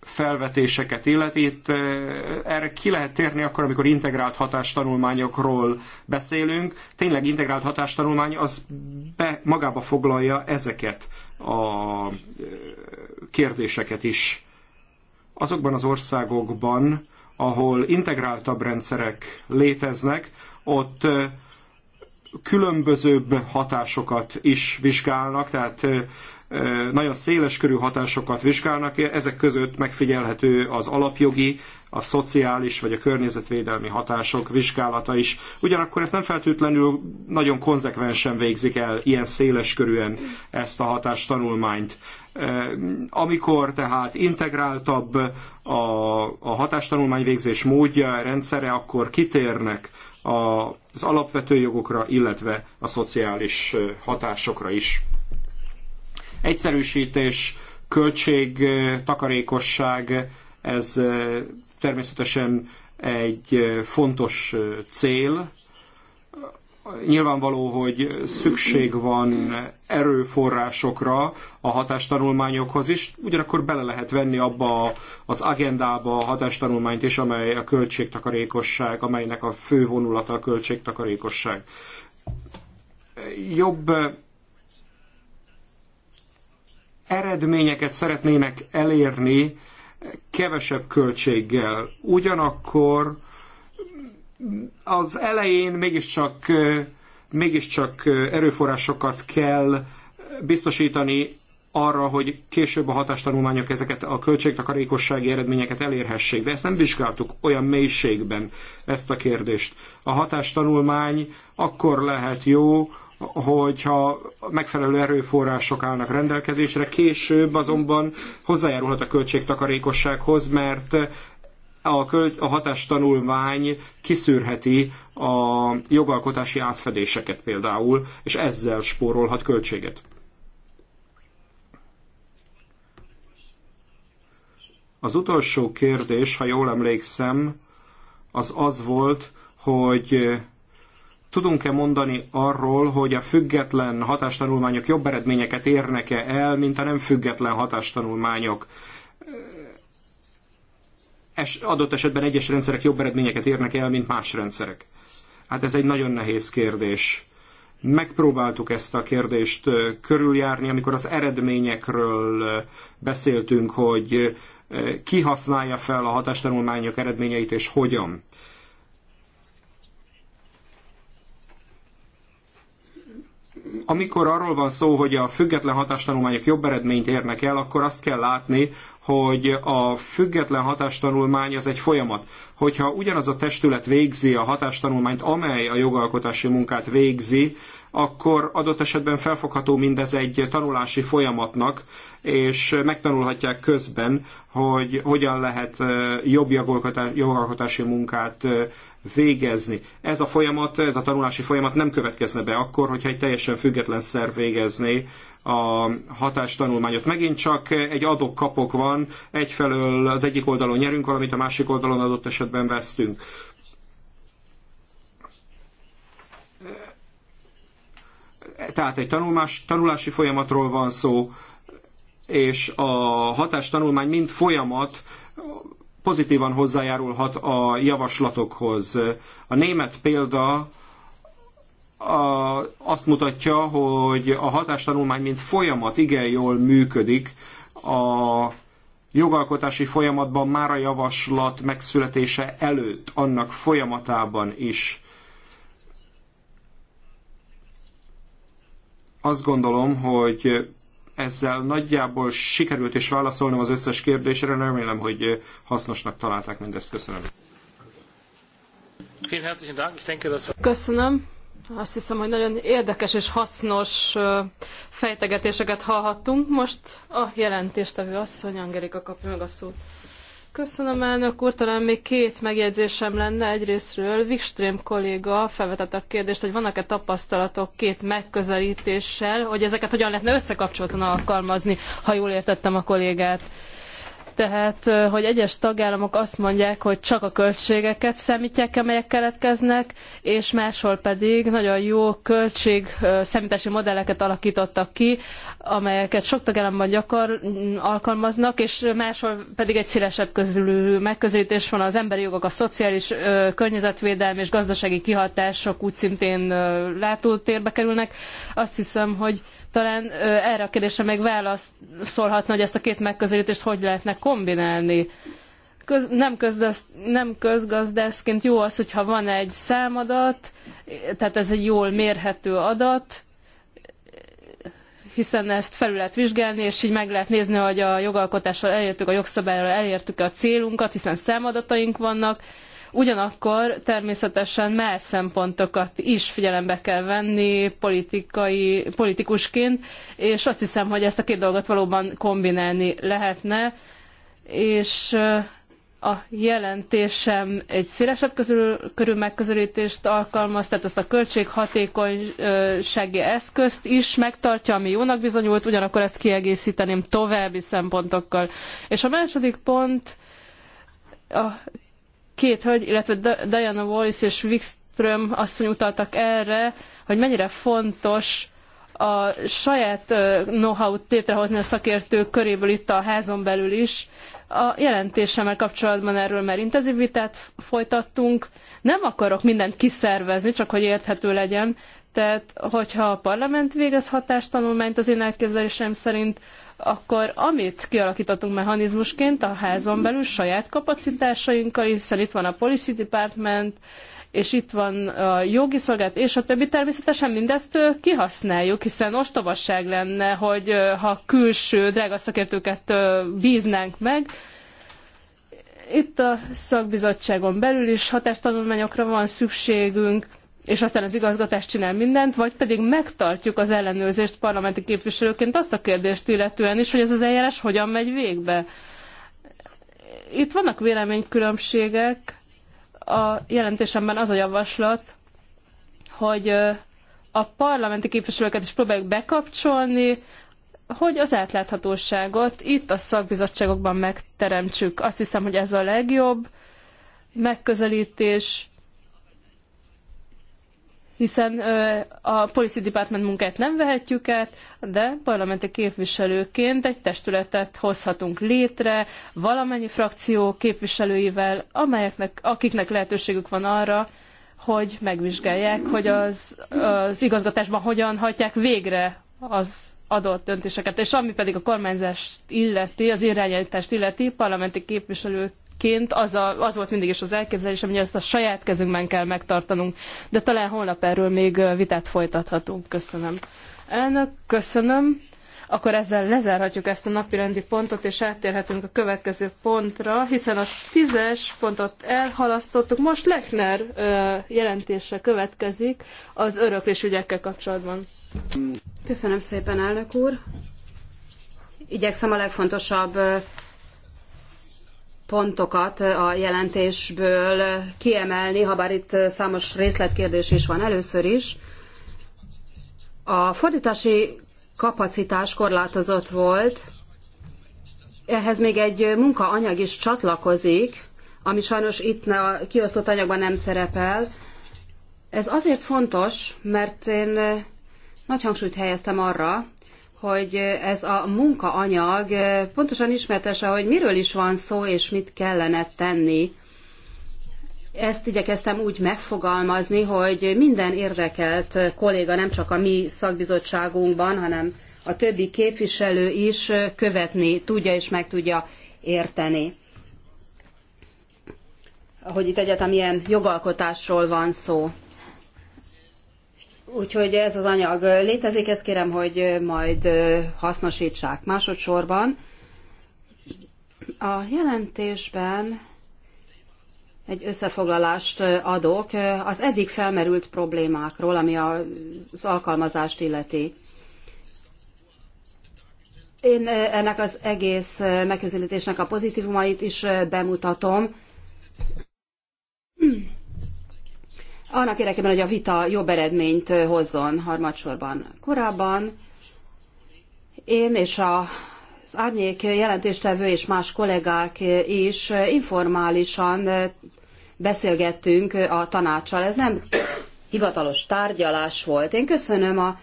felvetéseket illeti. Itt eh, erre ki lehet térni akkor, amikor integrált hatástanulmányokról beszélünk. Tényleg integrált hatástanulmány az be, magába foglalja ezeket a eh, kérdéseket is azokban az országokban, ahol integráltabb rendszerek léteznek, ott különbözőbb hatásokat is vizsgálnak, tehát nagyon széles körű hatásokat vizsgálnak, ezek között megfigyelhető az alapjogi, a szociális vagy a környezetvédelmi hatások vizsgálata is. Ugyanakkor ezt nem feltétlenül nagyon konzekvensen végzik el ilyen széles körűen ezt a hatástanulmányt. Amikor tehát integráltabb a, a hatástanulmány végzés módja, rendszere, akkor kitérnek az alapvető jogokra, illetve a szociális hatásokra is. Egyszerűsítés, költség, takarékosság, ez természetesen egy fontos cél. Nyilvánvaló, hogy szükség van erőforrásokra a hatástanulmányokhoz is, ugyanakkor bele lehet venni abba az agendába a hatástanulmányt is, amely a költségtakarékosság, amelynek a fő vonulata a költségtakarékosság. Jobb eredményeket szeretnének elérni kevesebb költséggel. Ugyanakkor az elején mégiscsak, mégiscsak erőforrásokat kell biztosítani arra, hogy később a hatástanulmányok ezeket a költségtakarékossági eredményeket elérhessék. De ezt nem vizsgáltuk olyan mélységben, ezt a kérdést. A hatástanulmány akkor lehet jó, hogyha megfelelő erőforrások állnak rendelkezésre, később azonban hozzájárulhat a költségtakarékossághoz, mert a, költ, a hatástanulmány kiszűrheti a jogalkotási átfedéseket például, és ezzel spórolhat költséget. Az utolsó kérdés, ha jól emlékszem, az az volt, hogy Tudunk-e mondani arról, hogy a független hatástanulmányok jobb eredményeket érnek-e el, mint a nem független hatástanulmányok? Es, adott esetben egyes rendszerek jobb eredményeket érnek el, mint más rendszerek. Hát ez egy nagyon nehéz kérdés megpróbáltuk ezt a kérdést körüljárni, amikor az eredményekről beszéltünk, hogy ki használja fel a hatástanulmányok eredményeit és hogyan. amikor arról van szó, hogy a független hatástanulmányok jobb eredményt érnek el, akkor azt kell látni, hogy a független hatástanulmány az egy folyamat. Hogyha ugyanaz a testület végzi a hatástanulmányt, amely a jogalkotási munkát végzi, akkor adott esetben felfogható mindez egy tanulási folyamatnak, és megtanulhatják közben, hogy hogyan lehet jobb jogalkotási munkát végezni. Ez a folyamat, ez a tanulási folyamat nem következne be akkor, hogyha egy teljesen független szerv végezné a hatástanulmányot. Megint csak egy adok-kapok van, egyfelől az egyik oldalon nyerünk valamit, a másik oldalon adott esetben vesztünk. tehát egy tanulmás, tanulási folyamatról van szó, és a hatástanulmány mind folyamat pozitívan hozzájárulhat a javaslatokhoz. A német példa a, azt mutatja, hogy a hatástanulmány mint folyamat igen jól működik. A jogalkotási folyamatban már a javaslat megszületése előtt, annak folyamatában is Azt gondolom, hogy ezzel nagyjából sikerült és válaszolnom az összes kérdésre. Remélem, hogy hasznosnak találták mindezt. Köszönöm. Köszönöm. Azt hiszem, hogy nagyon érdekes és hasznos fejtegetéseket hallhattunk. Most a jelentéstevő asszony, Angelika kapja meg a szót. Köszönöm, elnök úr. Talán még két megjegyzésem lenne. Egyrésztről Wikström kolléga felvetett a kérdést, hogy vannak-e tapasztalatok két megközelítéssel, hogy ezeket hogyan lehetne összekapcsolatlan alkalmazni, ha jól értettem a kollégát. Tehát, hogy egyes tagállamok azt mondják, hogy csak a költségeket számítják, amelyek keletkeznek, és máshol pedig nagyon jó költség számítási modelleket alakítottak ki, amelyeket sok tagállamban gyakor alkalmaznak, és máshol pedig egy szélesebb közülű megközelítés van az emberi jogok, a szociális ö, és gazdasági kihatások úgy szintén ö, látótérbe kerülnek. Azt hiszem, hogy talán ö, erre a kérdésre még válaszolhatna, hogy ezt a két megközelítést hogy lehetne kombinálni. Köz, nem, közgazdász, nem közgazdászként jó az, hogyha van egy számadat, tehát ez egy jól mérhető adat, hiszen ezt felül lehet vizsgálni, és így meg lehet nézni, hogy a jogalkotással elértük, a jogszabályra elértük a célunkat, hiszen számadataink vannak, Ugyanakkor természetesen más szempontokat is figyelembe kell venni politikai, politikusként, és azt hiszem, hogy ezt a két dolgot valóban kombinálni lehetne, és a jelentésem egy szélesebb körű körül megközelítést alkalmaz, tehát ezt a költséghatékonysági eszközt is megtartja, ami jónak bizonyult, ugyanakkor ezt kiegészíteném további szempontokkal. És a második pont a két hölgy, illetve Diana Wallis és Wikström asszony utaltak erre, hogy mennyire fontos a saját know-how-t létrehozni a szakértők köréből itt a házon belül is, a jelentésemmel kapcsolatban erről már intenzív vitát folytattunk. Nem akarok mindent kiszervezni, csak hogy érthető legyen. Tehát, hogyha a parlament végez hatástanulmányt az én elképzelésem szerint, akkor amit kialakítottunk mechanizmusként a házon belül saját kapacitásainkkal, hiszen itt van a Policy Department, és itt van a jogi szolgált, és a többi. Természetesen mindezt kihasználjuk, hiszen ostobasság lenne, hogy ha külső drága szakértőket bíznánk meg, itt a szakbizottságon belül is hatástanulmányokra van szükségünk, és aztán az igazgatás csinál mindent, vagy pedig megtartjuk az ellenőrzést parlamenti képviselőként azt a kérdést illetően is, hogy ez az eljárás hogyan megy végbe. Itt vannak véleménykülönbségek, a jelentésemben az a javaslat, hogy a parlamenti képviselőket is próbáljuk bekapcsolni, hogy az átláthatóságot itt a szakbizottságokban megteremtsük. Azt hiszem, hogy ez a legjobb megközelítés hiszen a Policy Department munkát nem vehetjük át, de parlamenti képviselőként egy testületet hozhatunk létre valamennyi frakció képviselőivel, amelyeknek, akiknek lehetőségük van arra, hogy megvizsgálják, hogy az, az igazgatásban hogyan hajtják végre az adott döntéseket. És ami pedig a kormányzást illeti, az irányítást illeti, parlamenti képviselők ként az, a, az volt mindig is az elképzelésem, hogy ezt a saját kezünkben kell megtartanunk. De talán holnap erről még vitát folytathatunk. Köszönöm. Elnök, köszönöm. Akkor ezzel lezárhatjuk ezt a napirendi pontot, és áttérhetünk a következő pontra, hiszen a tízes pontot elhalasztottuk. Most Lechner jelentése következik az öröklés ügyekkel kapcsolatban. Köszönöm szépen, elnök úr. Igyekszem a legfontosabb pontokat a jelentésből kiemelni, habár itt számos részletkérdés is van először is. A fordítási kapacitás korlátozott volt, ehhez még egy munkaanyag is csatlakozik, ami sajnos itt a kiosztott anyagban nem szerepel. Ez azért fontos, mert én nagy hangsúlyt helyeztem arra, hogy ez a munkaanyag eh, pontosan ismertese, hogy miről is van szó, és mit kellene tenni. Ezt igyekeztem úgy megfogalmazni, hogy minden érdekelt kolléga nem csak a mi szakbizottságunkban, hanem a többi képviselő is követni tudja és meg tudja érteni. Hogy itt egyetem ilyen jogalkotásról van szó. Úgyhogy ez az anyag létezik, ezt kérem, hogy majd hasznosítsák. Másodszorban a jelentésben egy összefoglalást adok az eddig felmerült problémákról, ami az alkalmazást illeti. Én ennek az egész megközelítésnek a pozitívumait is bemutatom annak érdekében, hogy a vita jobb eredményt hozzon harmadsorban. Korábban én és a az árnyék jelentéstevő és más kollégák is informálisan beszélgettünk a tanácssal. Ez nem hivatalos tárgyalás volt. Én köszönöm a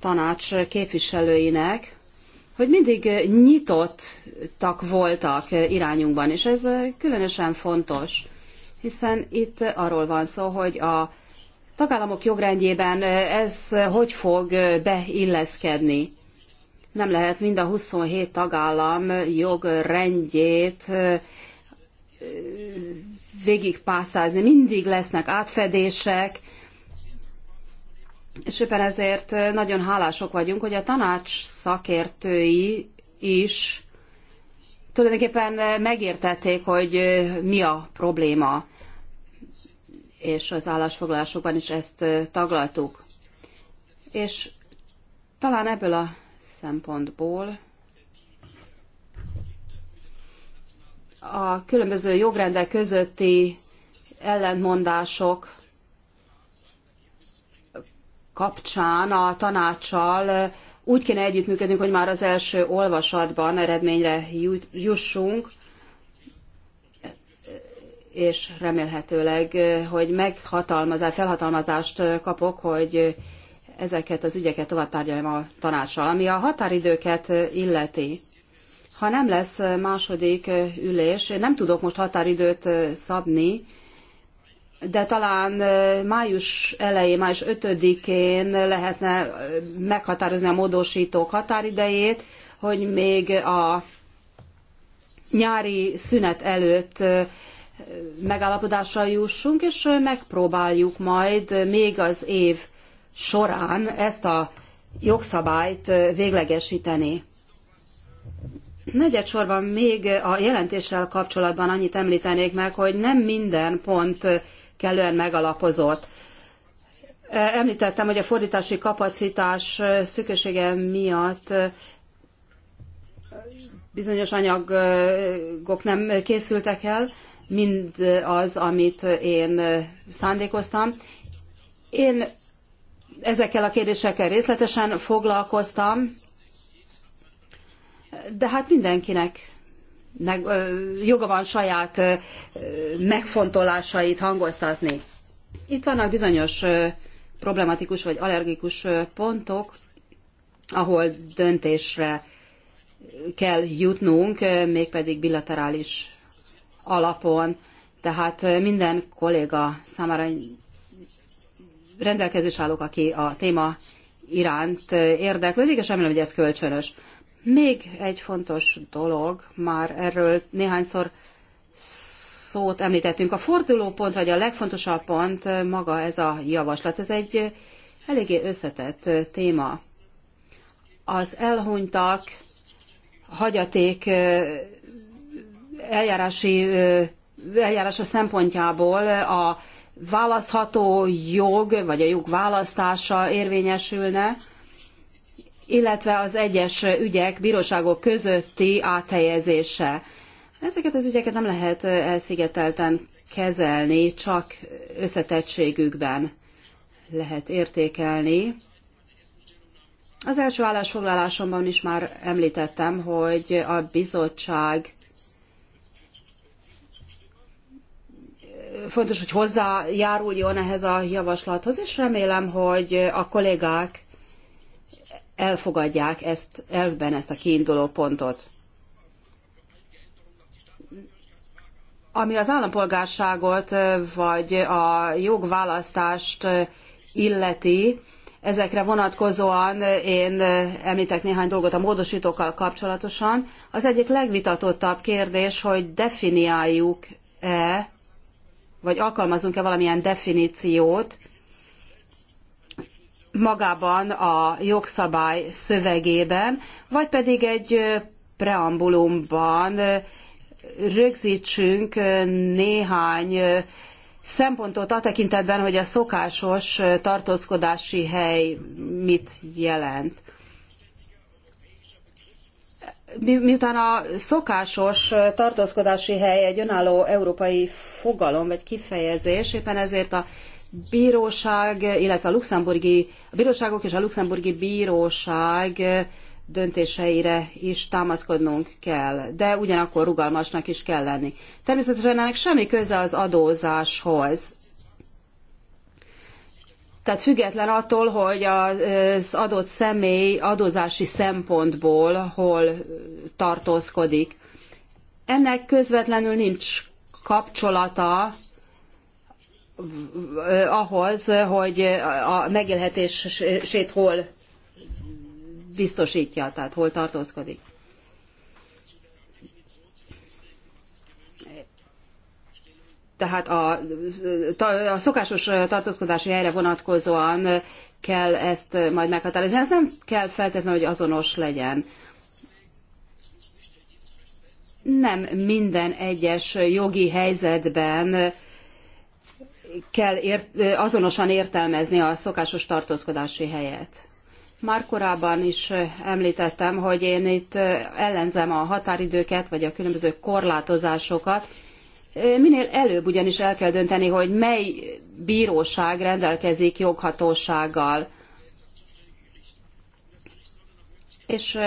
tanács képviselőinek, hogy mindig nyitottak voltak irányunkban, és ez különösen fontos hiszen itt arról van szó, hogy a tagállamok jogrendjében ez hogy fog beilleszkedni. Nem lehet mind a 27 tagállam jogrendjét végigpásztázni. Mindig lesznek átfedések, és éppen ezért nagyon hálások vagyunk, hogy a tanács szakértői is tulajdonképpen megértették, hogy mi a probléma és az állásfoglalásokban is ezt taglaltuk. És talán ebből a szempontból a különböző jogrendek közötti ellentmondások kapcsán a tanácssal úgy kéne együttműködnünk, hogy már az első olvasatban eredményre jussunk, és remélhetőleg, hogy meghatalmazás, felhatalmazást kapok, hogy ezeket az ügyeket tovább tárgyaljam a tanácssal. Ami a határidőket illeti, ha nem lesz második ülés, én nem tudok most határidőt szabni, de talán május elején, május 5-én lehetne meghatározni a módosítók határidejét, hogy még a nyári szünet előtt megállapodásra jussunk, és megpróbáljuk majd még az év során ezt a jogszabályt véglegesíteni. Negyed sorban még a jelentéssel kapcsolatban annyit említenék meg, hogy nem minden pont kellően megalapozott. Említettem, hogy a fordítási kapacitás szűkösége miatt bizonyos anyagok nem készültek el, mind az, amit én szándékoztam. Én ezekkel a kérdésekkel részletesen foglalkoztam, de hát mindenkinek meg, ö, joga van saját ö, megfontolásait hangoztatni. Itt vannak bizonyos ö, problematikus vagy allergikus ö, pontok, ahol döntésre kell jutnunk, ö, mégpedig bilaterális alapon, tehát minden kolléga számára rendelkezés állok, aki a téma iránt érdeklődik, és remélem, hogy ez kölcsönös. Még egy fontos dolog, már erről néhányszor szót említettünk. A fordulópont, vagy a legfontosabb pont maga ez a javaslat. Ez egy eléggé összetett téma. Az elhunytak hagyaték eljárási eljárása szempontjából a választható jog, vagy a jog választása érvényesülne, illetve az egyes ügyek bíróságok közötti áthelyezése. Ezeket az ügyeket nem lehet elszigetelten kezelni, csak összetettségükben lehet értékelni. Az első állásfoglalásomban is már említettem, hogy a bizottság fontos, hogy hozzájáruljon ehhez a javaslathoz, és remélem, hogy a kollégák elfogadják ezt, elvben ezt a kiinduló pontot. Ami az állampolgárságot vagy a jogválasztást illeti, ezekre vonatkozóan én említek néhány dolgot a módosítókkal kapcsolatosan. Az egyik legvitatottabb kérdés, hogy definiáljuk-e vagy alkalmazunk-e valamilyen definíciót magában a jogszabály szövegében, vagy pedig egy preambulumban rögzítsünk néhány szempontot a tekintetben, hogy a szokásos tartózkodási hely mit jelent miután a szokásos tartózkodási hely egy önálló európai fogalom vagy kifejezés, éppen ezért a bíróság, illetve a luxemburgi a bíróságok és a luxemburgi bíróság döntéseire is támaszkodnunk kell, de ugyanakkor rugalmasnak is kell lenni. Természetesen ennek semmi köze az adózáshoz. Tehát független attól, hogy az adott személy adózási szempontból hol tartózkodik. Ennek közvetlenül nincs kapcsolata eh, ahhoz, hogy a megélhetését hol biztosítja, tehát hol tartózkodik. tehát a, a szokásos tartózkodási helyre vonatkozóan kell ezt majd meghatározni. Ez nem kell feltétlenül, hogy azonos legyen. Nem minden egyes jogi helyzetben kell ért, azonosan értelmezni a szokásos tartózkodási helyet. Már korábban is említettem, hogy én itt ellenzem a határidőket, vagy a különböző korlátozásokat, Minél előbb ugyanis el kell dönteni, hogy mely bíróság rendelkezik joghatósággal. És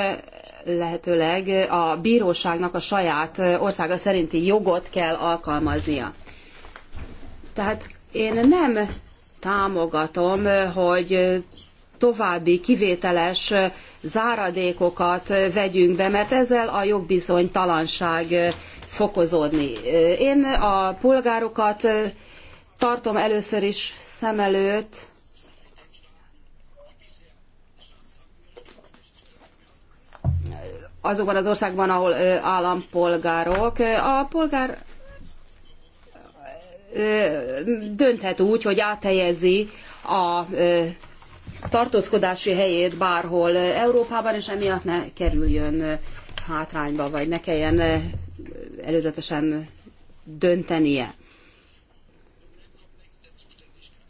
lehetőleg a bíróságnak a saját országa szerinti jogot kell alkalmaznia. Tehát én nem támogatom, hogy további kivételes záradékokat vegyünk be, mert ezzel a jogbizonytalanság fokozódni. Én a polgárokat tartom először is szem előtt, azokban az országban, ahol állampolgárok. A polgár dönthet úgy, hogy áthelyezi a tartózkodási helyét bárhol Európában, és emiatt ne kerüljön hátrányba, vagy ne kelljen előzetesen döntenie.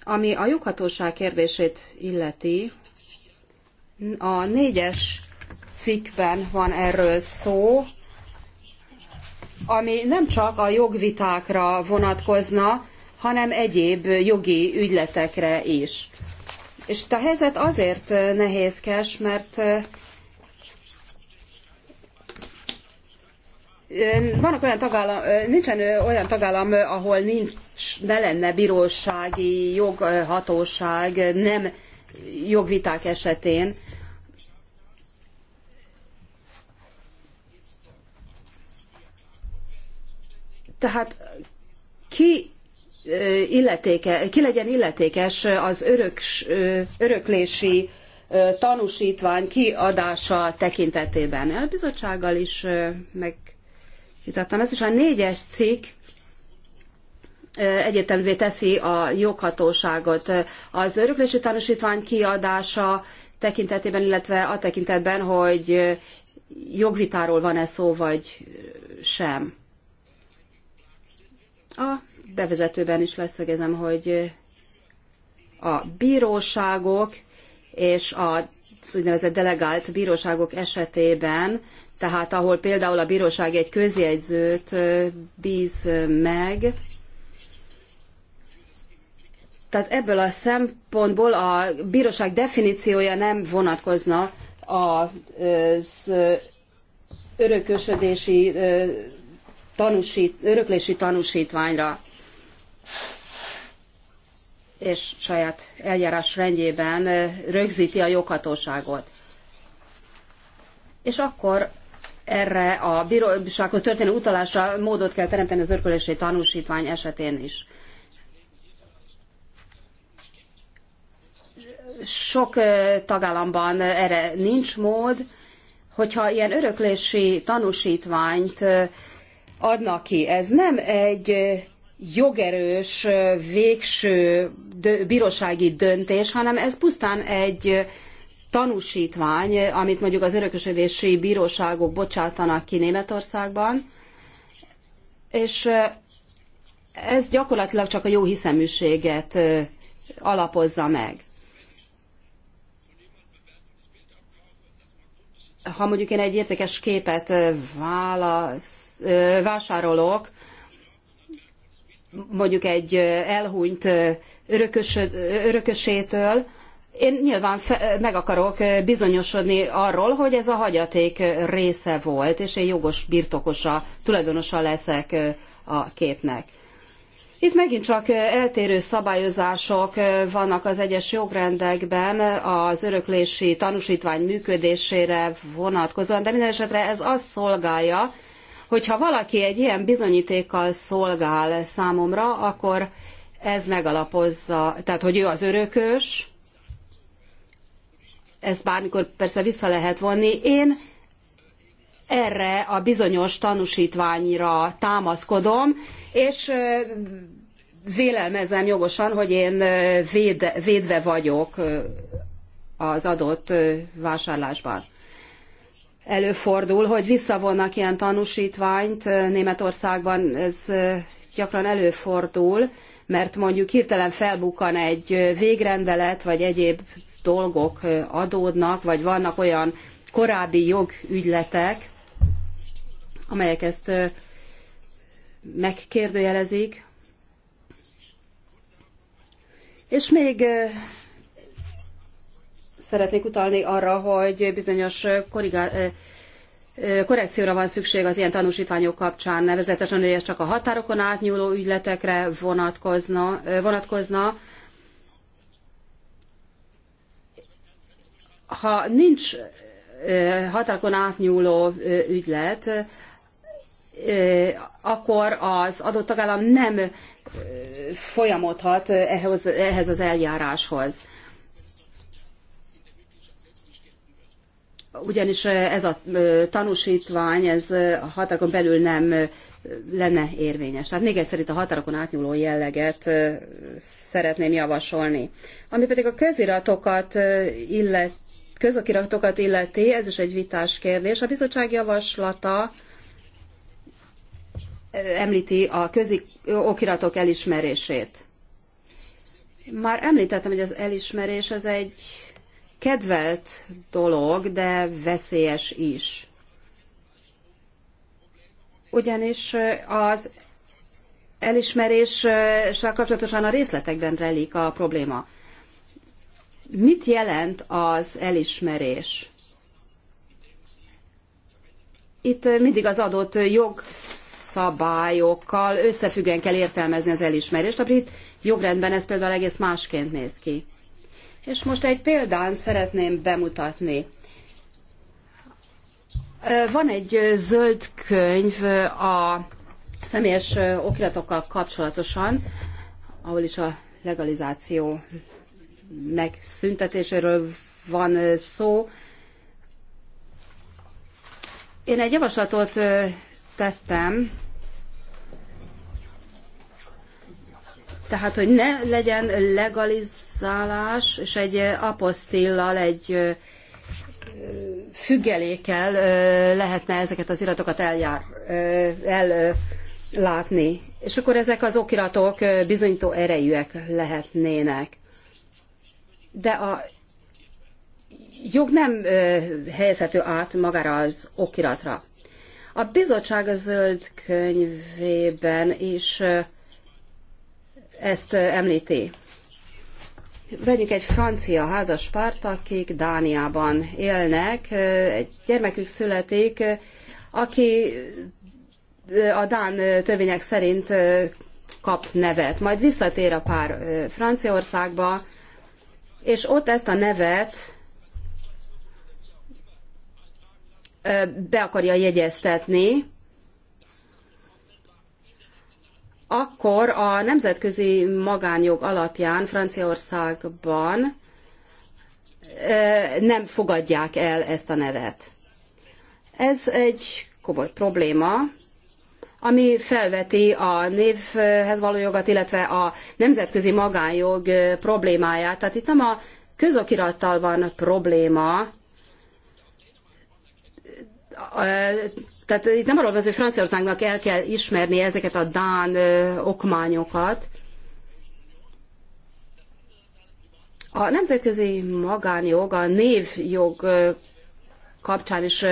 Ami a joghatóság kérdését illeti, a négyes cikkben van erről szó, ami nem csak a jogvitákra vonatkozna, hanem egyéb jogi ügyletekre is. És itt a helyzet azért nehézkes, mert vannak olyan tagállam, nincsen olyan tagállam, ahol nincs, ne lenne bírósági joghatóság, nem jogviták esetén. Tehát ki illetéke, ki legyen illetékes az öröks, öröklési tanúsítvány kiadása tekintetében. A bizottsággal is meg vitattam ezt, és a négyes cikk egyértelművé teszi a joghatóságot. Az öröklési tanúsítvány kiadása tekintetében, illetve a tekintetben, hogy jogvitáról van-e szó, vagy sem. A bevezetőben is leszögezem, hogy a bíróságok és az úgynevezett delegált bíróságok esetében, tehát ahol például a bíróság egy közjegyzőt bíz meg, tehát ebből a szempontból a bíróság definíciója nem vonatkozna az örökösödési tanúsít, öröklési tanúsítványra és saját eljárás rendjében rögzíti a joghatóságot. És akkor erre a bírósághoz történő utalásra módot kell teremteni az örkölési tanúsítvány esetén is. Sok tagállamban erre nincs mód, hogyha ilyen öröklési tanúsítványt adnak ki. Ez nem egy jogerős végső bírósági döntés, hanem ez pusztán egy tanúsítvány, amit mondjuk az örökösödési bíróságok bocsátanak ki Németországban, és ez gyakorlatilag csak a jó hiszeműséget alapozza meg. Ha mondjuk én egy értékes képet válasz, vásárolok, mondjuk egy elhunyt örökös, örökösétől, én nyilván meg akarok bizonyosodni arról, hogy ez a hagyaték része volt, és én jogos birtokosa, tulajdonosa leszek a képnek. Itt megint csak eltérő szabályozások vannak az egyes jogrendekben az öröklési tanúsítvány működésére vonatkozóan, de minden esetre ez azt szolgálja, Hogyha valaki egy ilyen bizonyítékkal szolgál számomra, akkor ez megalapozza, tehát hogy ő az örökös, ezt bármikor persze vissza lehet vonni. Én erre a bizonyos tanúsítványra támaszkodom, és vélelmezem jogosan, hogy én véd, védve vagyok az adott vásárlásban előfordul, hogy visszavonnak ilyen tanúsítványt. Németországban ez gyakran előfordul, mert mondjuk hirtelen felbukkan egy végrendelet, vagy egyéb dolgok adódnak, vagy vannak olyan korábbi jogügyletek, amelyek ezt megkérdőjelezik. És még szeretnék utalni arra, hogy bizonyos korrigá- korrekcióra van szükség az ilyen tanúsítványok kapcsán, nevezetesen, hogy ez csak a határokon átnyúló ügyletekre vonatkozna, vonatkozna. Ha nincs határokon átnyúló ügylet, akkor az adott tagállam nem folyamodhat ehhez, ehhez az eljáráshoz. ugyanis ez a tanúsítvány, ez a határokon belül nem lenne érvényes. Tehát még egyszer itt a határokon átnyúló jelleget szeretném javasolni. Ami pedig a köziratokat illet, közokiratokat illeti, ez is egy vitás kérdés. A bizottság javaslata említi a közokiratok elismerését. Már említettem, hogy az elismerés az egy kedvelt dolog, de veszélyes is. Ugyanis az elismeréssel kapcsolatosan a részletekben relik a probléma. Mit jelent az elismerés? Itt mindig az adott jogszabályokkal összefüggően kell értelmezni az elismerést. A brit jogrendben ez például egész másként néz ki. És most egy példán szeretném bemutatni. Van egy zöld könyv a személyes okiratokkal kapcsolatosan, ahol is a legalizáció megszüntetéséről van szó. Én egy javaslatot tettem, tehát, hogy ne legyen legaliz szállás, és egy apostillal, egy függelékkel lehetne ezeket az iratokat eljár, ellátni. És akkor ezek az okiratok bizonyító erejűek lehetnének. De a jog nem helyezhető át magára az okiratra. A bizottság a zöld könyvében is ezt említi. Vegyük egy francia házas párt, akik Dániában élnek, egy gyermekük születik, aki a Dán törvények szerint kap nevet. Majd visszatér a pár Franciaországba, és ott ezt a nevet be akarja jegyeztetni, akkor a nemzetközi magánjog alapján Franciaországban nem fogadják el ezt a nevet. Ez egy komoly probléma, ami felveti a névhez való jogat, illetve a nemzetközi magánjog problémáját. Tehát itt nem a közokirattal van probléma, tehát itt nem arról van, hogy Franciaországnak el kell ismerni ezeket a Dán okmányokat. A nemzetközi magánjog, a névjog kapcsán is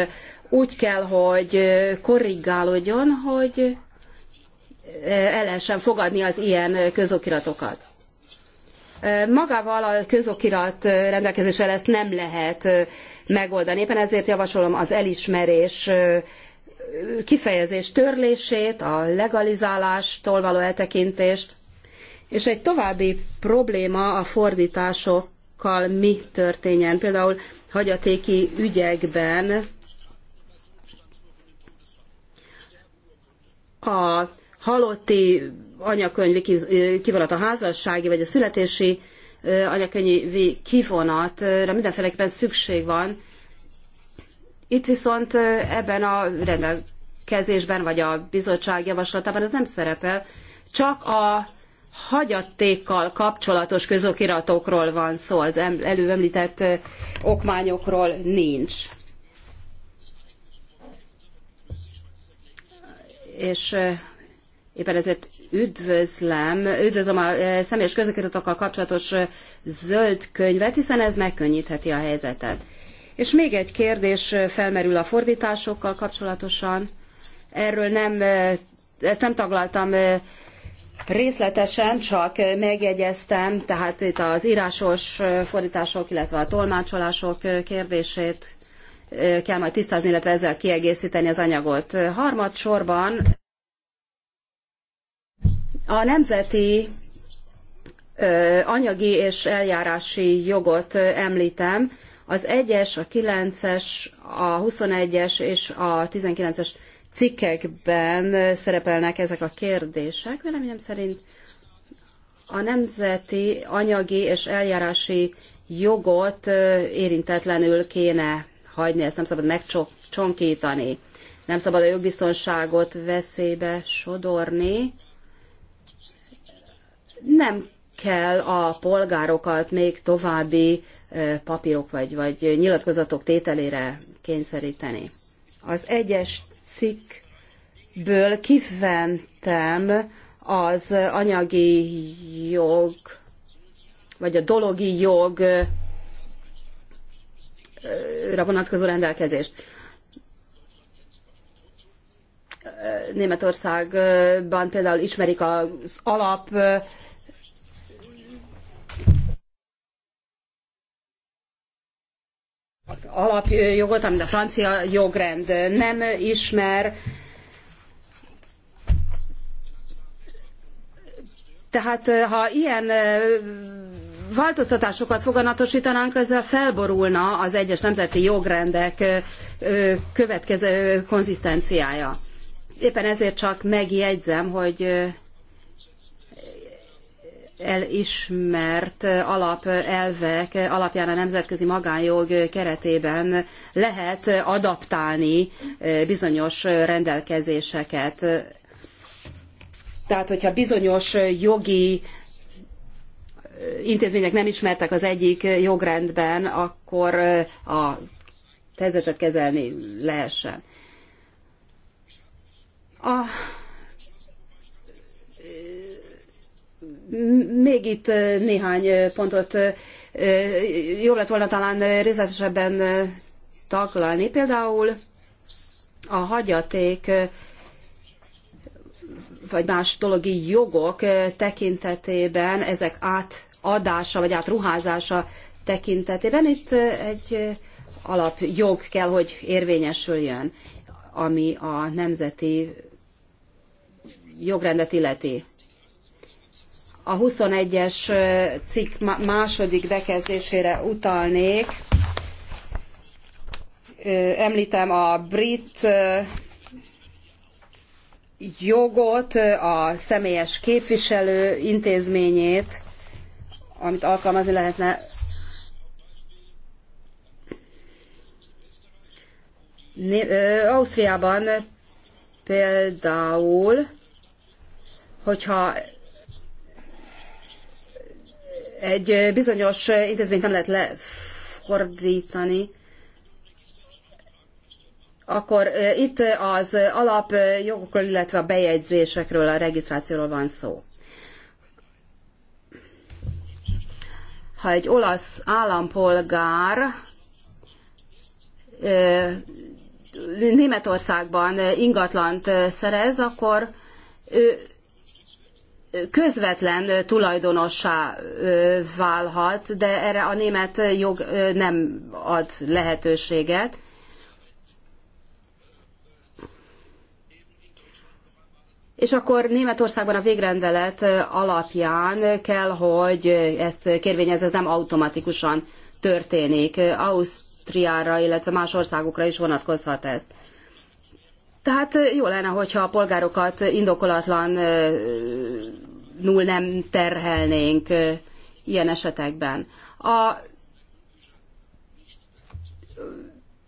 úgy kell, hogy korrigálódjon, hogy el lehessen fogadni az ilyen közokiratokat. Magával a közokirat rendelkezésre ezt nem lehet megoldani. Éppen ezért javasolom az elismerés kifejezés törlését, a legalizálástól való eltekintést, és egy további probléma a fordításokkal mi történjen. Például hagyatéki ügyekben a halotti anyakönyvi kivonat, a házassági vagy a születési anyakönyvi kivonatra mindenféleképpen szükség van. Itt viszont ebben a rendelkezésben, vagy a bizottság javaslatában ez nem szerepel, csak a hagyatékkal kapcsolatos közokiratokról van szó, az előemlített okmányokról nincs. És Éppen ezért üdvözlöm, üdvözlöm a e, személyes közökiratokkal kapcsolatos e, zöld könyvet, hiszen ez megkönnyítheti a helyzetet. És még egy kérdés e, felmerül a fordításokkal kapcsolatosan. Erről nem, ezt nem taglaltam részletesen, csak megjegyeztem, tehát itt az írásos fordítások, illetve a tolmácsolások kérdését kell majd tisztázni, illetve ezzel kiegészíteni az anyagot. Harmadsorban a nemzeti anyagi és eljárási jogot említem, az 1-es, a 9-es, a 21-es és a 19-es cikkekben szerepelnek ezek a kérdések. Véleményem szerint a nemzeti anyagi és eljárási jogot érintetlenül kéne hagyni, ezt nem szabad megcsonkítani. Nem szabad a jogbiztonságot veszélybe sodorni nem kell a polgárokat még további papírok vagy, vagy nyilatkozatok tételére kényszeríteni. Az egyes cikkből kiventem az anyagi jog, vagy a dologi jog vonatkozó rendelkezést. Németországban például ismerik az alap az alapjogot, amit a francia jogrend nem ismer. Tehát eh, ha ilyen eh, változtatásokat foganatosítanánk, ezzel felborulna az egyes nemzeti jogrendek eh, következő konzisztenciája. Éppen ezért csak megjegyzem, hogy elismert alapelvek alapján a nemzetközi magánjog keretében lehet adaptálni eh, bizonyos rendelkezéseket. Tehát, hogyha bizonyos jogi eh, intézmények nem ismertek az egyik jogrendben, akkor eh, a helyzetet kezelni lehessen. A Még itt néhány pontot jól lett volna talán részletesebben taglalni. Például a hagyaték vagy más dologi jogok tekintetében ezek átadása vagy átruházása tekintetében itt egy alapjog kell, hogy érvényesüljön, ami a nemzeti jogrendet illeti a 21-es cikk második bekezdésére utalnék. Említem a brit jogot, a személyes képviselő intézményét, amit alkalmazni lehetne. Ausztriában például, hogyha egy bizonyos intézményt nem lehet lefordítani, akkor itt az alapjogokról, illetve a bejegyzésekről, a regisztrációról van szó. Ha egy olasz állampolgár Németországban ingatlant szerez, akkor ő közvetlen tulajdonossá válhat, de erre a német jog nem ad lehetőséget. És akkor Németországban a végrendelet alapján kell, hogy ezt kérvényez, ez nem automatikusan történik. Ausztriára, illetve más országokra is vonatkozhat ez. Tehát jó lenne, hogyha a polgárokat indokolatlan null nem terhelnénk ilyen esetekben. A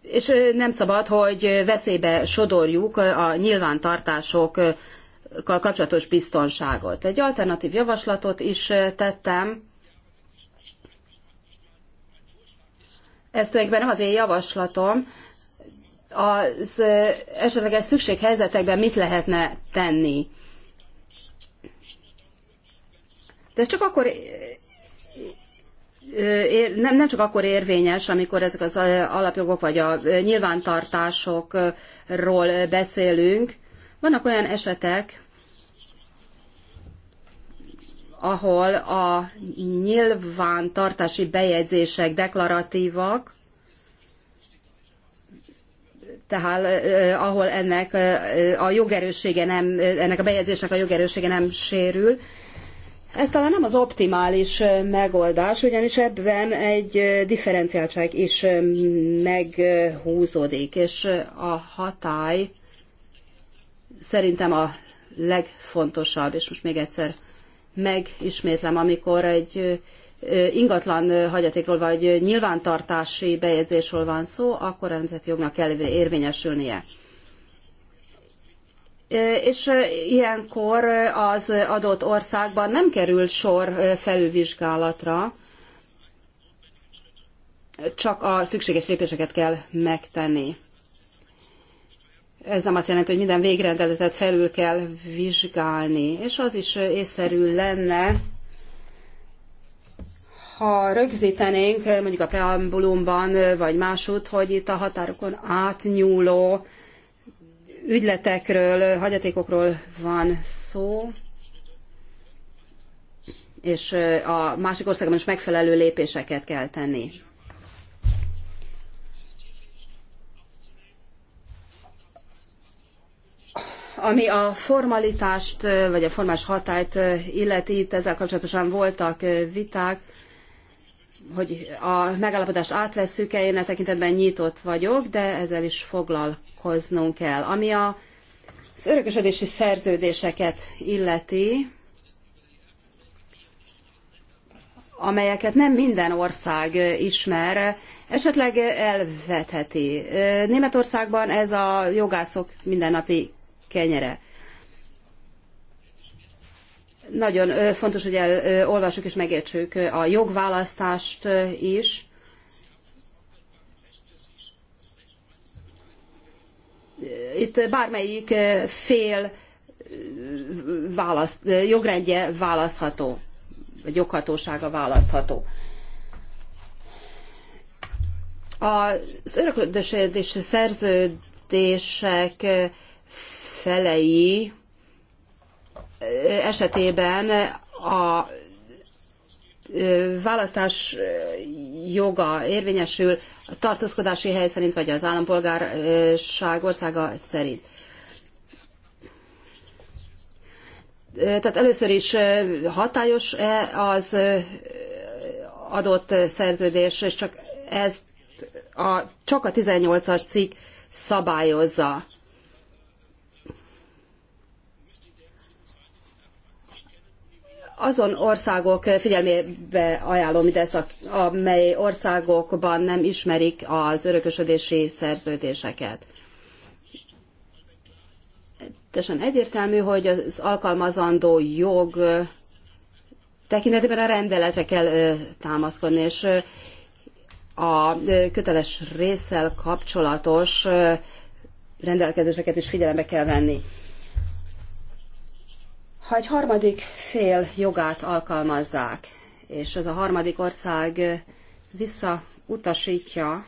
és nem szabad, hogy veszélybe sodorjuk a nyilvántartásokkal kapcsolatos biztonságot. Egy alternatív javaslatot is tettem. Ez tulajdonképpen nem az én javaslatom, az esetleges szükséghelyzetekben mit lehetne tenni. De ez csak akkor nem, nem csak akkor érvényes, amikor ezek az alapjogok vagy a nyilvántartásokról beszélünk. Vannak olyan esetek, ahol a nyilvántartási bejegyzések deklaratívak, tehát eh, eh, ahol ennek eh, a jogerőssége nem, ennek a bejegyzésnek a jogerőssége nem sérül. Ez talán nem az optimális megoldás, ugyanis ebben egy differenciáltság is meghúzódik, és a hatály szerintem a legfontosabb, és most még egyszer megismétlem, amikor egy ingatlan hagyatékról vagy nyilvántartási bejegyzésről van szó, akkor a nemzeti jognak kell érvényesülnie. És ilyenkor az adott országban nem kerül sor felülvizsgálatra, csak a szükséges lépéseket kell megtenni. Ez nem azt jelenti, hogy minden végrendeletet felül kell vizsgálni, és az is észszerű lenne, ha rögzítenénk mondjuk a preambulumban, vagy máshogy, hogy itt a határokon átnyúló ügyletekről, hagyatékokról van szó, és a másik országban is megfelelő lépéseket kell tenni. Ami a formalitást, vagy a formás hatályt illeti, itt ezzel kapcsolatosan voltak viták, hogy a megállapodást átvesszük-e, én a e tekintetben nyitott vagyok, de ezzel is foglalkoznunk kell. Ami a, az örökösödési szerződéseket illeti, amelyeket nem minden ország ismer, esetleg elvetheti. Németországban ez a jogászok mindennapi kenyere. Nagyon fontos, hogy elolvassuk és megértsük a jogválasztást is. Itt bármelyik fél választ, jogrendje választható, vagy joghatósága választható. Az öröködösödés szerződések felei esetében a választás joga érvényesül a tartózkodási hely szerint, vagy az állampolgárság országa szerint. Tehát először is hatályos-e az adott szerződés, és csak ezt a, csak a 18-as cikk szabályozza. azon országok eh, figyelmébe ajánlom mindezt, amely országokban nem ismerik az örökösödési szerződéseket. Teljesen egyértelmű, hogy az alkalmazandó jog eh, tekintetében a rendeletre kell eh, támaszkodni, és a köteles résszel kapcsolatos rendelkezéseket is figyelembe kell venni. Ha egy harmadik fél jogát alkalmazzák, és ez a harmadik ország visszautasítja,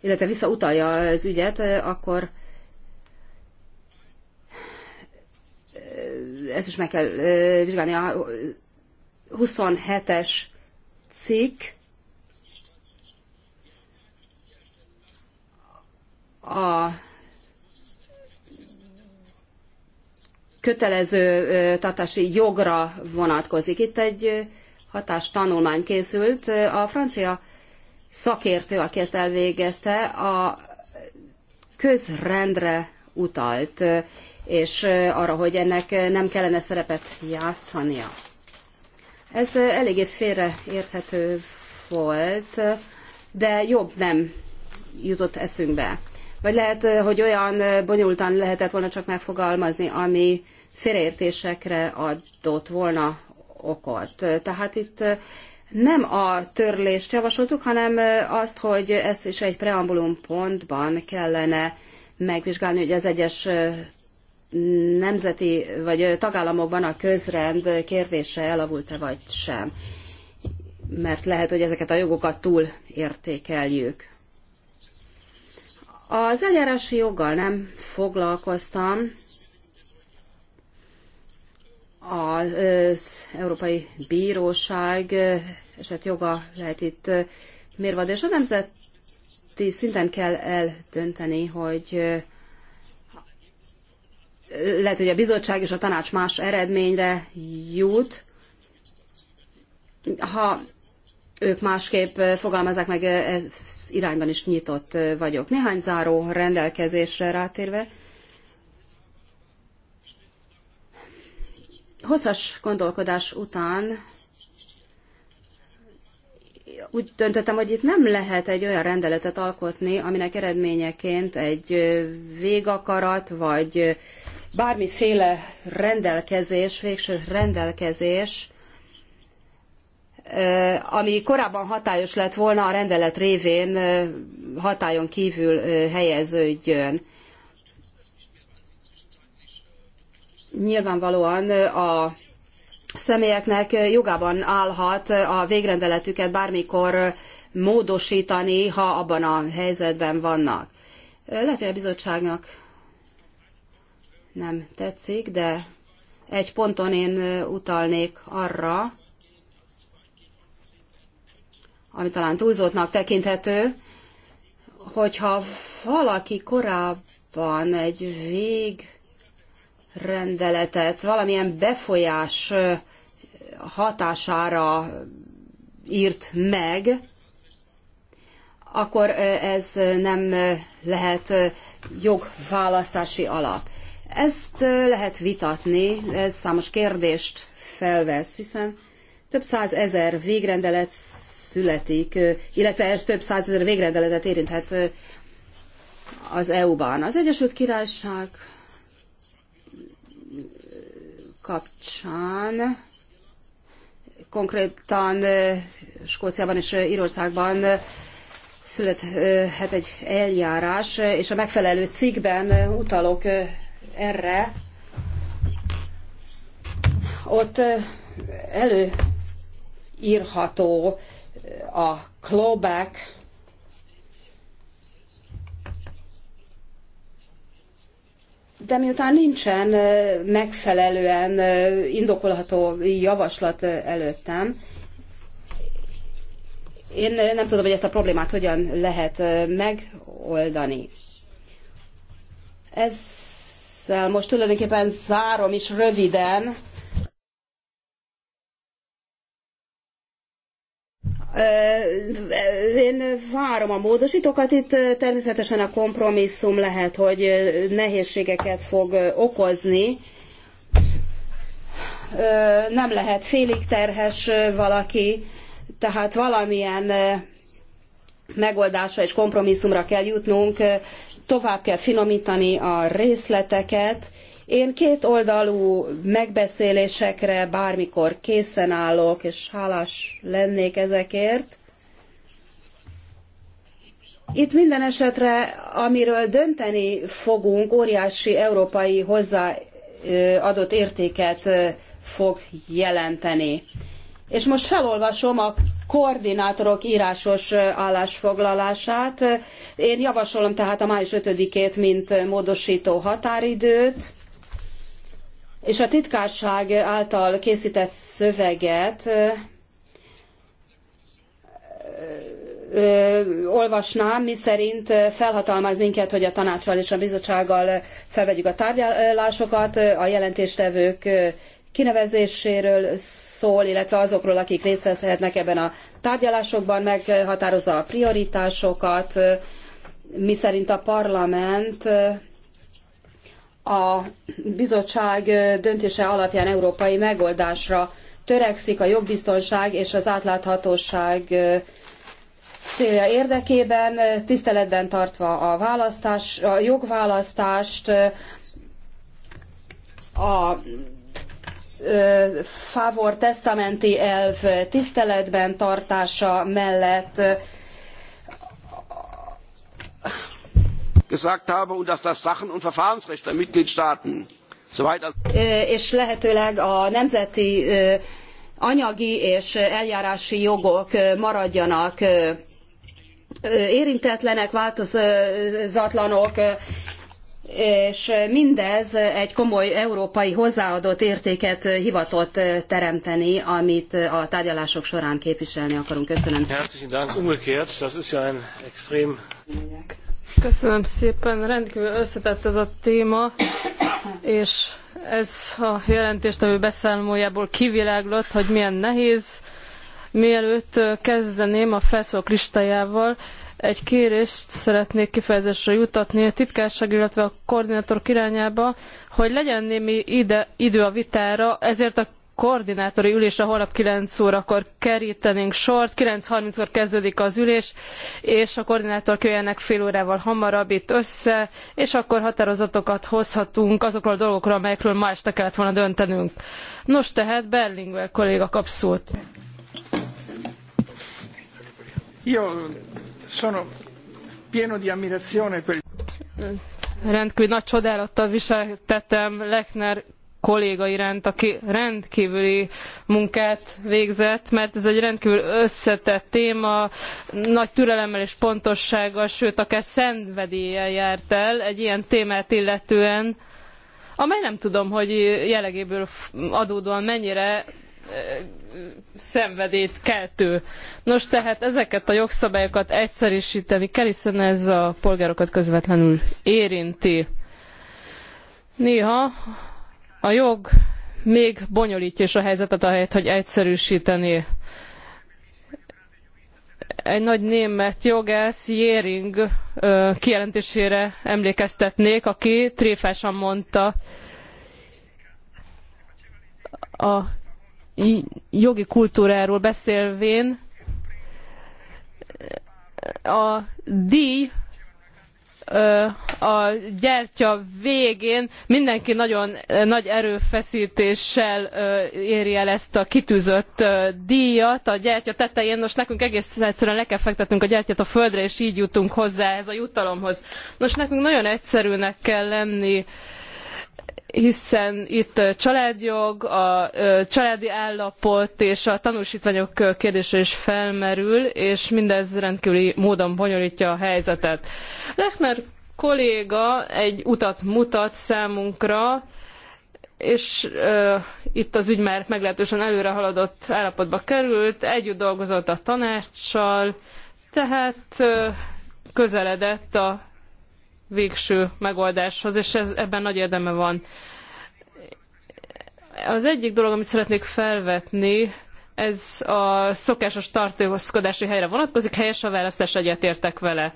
illetve visszautalja az ügyet, akkor ezt is meg kell vizsgálni a 27-es cikk, a kötelező tartási jogra vonatkozik. Itt egy hatástanulmány készült. A francia szakértő, aki ezt elvégezte, a közrendre utalt, és arra, hogy ennek nem kellene szerepet játszania. Ez eléggé félreérthető volt, de jobb nem jutott eszünkbe. Vagy lehet, hogy olyan bonyolultan lehetett volna csak megfogalmazni, ami félreértésekre adott volna okot. Tehát itt nem a törlést javasoltuk, hanem azt, hogy ezt is egy preambulum pontban kellene megvizsgálni, hogy az egyes nemzeti vagy tagállamokban a közrend kérdése elavult-e vagy sem. Mert lehet, hogy ezeket a jogokat túl értékeljük. Az eljárási joggal nem foglalkoztam, az Európai Bíróság eh, joga lehet itt eh, mérvadó, és a nemzeti szinten kell eldönteni, hogy eh, lehet, hogy a bizottság és a tanács más eredményre jut, ha ők másképp fogalmazzák meg, ez irányban is nyitott vagyok. Néhány záró rendelkezésre rátérve, hosszas gondolkodás után úgy döntöttem, hogy itt nem lehet egy olyan rendeletet alkotni, aminek eredményeként egy végakarat, vagy bármiféle rendelkezés, végső rendelkezés, ami korábban hatályos lett volna a rendelet révén hatályon kívül helyeződjön. nyilvánvalóan a személyeknek jogában állhat a végrendeletüket bármikor módosítani, ha abban a helyzetben vannak. Lehet, hogy a bizottságnak nem tetszik, de egy ponton én utalnék arra, ami talán túlzottnak tekinthető, hogyha valaki korábban egy vég rendeletet valamilyen befolyás hatására írt meg, akkor ez nem lehet jogválasztási alap. Ezt lehet vitatni, ez számos kérdést felvesz, hiszen több százezer végrendelet születik, illetve ez több százezer végrendeletet érinthet az EU-ban. Az Egyesült Királyság kapcsán konkrétan Skóciában és Írországban születhet egy eljárás, és a megfelelő cikkben utalok erre. Ott előírható a clawback de miután nincsen megfelelően indokolható javaslat előttem, én nem tudom, hogy ezt a problémát hogyan lehet megoldani. Ezzel most tulajdonképpen zárom is röviden Én várom a módosítókat, itt természetesen a kompromisszum lehet, hogy nehézségeket fog okozni. Nem lehet félig terhes valaki, tehát valamilyen megoldásra és kompromisszumra kell jutnunk, tovább kell finomítani a részleteket, én két oldalú megbeszélésekre bármikor készen állok, és hálás lennék ezekért. Itt minden esetre, amiről dönteni fogunk, óriási európai hozzáadott értéket fog jelenteni. És most felolvasom a koordinátorok írásos állásfoglalását. Én javasolom tehát a május 5-ét, mint módosító határidőt és a titkárság által készített szöveget olvasnám, miszerint felhatalmaz minket, hogy a tanácssal és a bizottsággal felvegyük a tárgyalásokat, a jelentéstevők kinevezéséről szól, illetve azokról, akik részt veszhetnek ebben a tárgyalásokban, meghatározza a prioritásokat, miszerint a parlament a bizottság döntése alapján európai megoldásra törekszik a jogbiztonság és az átláthatóság célja érdekében, tiszteletben tartva a, választás, a jogválasztást, a favor testamenti elv tiszteletben tartása mellett gesagt habe und dass das Sachen- und Verfahrensrecht der Mitgliedstaaten soweit als és lehetőleg a nemzeti anyagi és eljárási jogok maradjanak érintetlenek, változatlanok, és mindez egy komoly európai hozzáadott értéket hivatott teremteni, amit a tárgyalások során képviselni akarunk. Köszönöm szépen. Köszönöm szépen, rendkívül összetett ez a téma, és ez a jelentéstevő beszámolójából kiviláglott, hogy milyen nehéz. Mielőtt kezdeném a felszólalók listájával, egy kérést szeretnék kifejezésre jutatni a titkárság, illetve a koordinátor irányába, hogy legyen némi ide, idő a vitára, ezért a koordinátori ülésre holnap 9 órakor kerítenénk sort, 9.30-kor kezdődik az ülés, és a koordinátor jöjjenek fél órával hamarabb itt össze, és akkor határozatokat hozhatunk azokról a dolgokról, amelyekről ma este kellett volna döntenünk. Nos tehát Berlinguer kolléga kap szót. Io sono pieno di ammirazione per... Rendkívül nagy csodálattal viseltettem Lechner kolléga iránt, aki rendkívüli munkát végzett, mert ez egy rendkívül összetett téma, nagy türelemmel és pontossággal, sőt akár szenvedéllyel járt el egy ilyen témát illetően, amely nem tudom, hogy jellegéből adódóan mennyire eh, szenvedét keltő. Nos, tehát ezeket a jogszabályokat egyszerűsíteni kell, hiszen ez a polgárokat közvetlenül érinti. Néha a jog még bonyolítja is a helyzetet, ahelyett, hogy egyszerűsíteni. Egy nagy német jogász Jéring kijelentésére emlékeztetnék, aki tréfásan mondta, a jogi kultúráról beszélvén a díj a gyertya végén mindenki nagyon nagy erőfeszítéssel éri el ezt a kitűzött díjat a gyertya tetején. Nos, nekünk egész egyszerűen le kell fektetnünk a gyertyát a földre, és így jutunk hozzá ehhez a jutalomhoz. Nos, nekünk nagyon egyszerűnek kell lenni hiszen itt családjog, a családi állapot és a tanúsítványok kérdése is felmerül, és mindez rendkívüli módon bonyolítja a helyzetet. Lechner kolléga egy utat mutat számunkra, és itt az ügy már meglehetősen előre haladott állapotba került, együtt dolgozott a tanácssal, tehát közeledett a végső megoldáshoz, és ez, ebben nagy érdeme van. Az egyik dolog, amit szeretnék felvetni, ez a szokásos tartózkodási helyre vonatkozik, helyes a választás, egyetértek vele.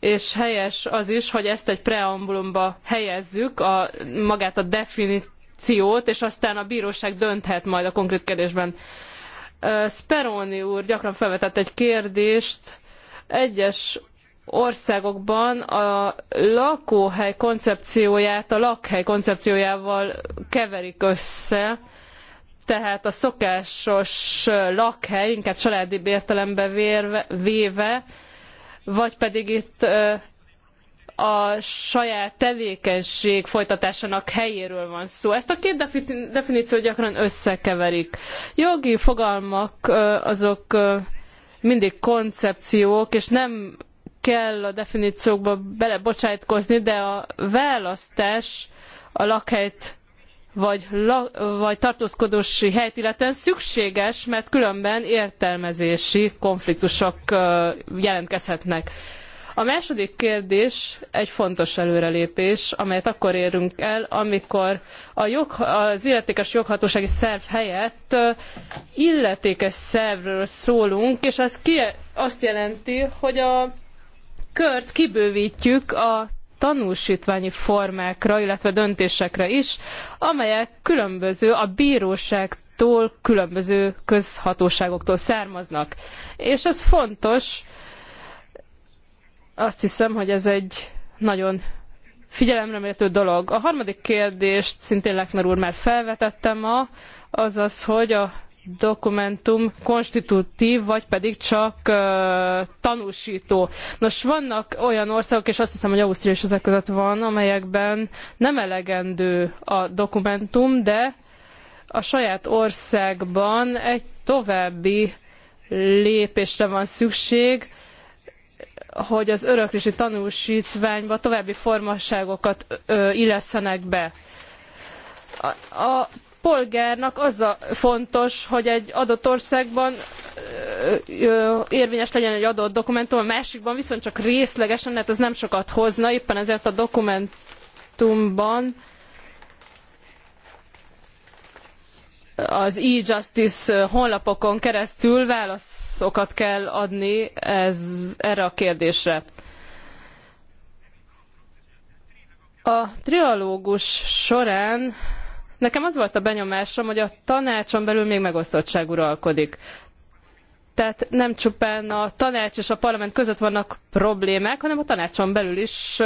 És helyes az is, hogy ezt egy preambulumba helyezzük, a, magát a definíciót, és aztán a bíróság dönthet majd a konkrét kérdésben. Speroni úr gyakran felvetett egy kérdést, egyes országokban a lakóhely koncepcióját a lakhely koncepciójával keverik össze, tehát a szokásos lakhely, inkább családi értelembe véve, vagy pedig itt a saját tevékenység folytatásának helyéről van szó. Ezt a két definíciót gyakran összekeverik. Jogi fogalmak azok mindig koncepciók, és nem kell a definíciókba belebocsájtkozni, de a választás a lakhelyt vagy, la, vagy tartózkodósi helyt illetően szükséges, mert különben értelmezési konfliktusok jelentkezhetnek. A második kérdés egy fontos előrelépés, amelyet akkor érünk el, amikor a jog, az illetékes joghatósági szerv helyett illetékes szervről szólunk, és az ki, azt jelenti, hogy a kört kibővítjük a tanúsítványi formákra, illetve döntésekre is, amelyek különböző a bíróságtól, különböző közhatóságoktól származnak. És ez fontos, azt hiszem, hogy ez egy nagyon figyelemre méltó dolog. A harmadik kérdést szintén Lechner úr már felvetette ma, azaz, hogy a dokumentum konstitutív, vagy pedig csak uh, tanúsító. Nos, vannak olyan országok, és azt hiszem, hogy Ausztria is ezek között van, amelyekben nem elegendő a dokumentum, de a saját országban egy további lépésre van szükség, hogy az öröklési tanúsítványba további formasságokat illesszenek be. A, a polgárnak az a fontos, hogy egy adott országban érvényes legyen egy adott dokumentum, a másikban viszont csak részlegesen, mert hát ez nem sokat hozna, éppen ezért a dokumentumban az e-justice honlapokon keresztül válaszokat kell adni ez, erre a kérdésre. A trialógus során Nekem az volt a benyomásom, hogy a tanácson belül még megosztottság uralkodik. Tehát nem csupán a tanács és a parlament között vannak problémák, hanem a tanácson belül is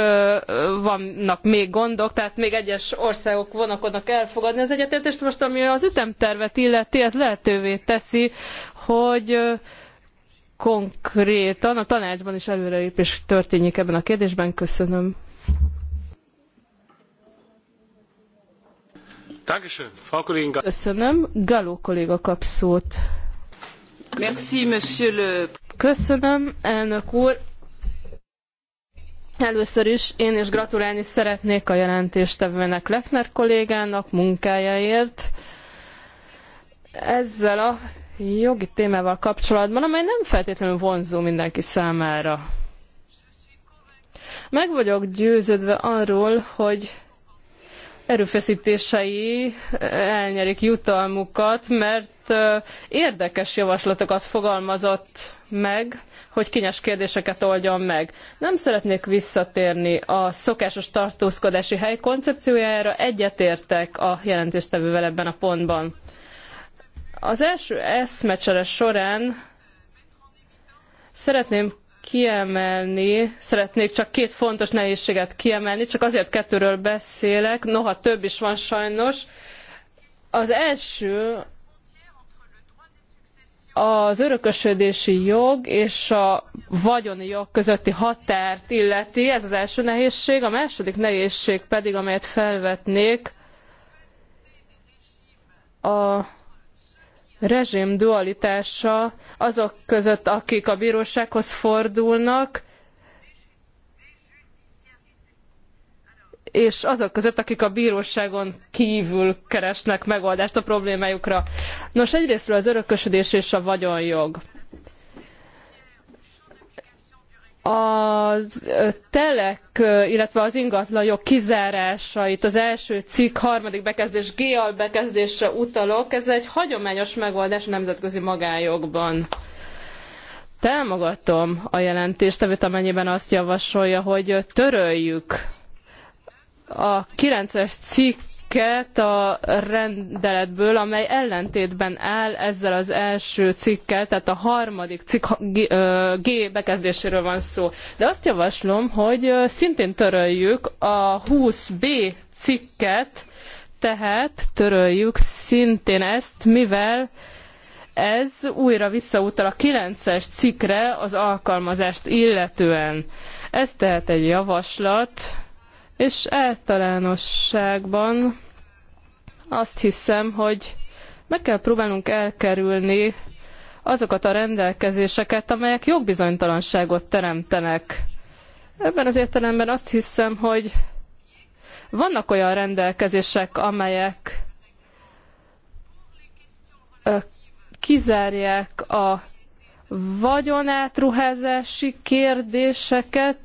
vannak még gondok, tehát még egyes országok vonakodnak elfogadni az egyetértést. Most ami az ütemtervet illeti, ez lehetővé teszi, hogy konkrétan a tanácsban is előrelépés történjék ebben a kérdésben. Köszönöm. Köszönöm. Galó kolléga kap szót. Merci, monsieur le... Köszönöm, elnök úr. Először is én is gratulálni szeretnék a jelentéstevőnek Lechner kollégának munkájáért. Ezzel a jogi témával kapcsolatban, amely nem feltétlenül vonzó mindenki számára. Meg vagyok győződve arról, hogy erőfeszítései elnyerik jutalmukat, mert érdekes javaslatokat fogalmazott meg, hogy kényes kérdéseket oldjon meg. Nem szeretnék visszatérni a szokásos tartózkodási hely koncepciójára, egyetértek a jelentéstevővel ebben a pontban. Az első eszmecsere során szeretném kiemelni, szeretnék csak két fontos nehézséget kiemelni, csak azért kettőről beszélek, noha több is van sajnos. Az első az örökösödési jog és a vagyoni jog közötti határt illeti, ez az első nehézség. A második nehézség pedig, amelyet felvetnék, a rezsim dualitása azok között, akik a bírósághoz fordulnak, és azok között, akik a bíróságon kívül keresnek megoldást a problémájukra. Nos, egyrésztről az örökösödés és a vagyonjog. az telek, illetve az ingatlanjog kizárásait az első cikk harmadik bekezdés GAL bekezdésre utalok, ez egy hagyományos megoldás a nemzetközi magánjogban. Támogatom a jelentéstevőt, amennyiben azt javasolja, hogy töröljük a 9-es cikk cikket a rendeletből, amely ellentétben áll ezzel az első cikkel, tehát a harmadik cikk G bekezdéséről van szó. De azt javaslom, hogy szintén töröljük a 20B cikket, tehát töröljük szintén ezt, mivel ez újra visszautal a 9-es cikkre az alkalmazást illetően. Ez tehát egy javaslat, és általánosságban azt hiszem, hogy meg kell próbálnunk elkerülni azokat a rendelkezéseket, amelyek jogbizonytalanságot teremtenek. Ebben az értelemben azt hiszem, hogy vannak olyan rendelkezések, amelyek kizárják a vagyonátruházási kérdéseket,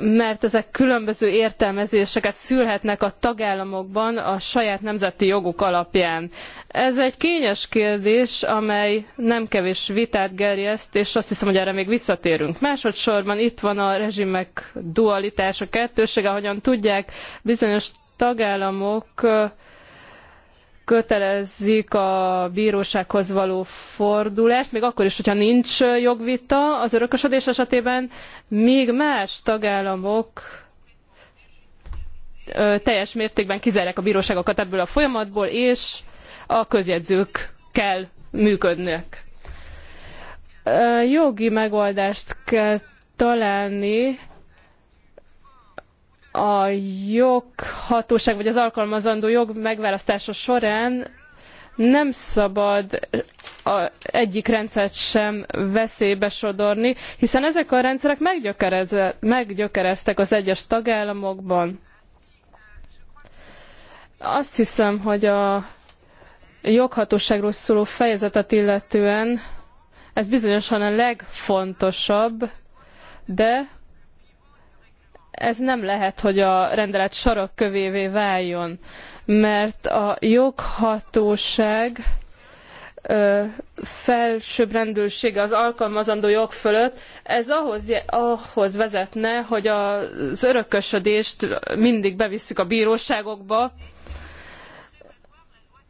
mert ezek különböző értelmezéseket szülhetnek a tagállamokban a saját nemzeti joguk alapján. Ez egy kényes kérdés, amely nem kevés vitát gerjeszt, és azt hiszem, hogy erre még visszatérünk. Másodszorban itt van a rezsimek dualitása, kettősége, ahogyan tudják, bizonyos tagállamok kötelezzük a bírósághoz való fordulást, még akkor is, hogyha nincs jogvita az örökösödés esetében, míg más tagállamok teljes mértékben kizárják a bíróságokat ebből a folyamatból, és a közjegyzők kell működnek. Jogi megoldást kell találni a joghatóság vagy az alkalmazandó jog megválasztása során nem szabad a egyik rendszert sem veszélybe sodorni, hiszen ezek a rendszerek meggyökereztek az egyes tagállamokban. Azt hiszem, hogy a joghatóságról szóló fejezetet illetően ez bizonyosan a legfontosabb, de ez nem lehet, hogy a rendelet sarokkövévé váljon, mert a joghatóság felsőbbrendültsége az alkalmazandó jog fölött, ez ahhoz, ahhoz vezetne, hogy az örökösödést mindig bevisszük a bíróságokba,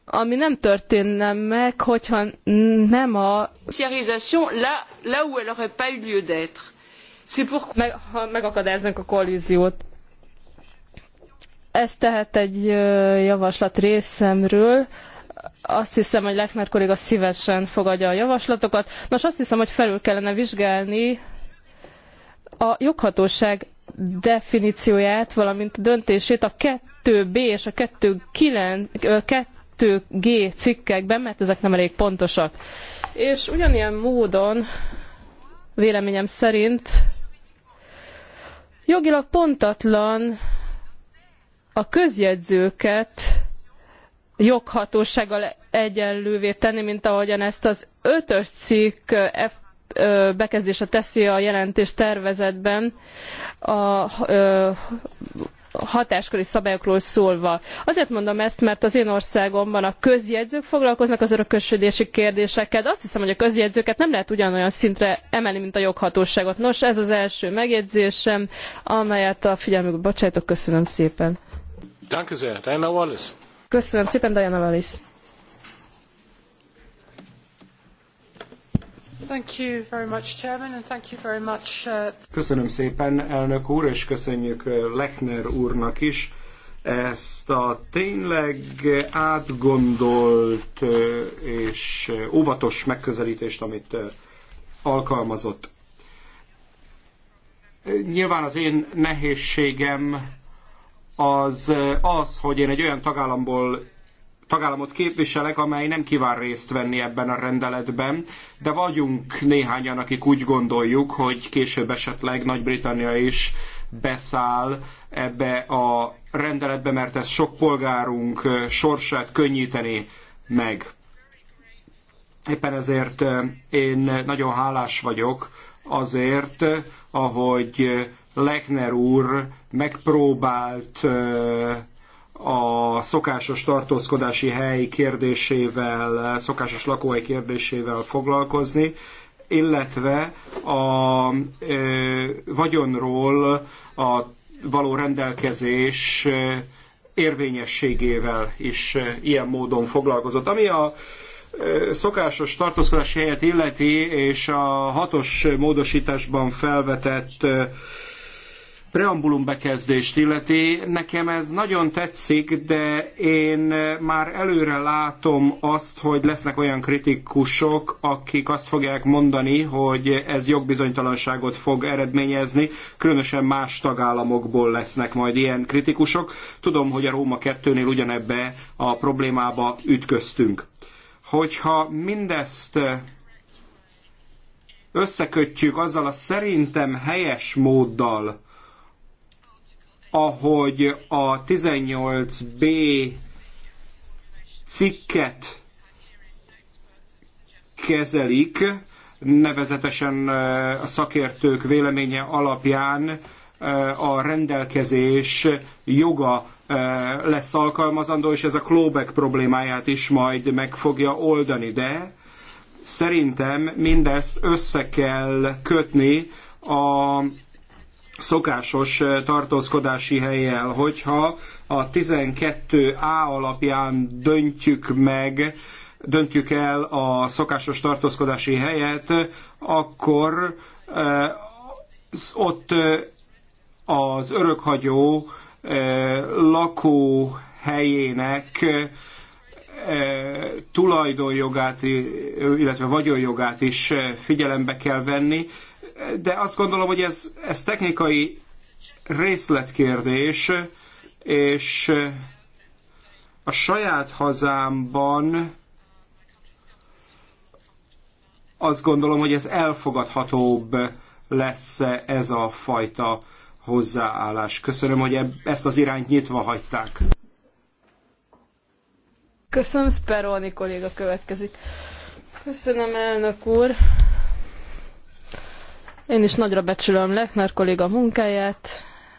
ami nem történne meg, hogyha nem a... ...là, là où elle aurait pas eu lieu d'être meg, ha megakadázzunk a kollíziót. Ez tehát egy javaslat részemről. Azt hiszem, hogy Lechner kolléga szívesen fogadja a javaslatokat. Nos, azt hiszem, hogy felül kellene vizsgálni a joghatóság definícióját, valamint döntését a 2B és a 2.9, 2G cikkekben, mert ezek nem elég pontosak. És ugyanilyen módon véleményem szerint Jogilag pontatlan a közjegyzőket joghatósággal egyenlővé tenni, mint ahogyan ezt az ötös cikk F bekezdése teszi a jelentés tervezetben a hatásköri szabályokról szólva. Azért mondom ezt, mert az én országomban a közjegyzők foglalkoznak az örökösödési kérdésekkel, de azt hiszem, hogy a közjegyzőket nem lehet ugyanolyan szintre emelni, mint a joghatóságot. Nos, ez az első megjegyzésem, amelyet a figyelmükbe bocsájtok. Köszönöm szépen. Köszönöm szépen, Diana Wallace. Köszönöm szépen, elnök úr, és köszönjük uh, Lechner úrnak is ezt a tényleg átgondolt uh, és uh, óvatos megközelítést, amit alkalmazott. Nyilván az én nehézségem az az, hogy én egy olyan tagállamból tagállamot képviselek, amely nem kíván részt venni ebben a rendeletben, de vagyunk néhányan, akik úgy gondoljuk, hogy később esetleg Nagy-Britannia is beszáll ebbe a rendeletbe, mert ez sok polgárunk sorsát könnyíteni meg. Éppen ezért én nagyon hálás vagyok azért, ahogy Lechner úr megpróbált a szokásos tartózkodási hely kérdésével, szokásos lakóhely kérdésével foglalkozni, illetve a ö, vagyonról a való rendelkezés ö, érvényességével is ö, ilyen módon foglalkozott. Ami a szokásos tartózkodási helyet illeti, és a hatos módosításban felvetett ö, preambulum bekezdést illeti, nekem ez nagyon tetszik, de én már előre látom azt, hogy lesznek olyan kritikusok, akik azt fogják mondani, hogy ez jogbizonytalanságot fog eredményezni, különösen más tagállamokból lesznek majd ilyen kritikusok. Tudom, hogy a Róma 2-nél ugyanebbe a problémába ütköztünk. Hogyha mindezt összekötjük azzal a szerintem helyes móddal, ahogy a 18b cikket kezelik, nevezetesen a szakértők véleménye alapján a rendelkezés joga lesz alkalmazandó, és ez a clawback problémáját is majd meg fogja oldani, de szerintem mindezt össze kell kötni a szokásos tartózkodási helyjel, hogyha a 12A alapján döntjük meg, döntjük el a szokásos tartózkodási helyet, akkor ott az örökhagyó lakó helyének tulajdonjogát, illetve vagyonjogát is figyelembe kell venni, de azt gondolom, hogy ez, ez technikai részletkérdés, és a saját hazámban azt gondolom, hogy ez elfogadhatóbb lesz -e ez a fajta hozzáállás. Köszönöm, hogy ezt az irányt nyitva hagyták. Köszönöm, Speroni kolléga következik. Köszönöm, elnök úr. Én is nagyra becsülöm Lechner kolléga munkáját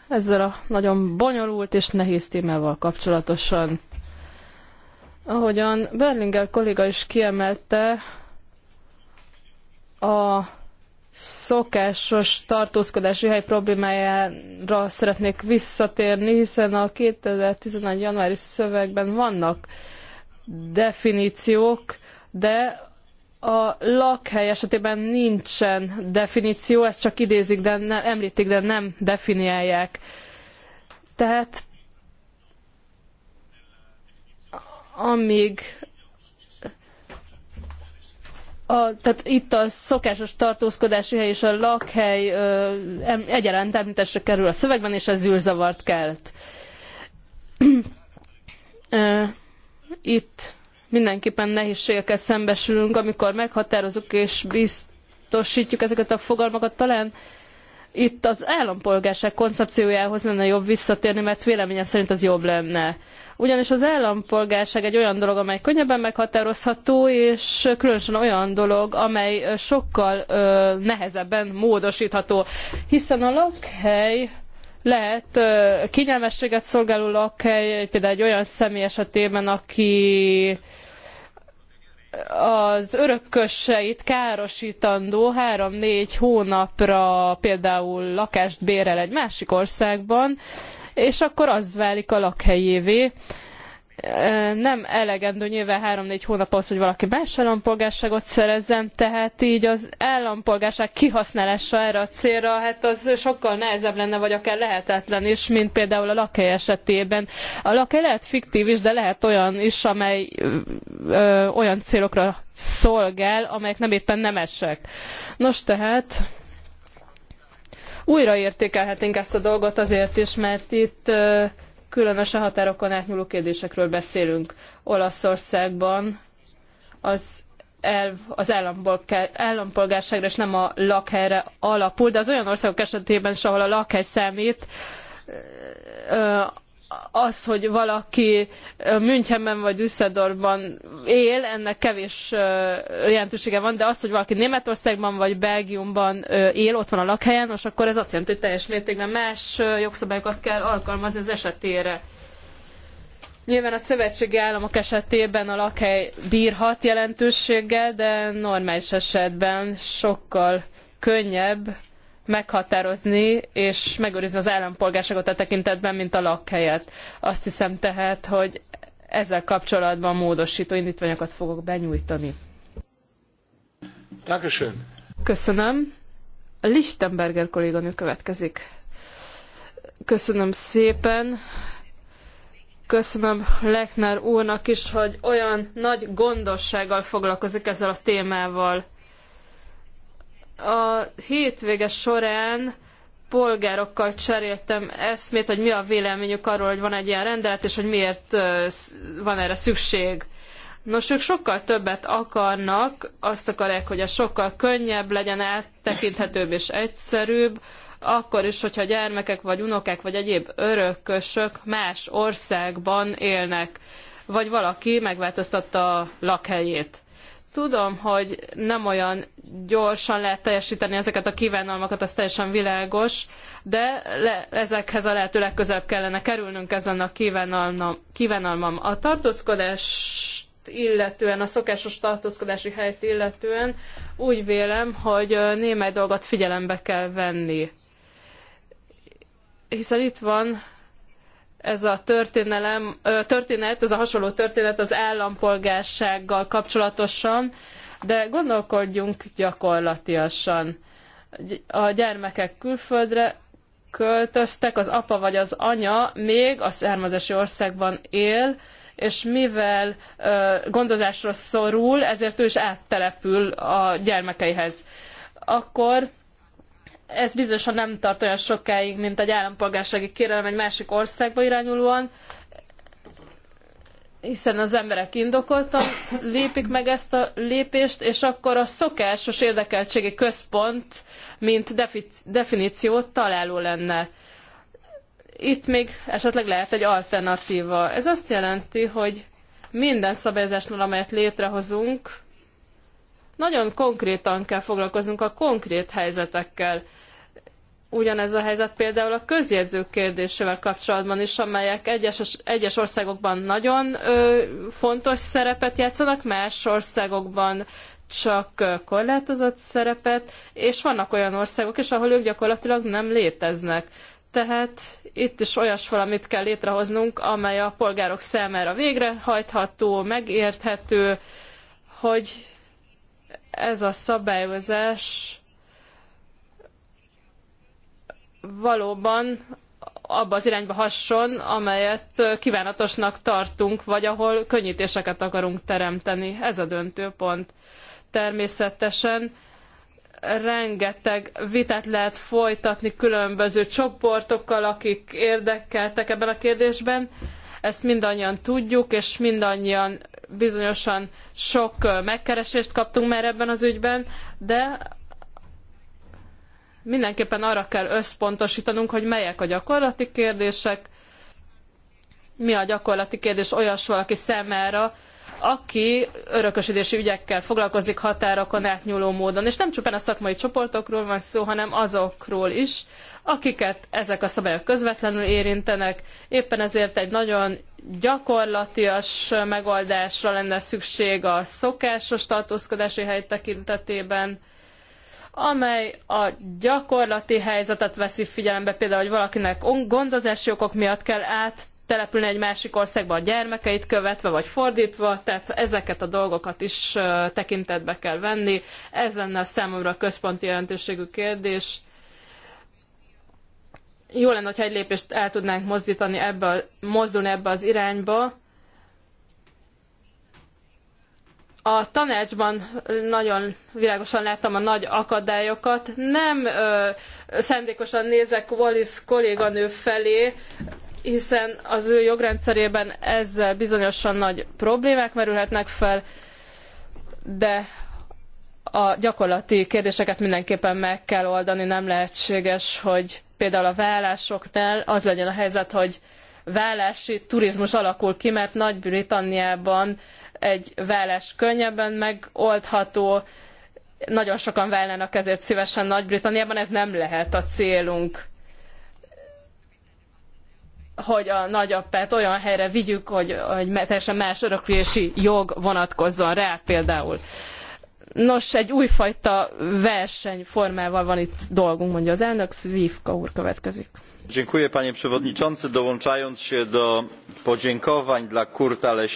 ezzel a nagyon bonyolult és nehéz témával kapcsolatosan. Ahogyan Berlinger kolléga is kiemelte, a szokásos tartózkodási hely problémájára szeretnék visszatérni, hiszen a 2011. januári szövegben vannak definíciók, de a lakhely esetében nincsen definíció, ezt csak idézik, de ne, említik, de nem definiálják. Tehát amíg a, tehát itt a szokásos tartózkodási hely és a lakhely ö, egyaránt említésre kerül a szövegben, és ez zűrzavart kelt. itt mindenképpen nehézségekkel szembesülünk, amikor meghatározunk és biztosítjuk ezeket a fogalmakat. Talán itt az állampolgárság koncepciójához lenne jobb visszatérni, mert véleményem szerint az jobb lenne. Ugyanis az állampolgárság egy olyan dolog, amely könnyebben meghatározható, és különösen olyan dolog, amely sokkal ö, nehezebben módosítható. Hiszen a lakhely lehet kényelmességet szolgáló lakhely, például egy olyan személy esetében, aki az örököseit károsítandó három-négy hónapra például lakást bérel egy másik országban, és akkor az válik a lakhelyévé nem elegendő nyilván három-négy hónap az, hogy valaki más állampolgárságot szerezzen, tehát így az állampolgárság kihasználása erre a célra, hát az sokkal nehezebb lenne, vagy akár lehetetlen is, mint például a lakhely esetében. A lakhely lehet fiktív is, de lehet olyan is, amely ö, ö, olyan célokra szolgál, amelyek nem éppen nemesek. Nos tehát, újraértékelhetnénk ezt a dolgot azért is, mert itt különösen határokon átnyúló kérdésekről beszélünk. Olaszországban az elv az állampolgárságra és nem a lakhelyre alapul, de az olyan országok esetében is, ahol a lakhely számít, az, hogy valaki Münchenben vagy Düsseldorfban él, ennek kevés jelentősége van, de az, hogy valaki Németországban vagy Belgiumban él, ott van a lakhelyen, most akkor ez azt jelenti, hogy teljes mértékben más jogszabályokat kell alkalmazni az esetére. Nyilván a szövetségi államok esetében a lakhely bírhat jelentőséggel, de normális esetben sokkal könnyebb meghatározni és megőrizni az állampolgárságot a tekintetben, mint a lakhelyet. Azt hiszem tehát, hogy ezzel kapcsolatban módosító indítványokat fogok benyújtani. Köszönöm. A Lichtenberger kolléganő következik. Köszönöm szépen. Köszönöm Lechner úrnak is, hogy olyan nagy gondossággal foglalkozik ezzel a témával a hétvége során polgárokkal cseréltem eszmét, hogy mi a véleményük arról, hogy van egy ilyen rendelet, és hogy miért van erre szükség. Nos, ők sokkal többet akarnak, azt akarják, hogy a sokkal könnyebb legyen, áttekinthetőbb és egyszerűbb, akkor is, hogyha gyermekek vagy unokák vagy egyéb örökösök más országban élnek, vagy valaki megváltoztatta a lakhelyét. Tudom, hogy nem olyan gyorsan lehet teljesíteni ezeket a kívánalmakat, az teljesen világos, de le, ezekhez a lehető legközelebb kellene kerülnünk, ez lenne a kívánalmam. kívánalmam. A tartózkodást illetően, a szokásos tartózkodási helyt illetően úgy vélem, hogy némely dolgot figyelembe kell venni. Hiszen itt van ez a történelem, történet, ez a hasonló történet az állampolgársággal kapcsolatosan, de gondolkodjunk gyakorlatiasan. A gyermekek külföldre költöztek, az apa vagy az anya még a származási országban él, és mivel gondozásra szorul, ezért ő is áttelepül a gyermekeihez. Akkor ez bizonyosan nem tart olyan sokáig, mint egy állampolgársági kérelem egy másik országba irányulóan, hiszen az emberek indokoltan lépik meg ezt a lépést, és akkor a szokásos érdekeltségi központ, mint definíció találó lenne. Itt még esetleg lehet egy alternatíva. Ez azt jelenti, hogy minden szabályozásnál, amelyet létrehozunk, nagyon konkrétan kell foglalkoznunk a konkrét helyzetekkel ugyanez a helyzet például a közjegyzők kérdésével kapcsolatban is, amelyek egyes, egyes országokban nagyon ö, fontos szerepet játszanak, más országokban csak korlátozott szerepet, és vannak olyan országok is, ahol ők gyakorlatilag nem léteznek. Tehát itt is olyas valamit kell létrehoznunk, amely a polgárok számára végrehajtható, megérthető, hogy ez a szabályozás valóban abba az irányba hasson, amelyet kívánatosnak tartunk, vagy ahol könnyítéseket akarunk teremteni. Ez a döntő pont. Természetesen rengeteg vitát lehet folytatni különböző csoportokkal, akik érdekeltek ebben a kérdésben. Ezt mindannyian tudjuk, és mindannyian bizonyosan sok megkeresést kaptunk már ebben az ügyben, de mindenképpen arra kell összpontosítanunk, hogy melyek a gyakorlati kérdések, mi a gyakorlati kérdés olyas valaki számára, aki örökösödési ügyekkel foglalkozik határokon átnyúló módon. És nem csupán a szakmai csoportokról van szó, hanem azokról is, akiket ezek a szabályok közvetlenül érintenek. Éppen ezért egy nagyon gyakorlatias megoldásra lenne szükség a szokásos tartózkodási hely tekintetében amely a gyakorlati helyzetet veszi figyelembe, például, hogy valakinek gondozási okok miatt kell át települni egy másik országba a gyermekeit követve, vagy fordítva, tehát ezeket a dolgokat is tekintetbe kell venni. Ez lenne a számomra a központi jelentőségű kérdés. Jó lenne, ha egy lépést el tudnánk mozdítani ebbe, mozdulni ebbe az irányba, a tanácsban nagyon világosan láttam a nagy akadályokat. Nem ö, szándékosan nézek Wallis kolléganő felé, hiszen az ő jogrendszerében ezzel bizonyosan nagy problémák merülhetnek fel, de a gyakorlati kérdéseket mindenképpen meg kell oldani, nem lehetséges, hogy például a vállásoknál az legyen a helyzet, hogy vállási turizmus alakul ki, mert Nagy-Britanniában egy vállás könnyebben megoldható, nagyon sokan válnának ezért szívesen Nagy-Britanniában, ez nem lehet a célunk hogy a nagyapát olyan helyre vigyük, hogy, hogy teljesen más öröklési jog vonatkozzon rá például. Nos, egy újfajta versenyformával van itt dolgunk, mondja az elnök, Szvívka úr következik panie przewodniczący! dołączając się do podziękowań dla kurta e,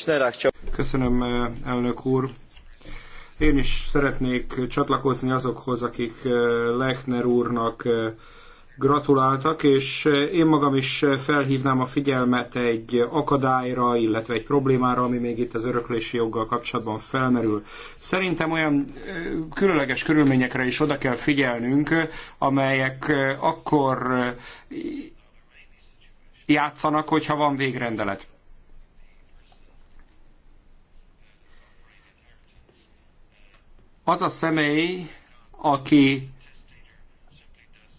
én is szeretnék csatlakozni azokhoz akik e, lechner úrnak e, gratuláltak, és eh, én magam is eh, felhívnám a figyelmet egy akadályra, illetve egy problémára, ami még itt az öröklési joggal kapcsolatban felmerül. Szerintem olyan eh, különleges körülményekre is oda kell figyelnünk, amelyek akkor játszanak, hogyha van végrendelet. Az a személy, aki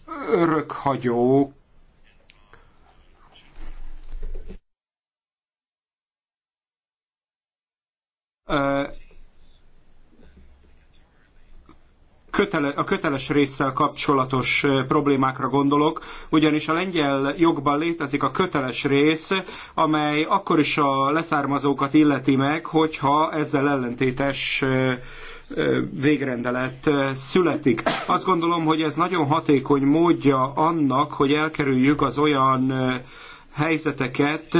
örökhagyó kötele, a köteles résszel kapcsolatos problémákra gondolok, ugyanis a lengyel jogban létezik a köteles rész, amely akkor is a leszármazókat illeti meg, hogyha ezzel ellentétes végrendelet születik. Azt gondolom, hogy ez nagyon hatékony módja annak, hogy elkerüljük az olyan helyzeteket,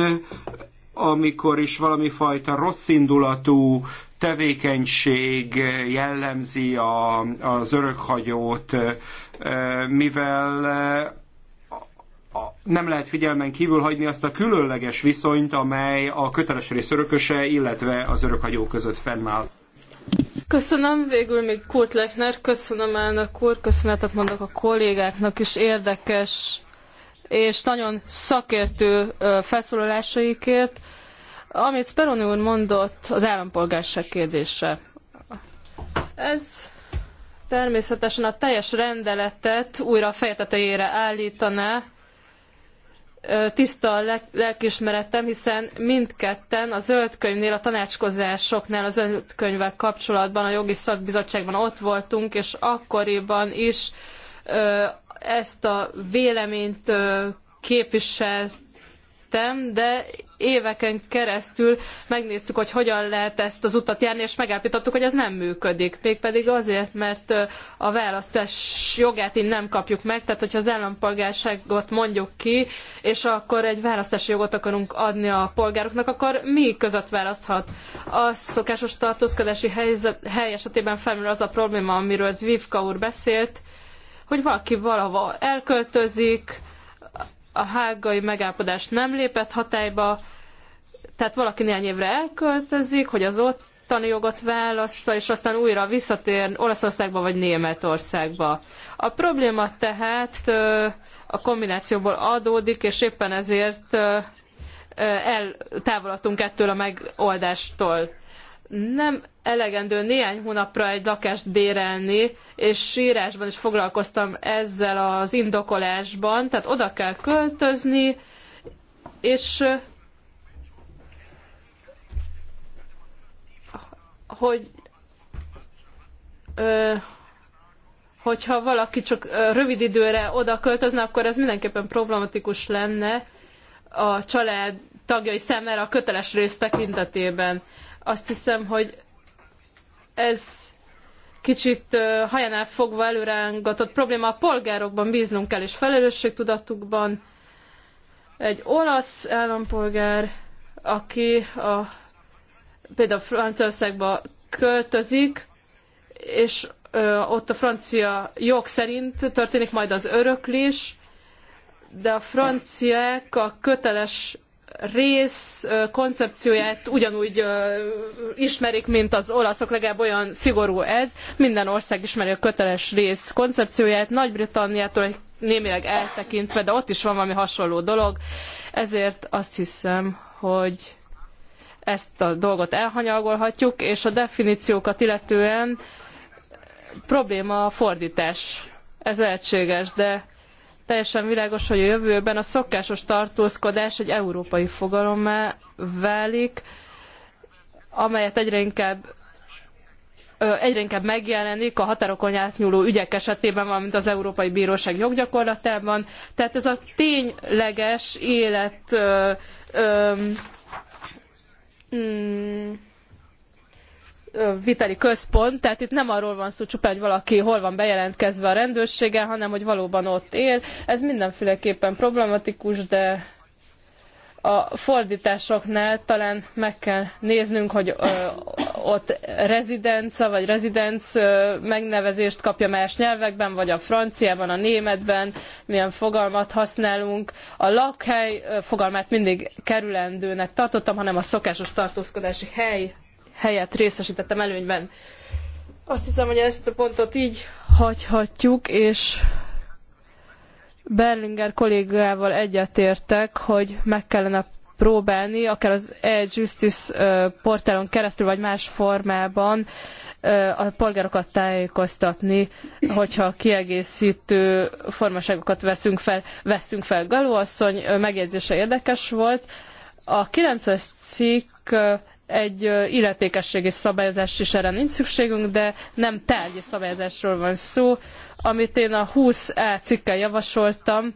amikor is valami fajta rosszindulatú tevékenység jellemzi a, az örökhagyót, mivel nem lehet figyelmen kívül hagyni azt a különleges viszonyt, amely a köteles rész örököse, illetve az örökhagyó között fennáll. Köszönöm, végül még Kurt Lechner, köszönöm elnök úr, köszönetet mondok a kollégáknak is érdekes és nagyon szakértő felszólalásaikért. Amit Speroni úr mondott, az állampolgárság kérdése. Ez természetesen a teljes rendeletet újra fejtetejére állítaná, tiszta a lelkismeretem, hiszen mindketten a zöld könyvnél, a tanácskozásoknál, a zöld könyvvel kapcsolatban, a jogi szakbizottságban ott voltunk, és akkoriban is ezt a véleményt képviseltem, de éveken keresztül megnéztük, hogy hogyan lehet ezt az utat járni, és megállapítottuk, hogy ez nem működik. Mégpedig azért, mert a választás jogát így nem kapjuk meg, tehát hogyha az állampolgárságot mondjuk ki, és akkor egy választási jogot akarunk adni a polgároknak, akkor mi között választhat? A szokásos tartózkodási helyzet, hely esetében felmerül az a probléma, amiről Zvivka úr beszélt, hogy valaki valahova elköltözik, a hágai megállapodás nem lépett hatályba, tehát valaki néhány évre elköltözik, hogy az ott ottani jogot válassza, és aztán újra visszatér Olaszországba vagy Németországba. A probléma tehát a kombinációból adódik, és éppen ezért eltávolodtunk ettől a megoldástól nem elegendő néhány hónapra egy lakást bérelni, és írásban is foglalkoztam ezzel az indokolásban, tehát oda kell költözni, és hogy hogyha valaki csak rövid időre oda költözne, akkor ez mindenképpen problematikus lenne a család tagjai számára a köteles rész tekintetében. Azt hiszem, hogy ez kicsit hajánál fogva előrángatott probléma. A polgárokban bíznunk kell, és felelősségtudatukban. Egy olasz állampolgár, aki a, például Franciaországba költözik, és ott a francia jog szerint történik majd az öröklés, de a franciák a köteles rész koncepcióját ugyanúgy ismerik, mint az olaszok, legalább olyan szigorú ez. Minden ország ismeri a köteles rész koncepcióját, Nagy-Britanniától némileg eltekintve, de ott is van valami hasonló dolog. Ezért azt hiszem, hogy ezt a dolgot elhanyagolhatjuk, és a definíciókat illetően probléma a fordítás. Ez lehetséges, de teljesen világos, hogy a jövőben a szokásos tartózkodás egy európai fogalommá válik, amelyet egyre inkább egyre inkább megjelenik a határokon átnyúló ügyek esetében, valamint az Európai Bíróság joggyakorlatában. Tehát ez a tényleges élet ö, ö, mm, viteli központ, tehát itt nem arról van szó csupán, hogy valaki hol van bejelentkezve a rendőrségen, hanem hogy valóban ott él. Ez mindenféleképpen problematikus, de a fordításoknál talán meg kell néznünk, hogy ö, ott rezidenca vagy rezidenc megnevezést kapja más nyelvekben, vagy a franciában, a németben, milyen fogalmat használunk. A lakhely fogalmát mindig kerülendőnek tartottam, hanem a szokásos tartózkodási hely helyet részesítettem előnyben. Azt hiszem, hogy ezt a pontot így hagyhatjuk, és Berlinger kollégával egyetértek, hogy meg kellene próbálni, akár az e-justice portálon keresztül, vagy más formában a polgárokat tájékoztatni, hogyha kiegészítő formaságokat veszünk fel. Veszünk fel. Galó asszony megjegyzése érdekes volt. A 9-es cikk egy illetékességi szabályozás is erre nincs szükségünk, de nem tárgyi szabályozásról van szó, amit én a 20E cikkel javasoltam.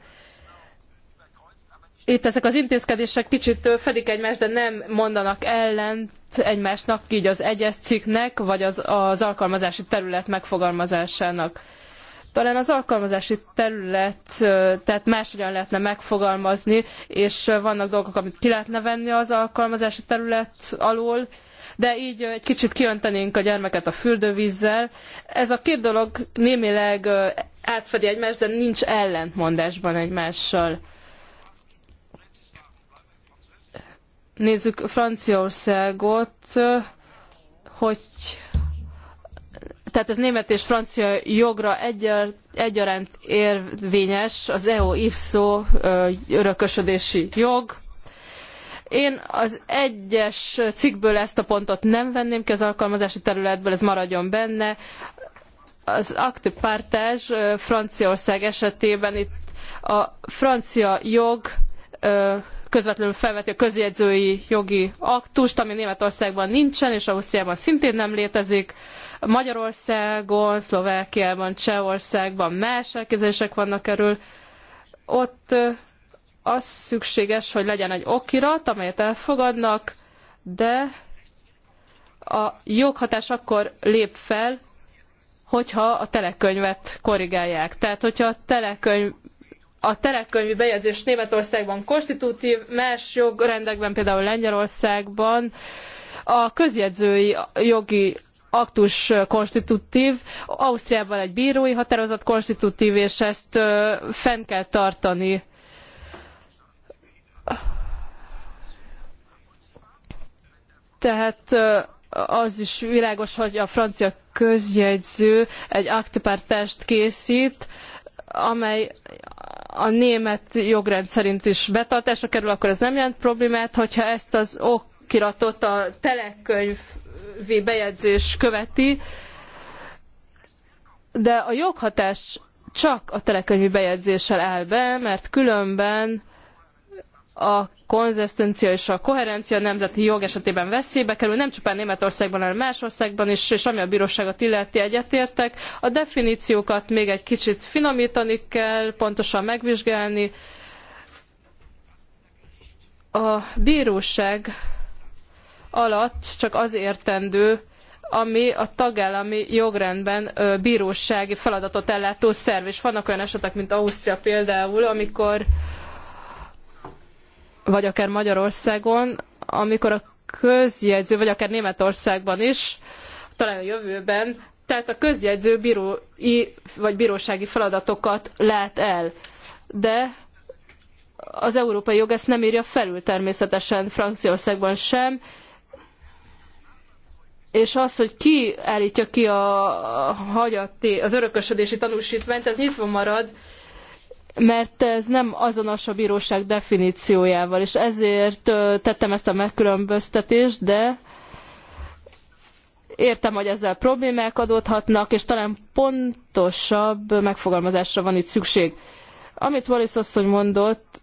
Itt ezek az intézkedések kicsit fedik egymást, de nem mondanak ellent egymásnak, így az egyes cikknek, vagy az, az alkalmazási terület megfogalmazásának. Talán az alkalmazási terület, tehát máshogyan lehetne megfogalmazni, és vannak dolgok, amit ki lehetne venni az alkalmazási terület alól, de így egy kicsit kiöntenénk a gyermeket a fürdővízzel. Ez a két dolog némileg átfedi egymást, de nincs ellentmondásban egymással. Nézzük Franciaországot, hogy tehát ez német és francia jogra egyar, egyaránt érvényes az EO IFSO örökösödési jog. Én az egyes cikkből ezt a pontot nem venném ki az alkalmazási területből, ez maradjon benne. Az acte partage Franciaország esetében itt a francia jog közvetlenül felveti a közjegyzői jogi aktust, ami Németországban nincsen, és Ausztriában szintén nem létezik. Magyarországon, Szlovákiában, Csehországban más elképzelések vannak erről. Ott az szükséges, hogy legyen egy okirat, amelyet elfogadnak, de a joghatás akkor lép fel, hogyha a telekönyvet korrigálják. Tehát, hogyha a telekönyv a telekönyvi bejegyzés Németországban konstitutív, más jogrendekben, például Lengyelországban a közjegyzői jogi aktus konstitutív, Ausztriában egy bírói határozat konstitutív, és ezt fenn kell tartani. Tehát az is világos, hogy a francia közjegyző egy aktipartást készít, amely a német jogrend szerint is betartásra kerül, akkor ez nem jelent problémát, hogyha ezt az okiratot a telekönyv MV bejegyzés követi, de a joghatás csak a telekönyvi bejegyzéssel áll be, mert különben a konzisztencia és a koherencia a nemzeti jog esetében veszélybe kerül, nem csupán Németországban, hanem más országban is, és ami a bíróságot illeti egyetértek. A definíciókat még egy kicsit finomítani kell, pontosan megvizsgálni. A bíróság alatt csak az értendő, ami a tagállami jogrendben bírósági feladatot ellátó szerv. És vannak olyan esetek, mint Ausztria például, amikor vagy akár Magyarországon, amikor a közjegyző, vagy akár Németországban is, talán a jövőben, tehát a közjegyző bírói vagy bírósági feladatokat lát el. De az európai jog ezt nem írja felül természetesen Franciaországban sem, és az, hogy ki állítja ki a hagyati, az örökösödési tanúsítványt, ez nyitva marad, mert ez nem azonos a bíróság definíciójával, és ezért tettem ezt a megkülönböztetést, de értem, hogy ezzel problémák adódhatnak, és talán pontosabb megfogalmazásra van itt szükség. Amit Wallis asszony mondott,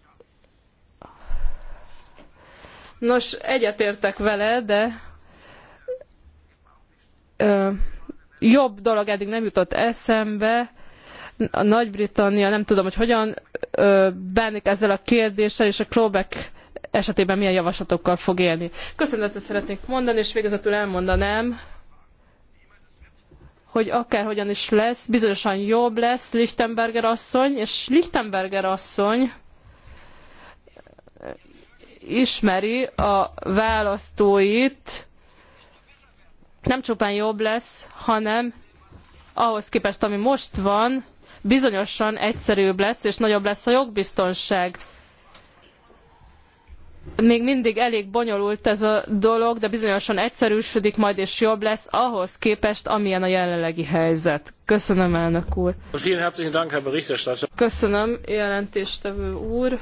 nos, egyetértek vele, de jobb dolog eddig nem jutott eszembe, a Nagy-Britannia, nem tudom, hogy hogyan bánik ezzel a kérdéssel, és a clawback esetében milyen javaslatokkal fog élni. Köszönetet szeretnék mondani, és végezetül elmondanám, hogy akárhogyan is lesz, bizonyosan jobb lesz Lichtenberger asszony, és Lichtenberger asszony ismeri a választóit, nem csupán jobb lesz, hanem ahhoz képest, ami most van, bizonyosan egyszerűbb lesz, és nagyobb lesz a jogbiztonság. Még mindig elég bonyolult ez a dolog, de bizonyosan egyszerűsödik majd, és jobb lesz ahhoz képest, amilyen a jelenlegi helyzet. Köszönöm, elnök úr. Köszönöm, jelentéstevő úr.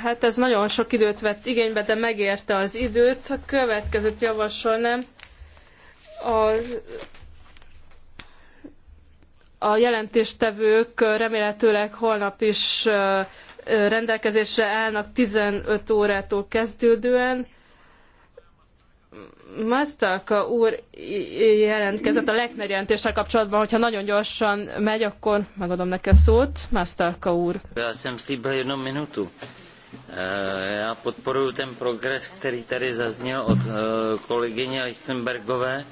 Hát ez nagyon sok időt vett igénybe, de megérte az időt. A következőt javasolnám. A, a jelentéstevők remélhetőleg holnap is rendelkezésre állnak 15 órától kezdődően. Masztalka úr jelentkezett a Lechner jelentéssel kapcsolatban, hogyha nagyon gyorsan megy, akkor megadom neki a szót. Masztalka úr. Köszönöm, Eh, já podporuji ten progres, který tady zazněl od eh, kolegyně Lichtenbergové.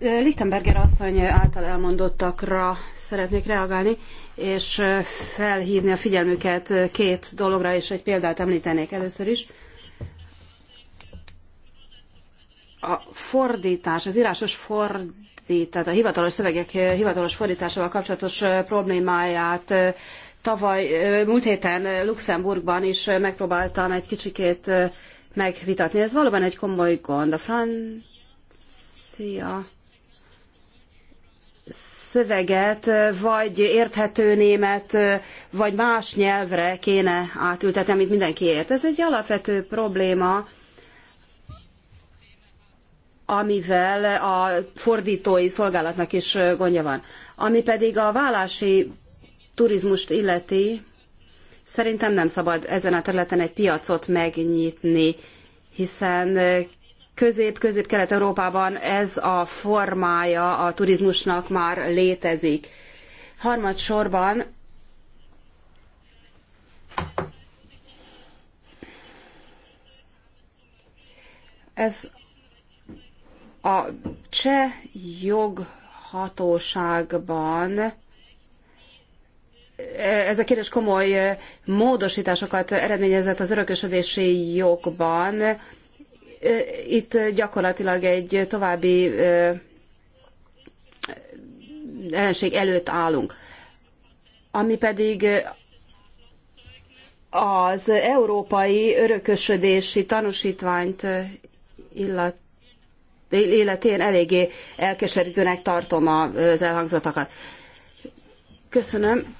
Eh, Lichtenberger asszony által elmondottakra szeretnék reagálni, és felhívni a figyelmüket két dologra, és egy példát említenék először is. A fordítás, az írásos fordítás, tehát a hivatalos szövegek hivatalos fordításával kapcsolatos problémáját Tavaly, múlt héten Luxemburgban is megpróbáltam egy kicsikét megvitatni. Ez valóban egy komoly gond. A francia szöveget vagy érthető német, vagy más nyelvre kéne átültetni, amit mindenki ért. Ez egy alapvető probléma, amivel a fordítói szolgálatnak is gondja van. Ami pedig a vállási turizmust illeti, szerintem nem szabad ezen a területen egy piacot megnyitni, hiszen közép-közép-kelet-európában ez a formája a turizmusnak már létezik. Harmadsorban ez a cseh joghatóságban ez a kérdés komoly eh, módosításokat eredményezett az örökösödési jogban. Eh, itt gyakorlatilag egy további eh, ellenség előtt állunk. Ami pedig az európai örökösödési tanúsítványt illat, életén eléggé elkeserítőnek tartom az elhangzottakat. Köszönöm.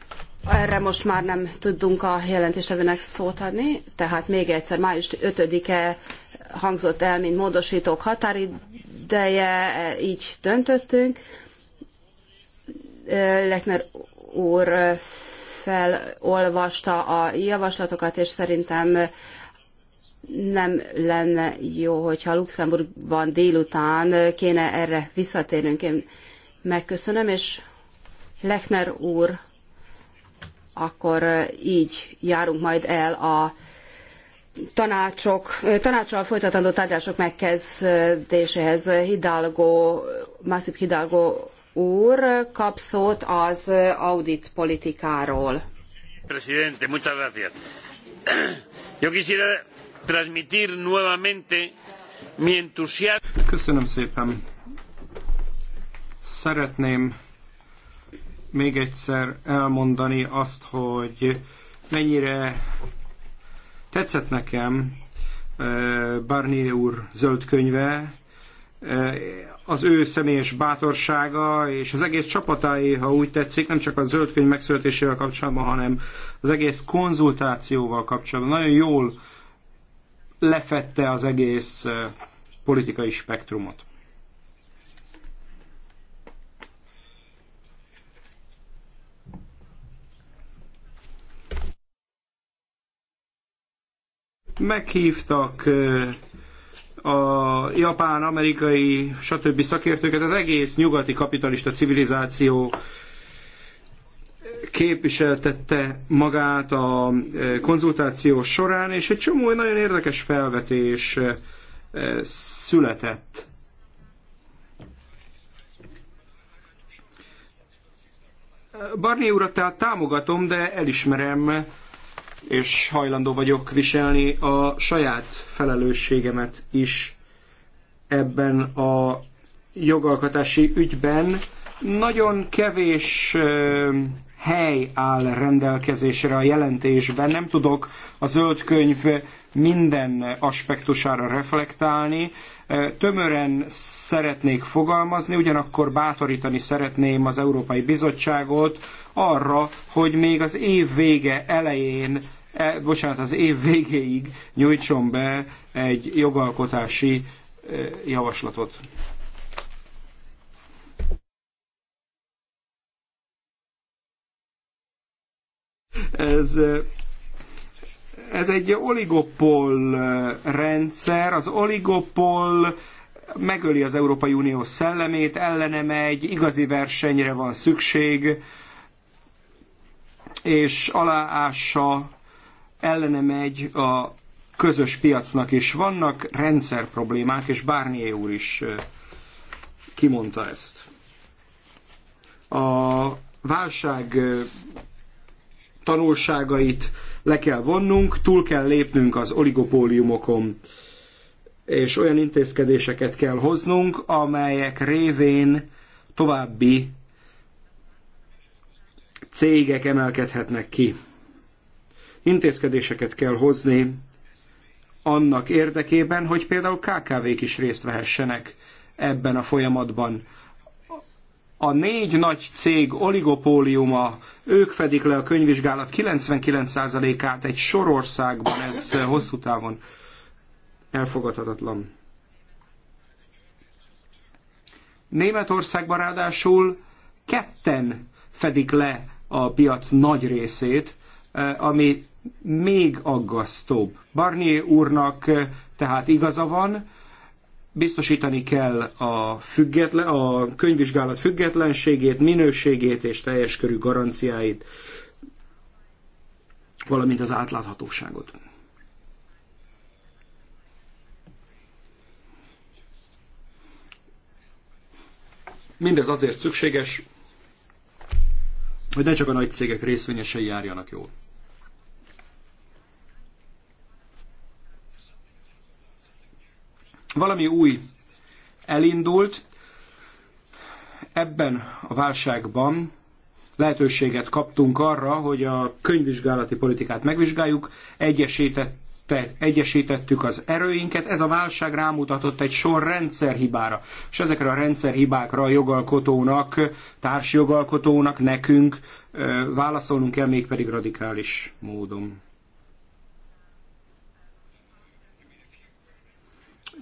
Erre most már nem tudunk a jelentéstevőnek szót adni, tehát még egyszer május 5-e hangzott el, mint módosítók határideje, e, így döntöttünk. E, Lechner úr felolvasta a javaslatokat, és szerintem nem lenne jó, hogyha Luxemburgban délután kéne erre visszatérnünk. Én megköszönöm, és Lechner úr akkor így járunk majd el a tanácsok, tanácsal folytatandó tárgyalások megkezdéséhez Hidalgo, Massip Hidalgo úr kap szót az audit politikáról. Presidente, muchas gracias. Yo quisiera transmitir nuevamente mi entusiasmo. Köszönöm szépen. Szeretném még egyszer elmondani azt, hogy mennyire tetszett nekem Barnier úr zöld könyve, az ő személyes bátorsága és az egész csapatáé, ha úgy tetszik, nem csak a zöld könyv megszületésével kapcsolatban, hanem az egész konzultációval kapcsolatban. Nagyon jól lefette az egész politikai spektrumot. Meghívtak a japán, amerikai, stb. szakértőket, az egész nyugati kapitalista civilizáció képviseltette magát a konzultáció során, és egy csomó nagyon érdekes felvetés született. Barni urat tehát támogatom, de elismerem, és hajlandó vagyok viselni a saját felelősségemet is ebben a jogalkotási ügyben. Nagyon kevés hely áll rendelkezésre a jelentésben. Nem tudok a zöld könyv minden aspektusára reflektálni. Tömören szeretnék fogalmazni, ugyanakkor bátorítani szeretném az Európai Bizottságot arra, hogy még az év vége elején eh, bocsánat, az év végéig nyújtson be egy jogalkotási javaslatot. Ez ez egy oligopol rendszer, az oligopol megöli az Európai Unió szellemét, ellene megy, igazi versenyre van szükség, és aláássa ellene megy a közös piacnak, és vannak rendszer problémák, és Barnier úr is kimondta ezt. A válság tanulságait le kell vonnunk, túl kell lépnünk az oligopóliumokon, és olyan intézkedéseket kell hoznunk, amelyek révén további cégek emelkedhetnek ki. Intézkedéseket kell hozni annak érdekében, hogy például KKV-k is részt vehessenek ebben a folyamatban a négy nagy cég oligopóliuma, ők fedik le a könyvvizsgálat 99%-át egy sorországban, ez hosszú távon elfogadhatatlan. Németországban ráadásul ketten fedik le a piac nagy részét, eh, ami még aggasztóbb. Barnier úrnak eh, tehát igaza van, biztosítani kell a, független, a könyvvizsgálat függetlenségét, minőségét és teljes körű garanciáit, valamint az átláthatóságot. Mindez azért szükséges, hogy ne csak a nagy cégek részvényesei járjanak jól. Valami új elindult, ebben a válságban lehetőséget kaptunk arra, hogy a könyvvizsgálati politikát megvizsgáljuk, egyesített egyesítettük az erőinket, ez a válság rámutatott egy sor rendszerhibára, és ezekre a rendszerhibákra a jogalkotónak, társjogalkotónak, nekünk válaszolnunk kell mégpedig radikális módon.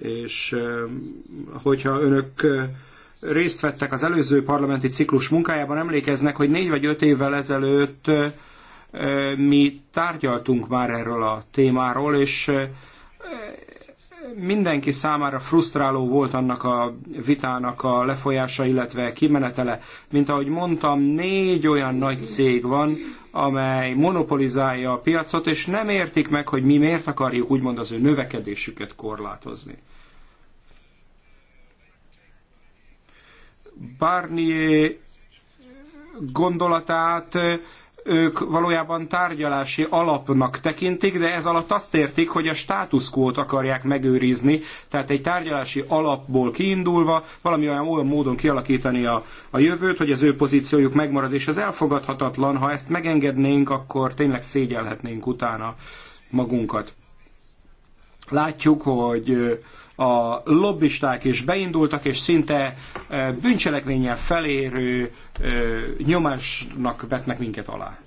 és hogyha önök részt vettek az előző parlamenti ciklus munkájában, emlékeznek, hogy négy vagy öt évvel ezelőtt mi tárgyaltunk már erről a témáról, és mindenki számára frusztráló volt annak a vitának a lefolyása, illetve kimenetele. Mint ahogy mondtam, négy olyan nagy cég van, amely monopolizálja a piacot, és nem értik meg, hogy mi miért akarjuk úgymond az ő növekedésüket korlátozni. Barnier gondolatát ők valójában tárgyalási alapnak tekintik, de ez alatt azt értik, hogy a státuszkót akarják megőrizni, tehát egy tárgyalási alapból kiindulva valami olyan, módon kialakítani a, a jövőt, hogy az ő pozíciójuk megmarad, és ez elfogadhatatlan, ha ezt megengednénk, akkor tényleg szégyelhetnénk utána magunkat. Látjuk, hogy a lobbisták is beindultak, és szinte eh, bűncselekménnyel felérő eh, nyomásnak vetnek minket alá.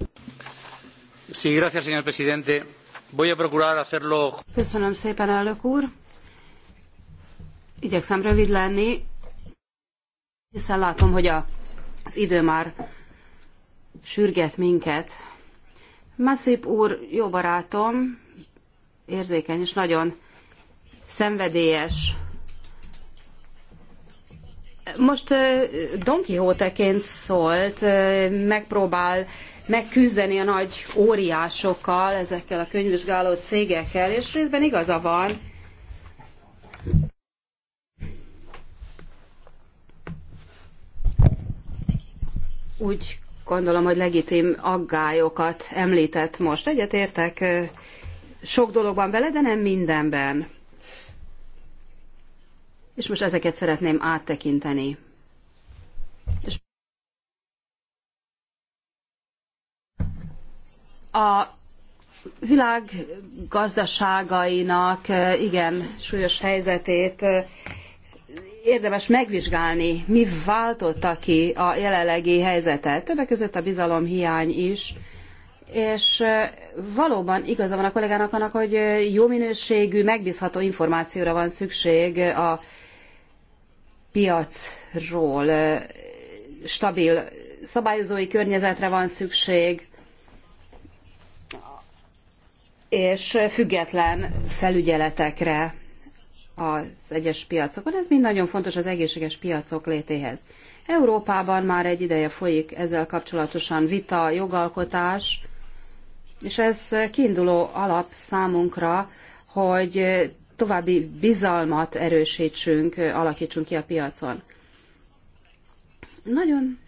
Sí, gracias, señor presidente. Voy a procurar hacerlo... Köszönöm szépen, elnök úr. Igyekszem rövid lenni, hiszen látom, hogy a, az idő már sürget minket. Masszép úr jó barátom, érzékeny és nagyon szenvedélyes. Most Don Quixote-ként szólt, megpróbál megküzdeni a nagy óriásokkal, ezekkel a könyvvizsgáló cégekkel, és részben igaza van. Úgy gondolom, hogy legitim aggályokat említett most. Egyetértek sok dologban vele, de nem mindenben és most ezeket szeretném áttekinteni. És a világ gazdaságainak eh, igen súlyos helyzetét eh, érdemes megvizsgálni, mi váltotta ki a jelenlegi helyzetet. Többek között a bizalom hiány is, és eh, valóban igaza van a kollégának annak, hogy jó minőségű, megbízható információra van szükség a piacról. Stabil szabályozói környezetre van szükség, és független felügyeletekre az egyes piacokon. Ez mind nagyon fontos az egészséges piacok létéhez. Európában már egy ideje folyik ezzel kapcsolatosan vita, jogalkotás, és ez kiinduló alap számunkra, hogy további bizalmat erősítsünk, alakítsunk ki a piacon. Nagyon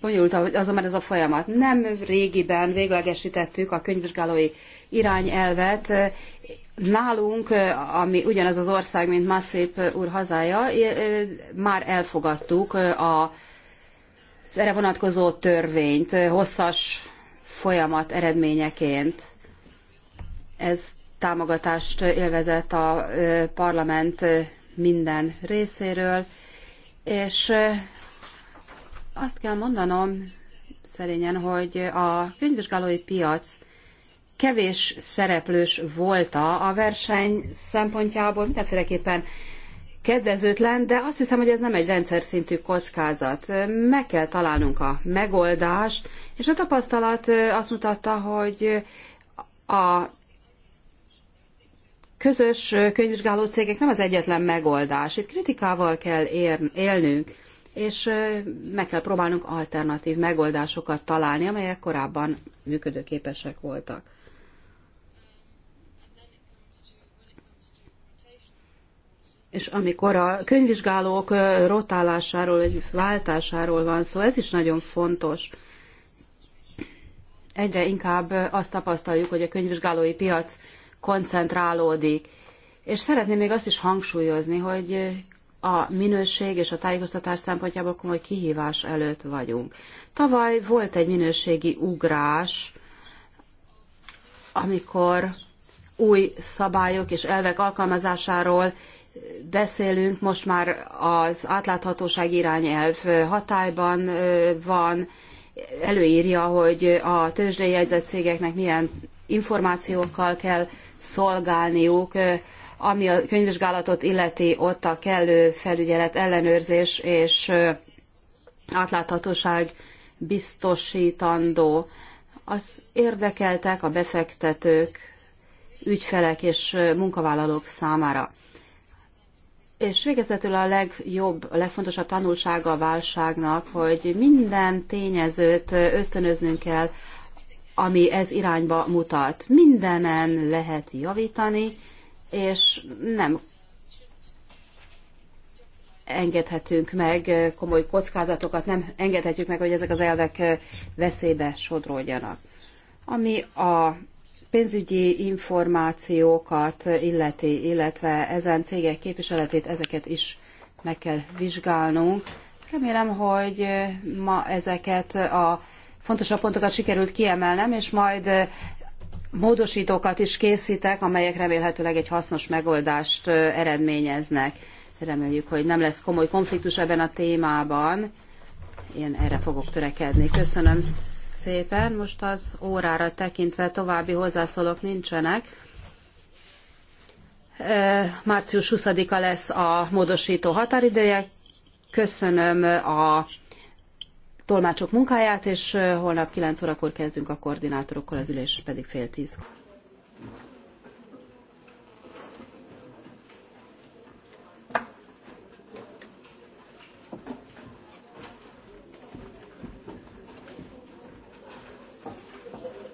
bonyolult azonban ez a folyamat. Nem régiben véglegesítettük a könyvvizsgálói irányelvet. Nálunk, ami ugyanaz az ország, mint Masszép úr hazája, már elfogadtuk a az erre vonatkozó törvényt hosszas folyamat eredményeként. Ez támogatást élvezett a parlament minden részéről, és azt kell mondanom szerényen, hogy a könyvvizsgálói piac kevés szereplős volta a verseny szempontjából, mindenféleképpen kedvezőtlen, de azt hiszem, hogy ez nem egy rendszer szintű kockázat. Meg kell találnunk a megoldást, és a tapasztalat azt mutatta, hogy a közös könyvvizsgáló cégek nem az egyetlen megoldás. Itt kritikával kell ér, élnünk, és meg kell próbálnunk alternatív megoldásokat találni, amelyek korábban működőképesek voltak. És amikor a könyvvizsgálók rotálásáról, vagy váltásáról van szó, ez is nagyon fontos. Egyre inkább azt tapasztaljuk, hogy a könyvvizsgálói piac koncentrálódik. És szeretném még azt is hangsúlyozni, hogy a minőség és a tájékoztatás szempontjából komoly kihívás előtt vagyunk. Tavaly volt egy minőségi ugrás, amikor új szabályok és elvek alkalmazásáról beszélünk, most már az átláthatóság irányelv hatályban van, előírja, hogy a tőzsdei jegyzett cégeknek milyen információkkal kell szolgálniuk, ami a könyvvizsgálatot illeti, ott a kellő felügyelet, ellenőrzés és átláthatóság biztosítandó. Az érdekeltek a befektetők, ügyfelek és munkavállalók számára. És végezetül a legjobb, a legfontosabb tanulsága a válságnak, hogy minden tényezőt ösztönöznünk kell ami ez irányba mutat. Mindenen lehet javítani, és nem engedhetünk meg komoly kockázatokat, nem engedhetjük meg, hogy ezek az elvek veszélybe sodródjanak. Ami a pénzügyi információkat illeti, illetve ezen cégek képviseletét, ezeket is meg kell vizsgálnunk. Remélem, hogy ma ezeket a fontosabb pontokat sikerült kiemelnem, és majd eh, módosítókat is készítek, amelyek remélhetőleg egy hasznos megoldást eh, eredményeznek. Reméljük, hogy nem lesz komoly konfliktus ebben a témában. Én erre fogok törekedni. Köszönöm szépen. Most az órára tekintve további hozzászólók nincsenek. Eh, március 20-a lesz a módosító határideje. Köszönöm a tolmácsok munkáját, és holnap 9 órakor kezdünk a koordinátorokkal, az ülés pedig fél tíz.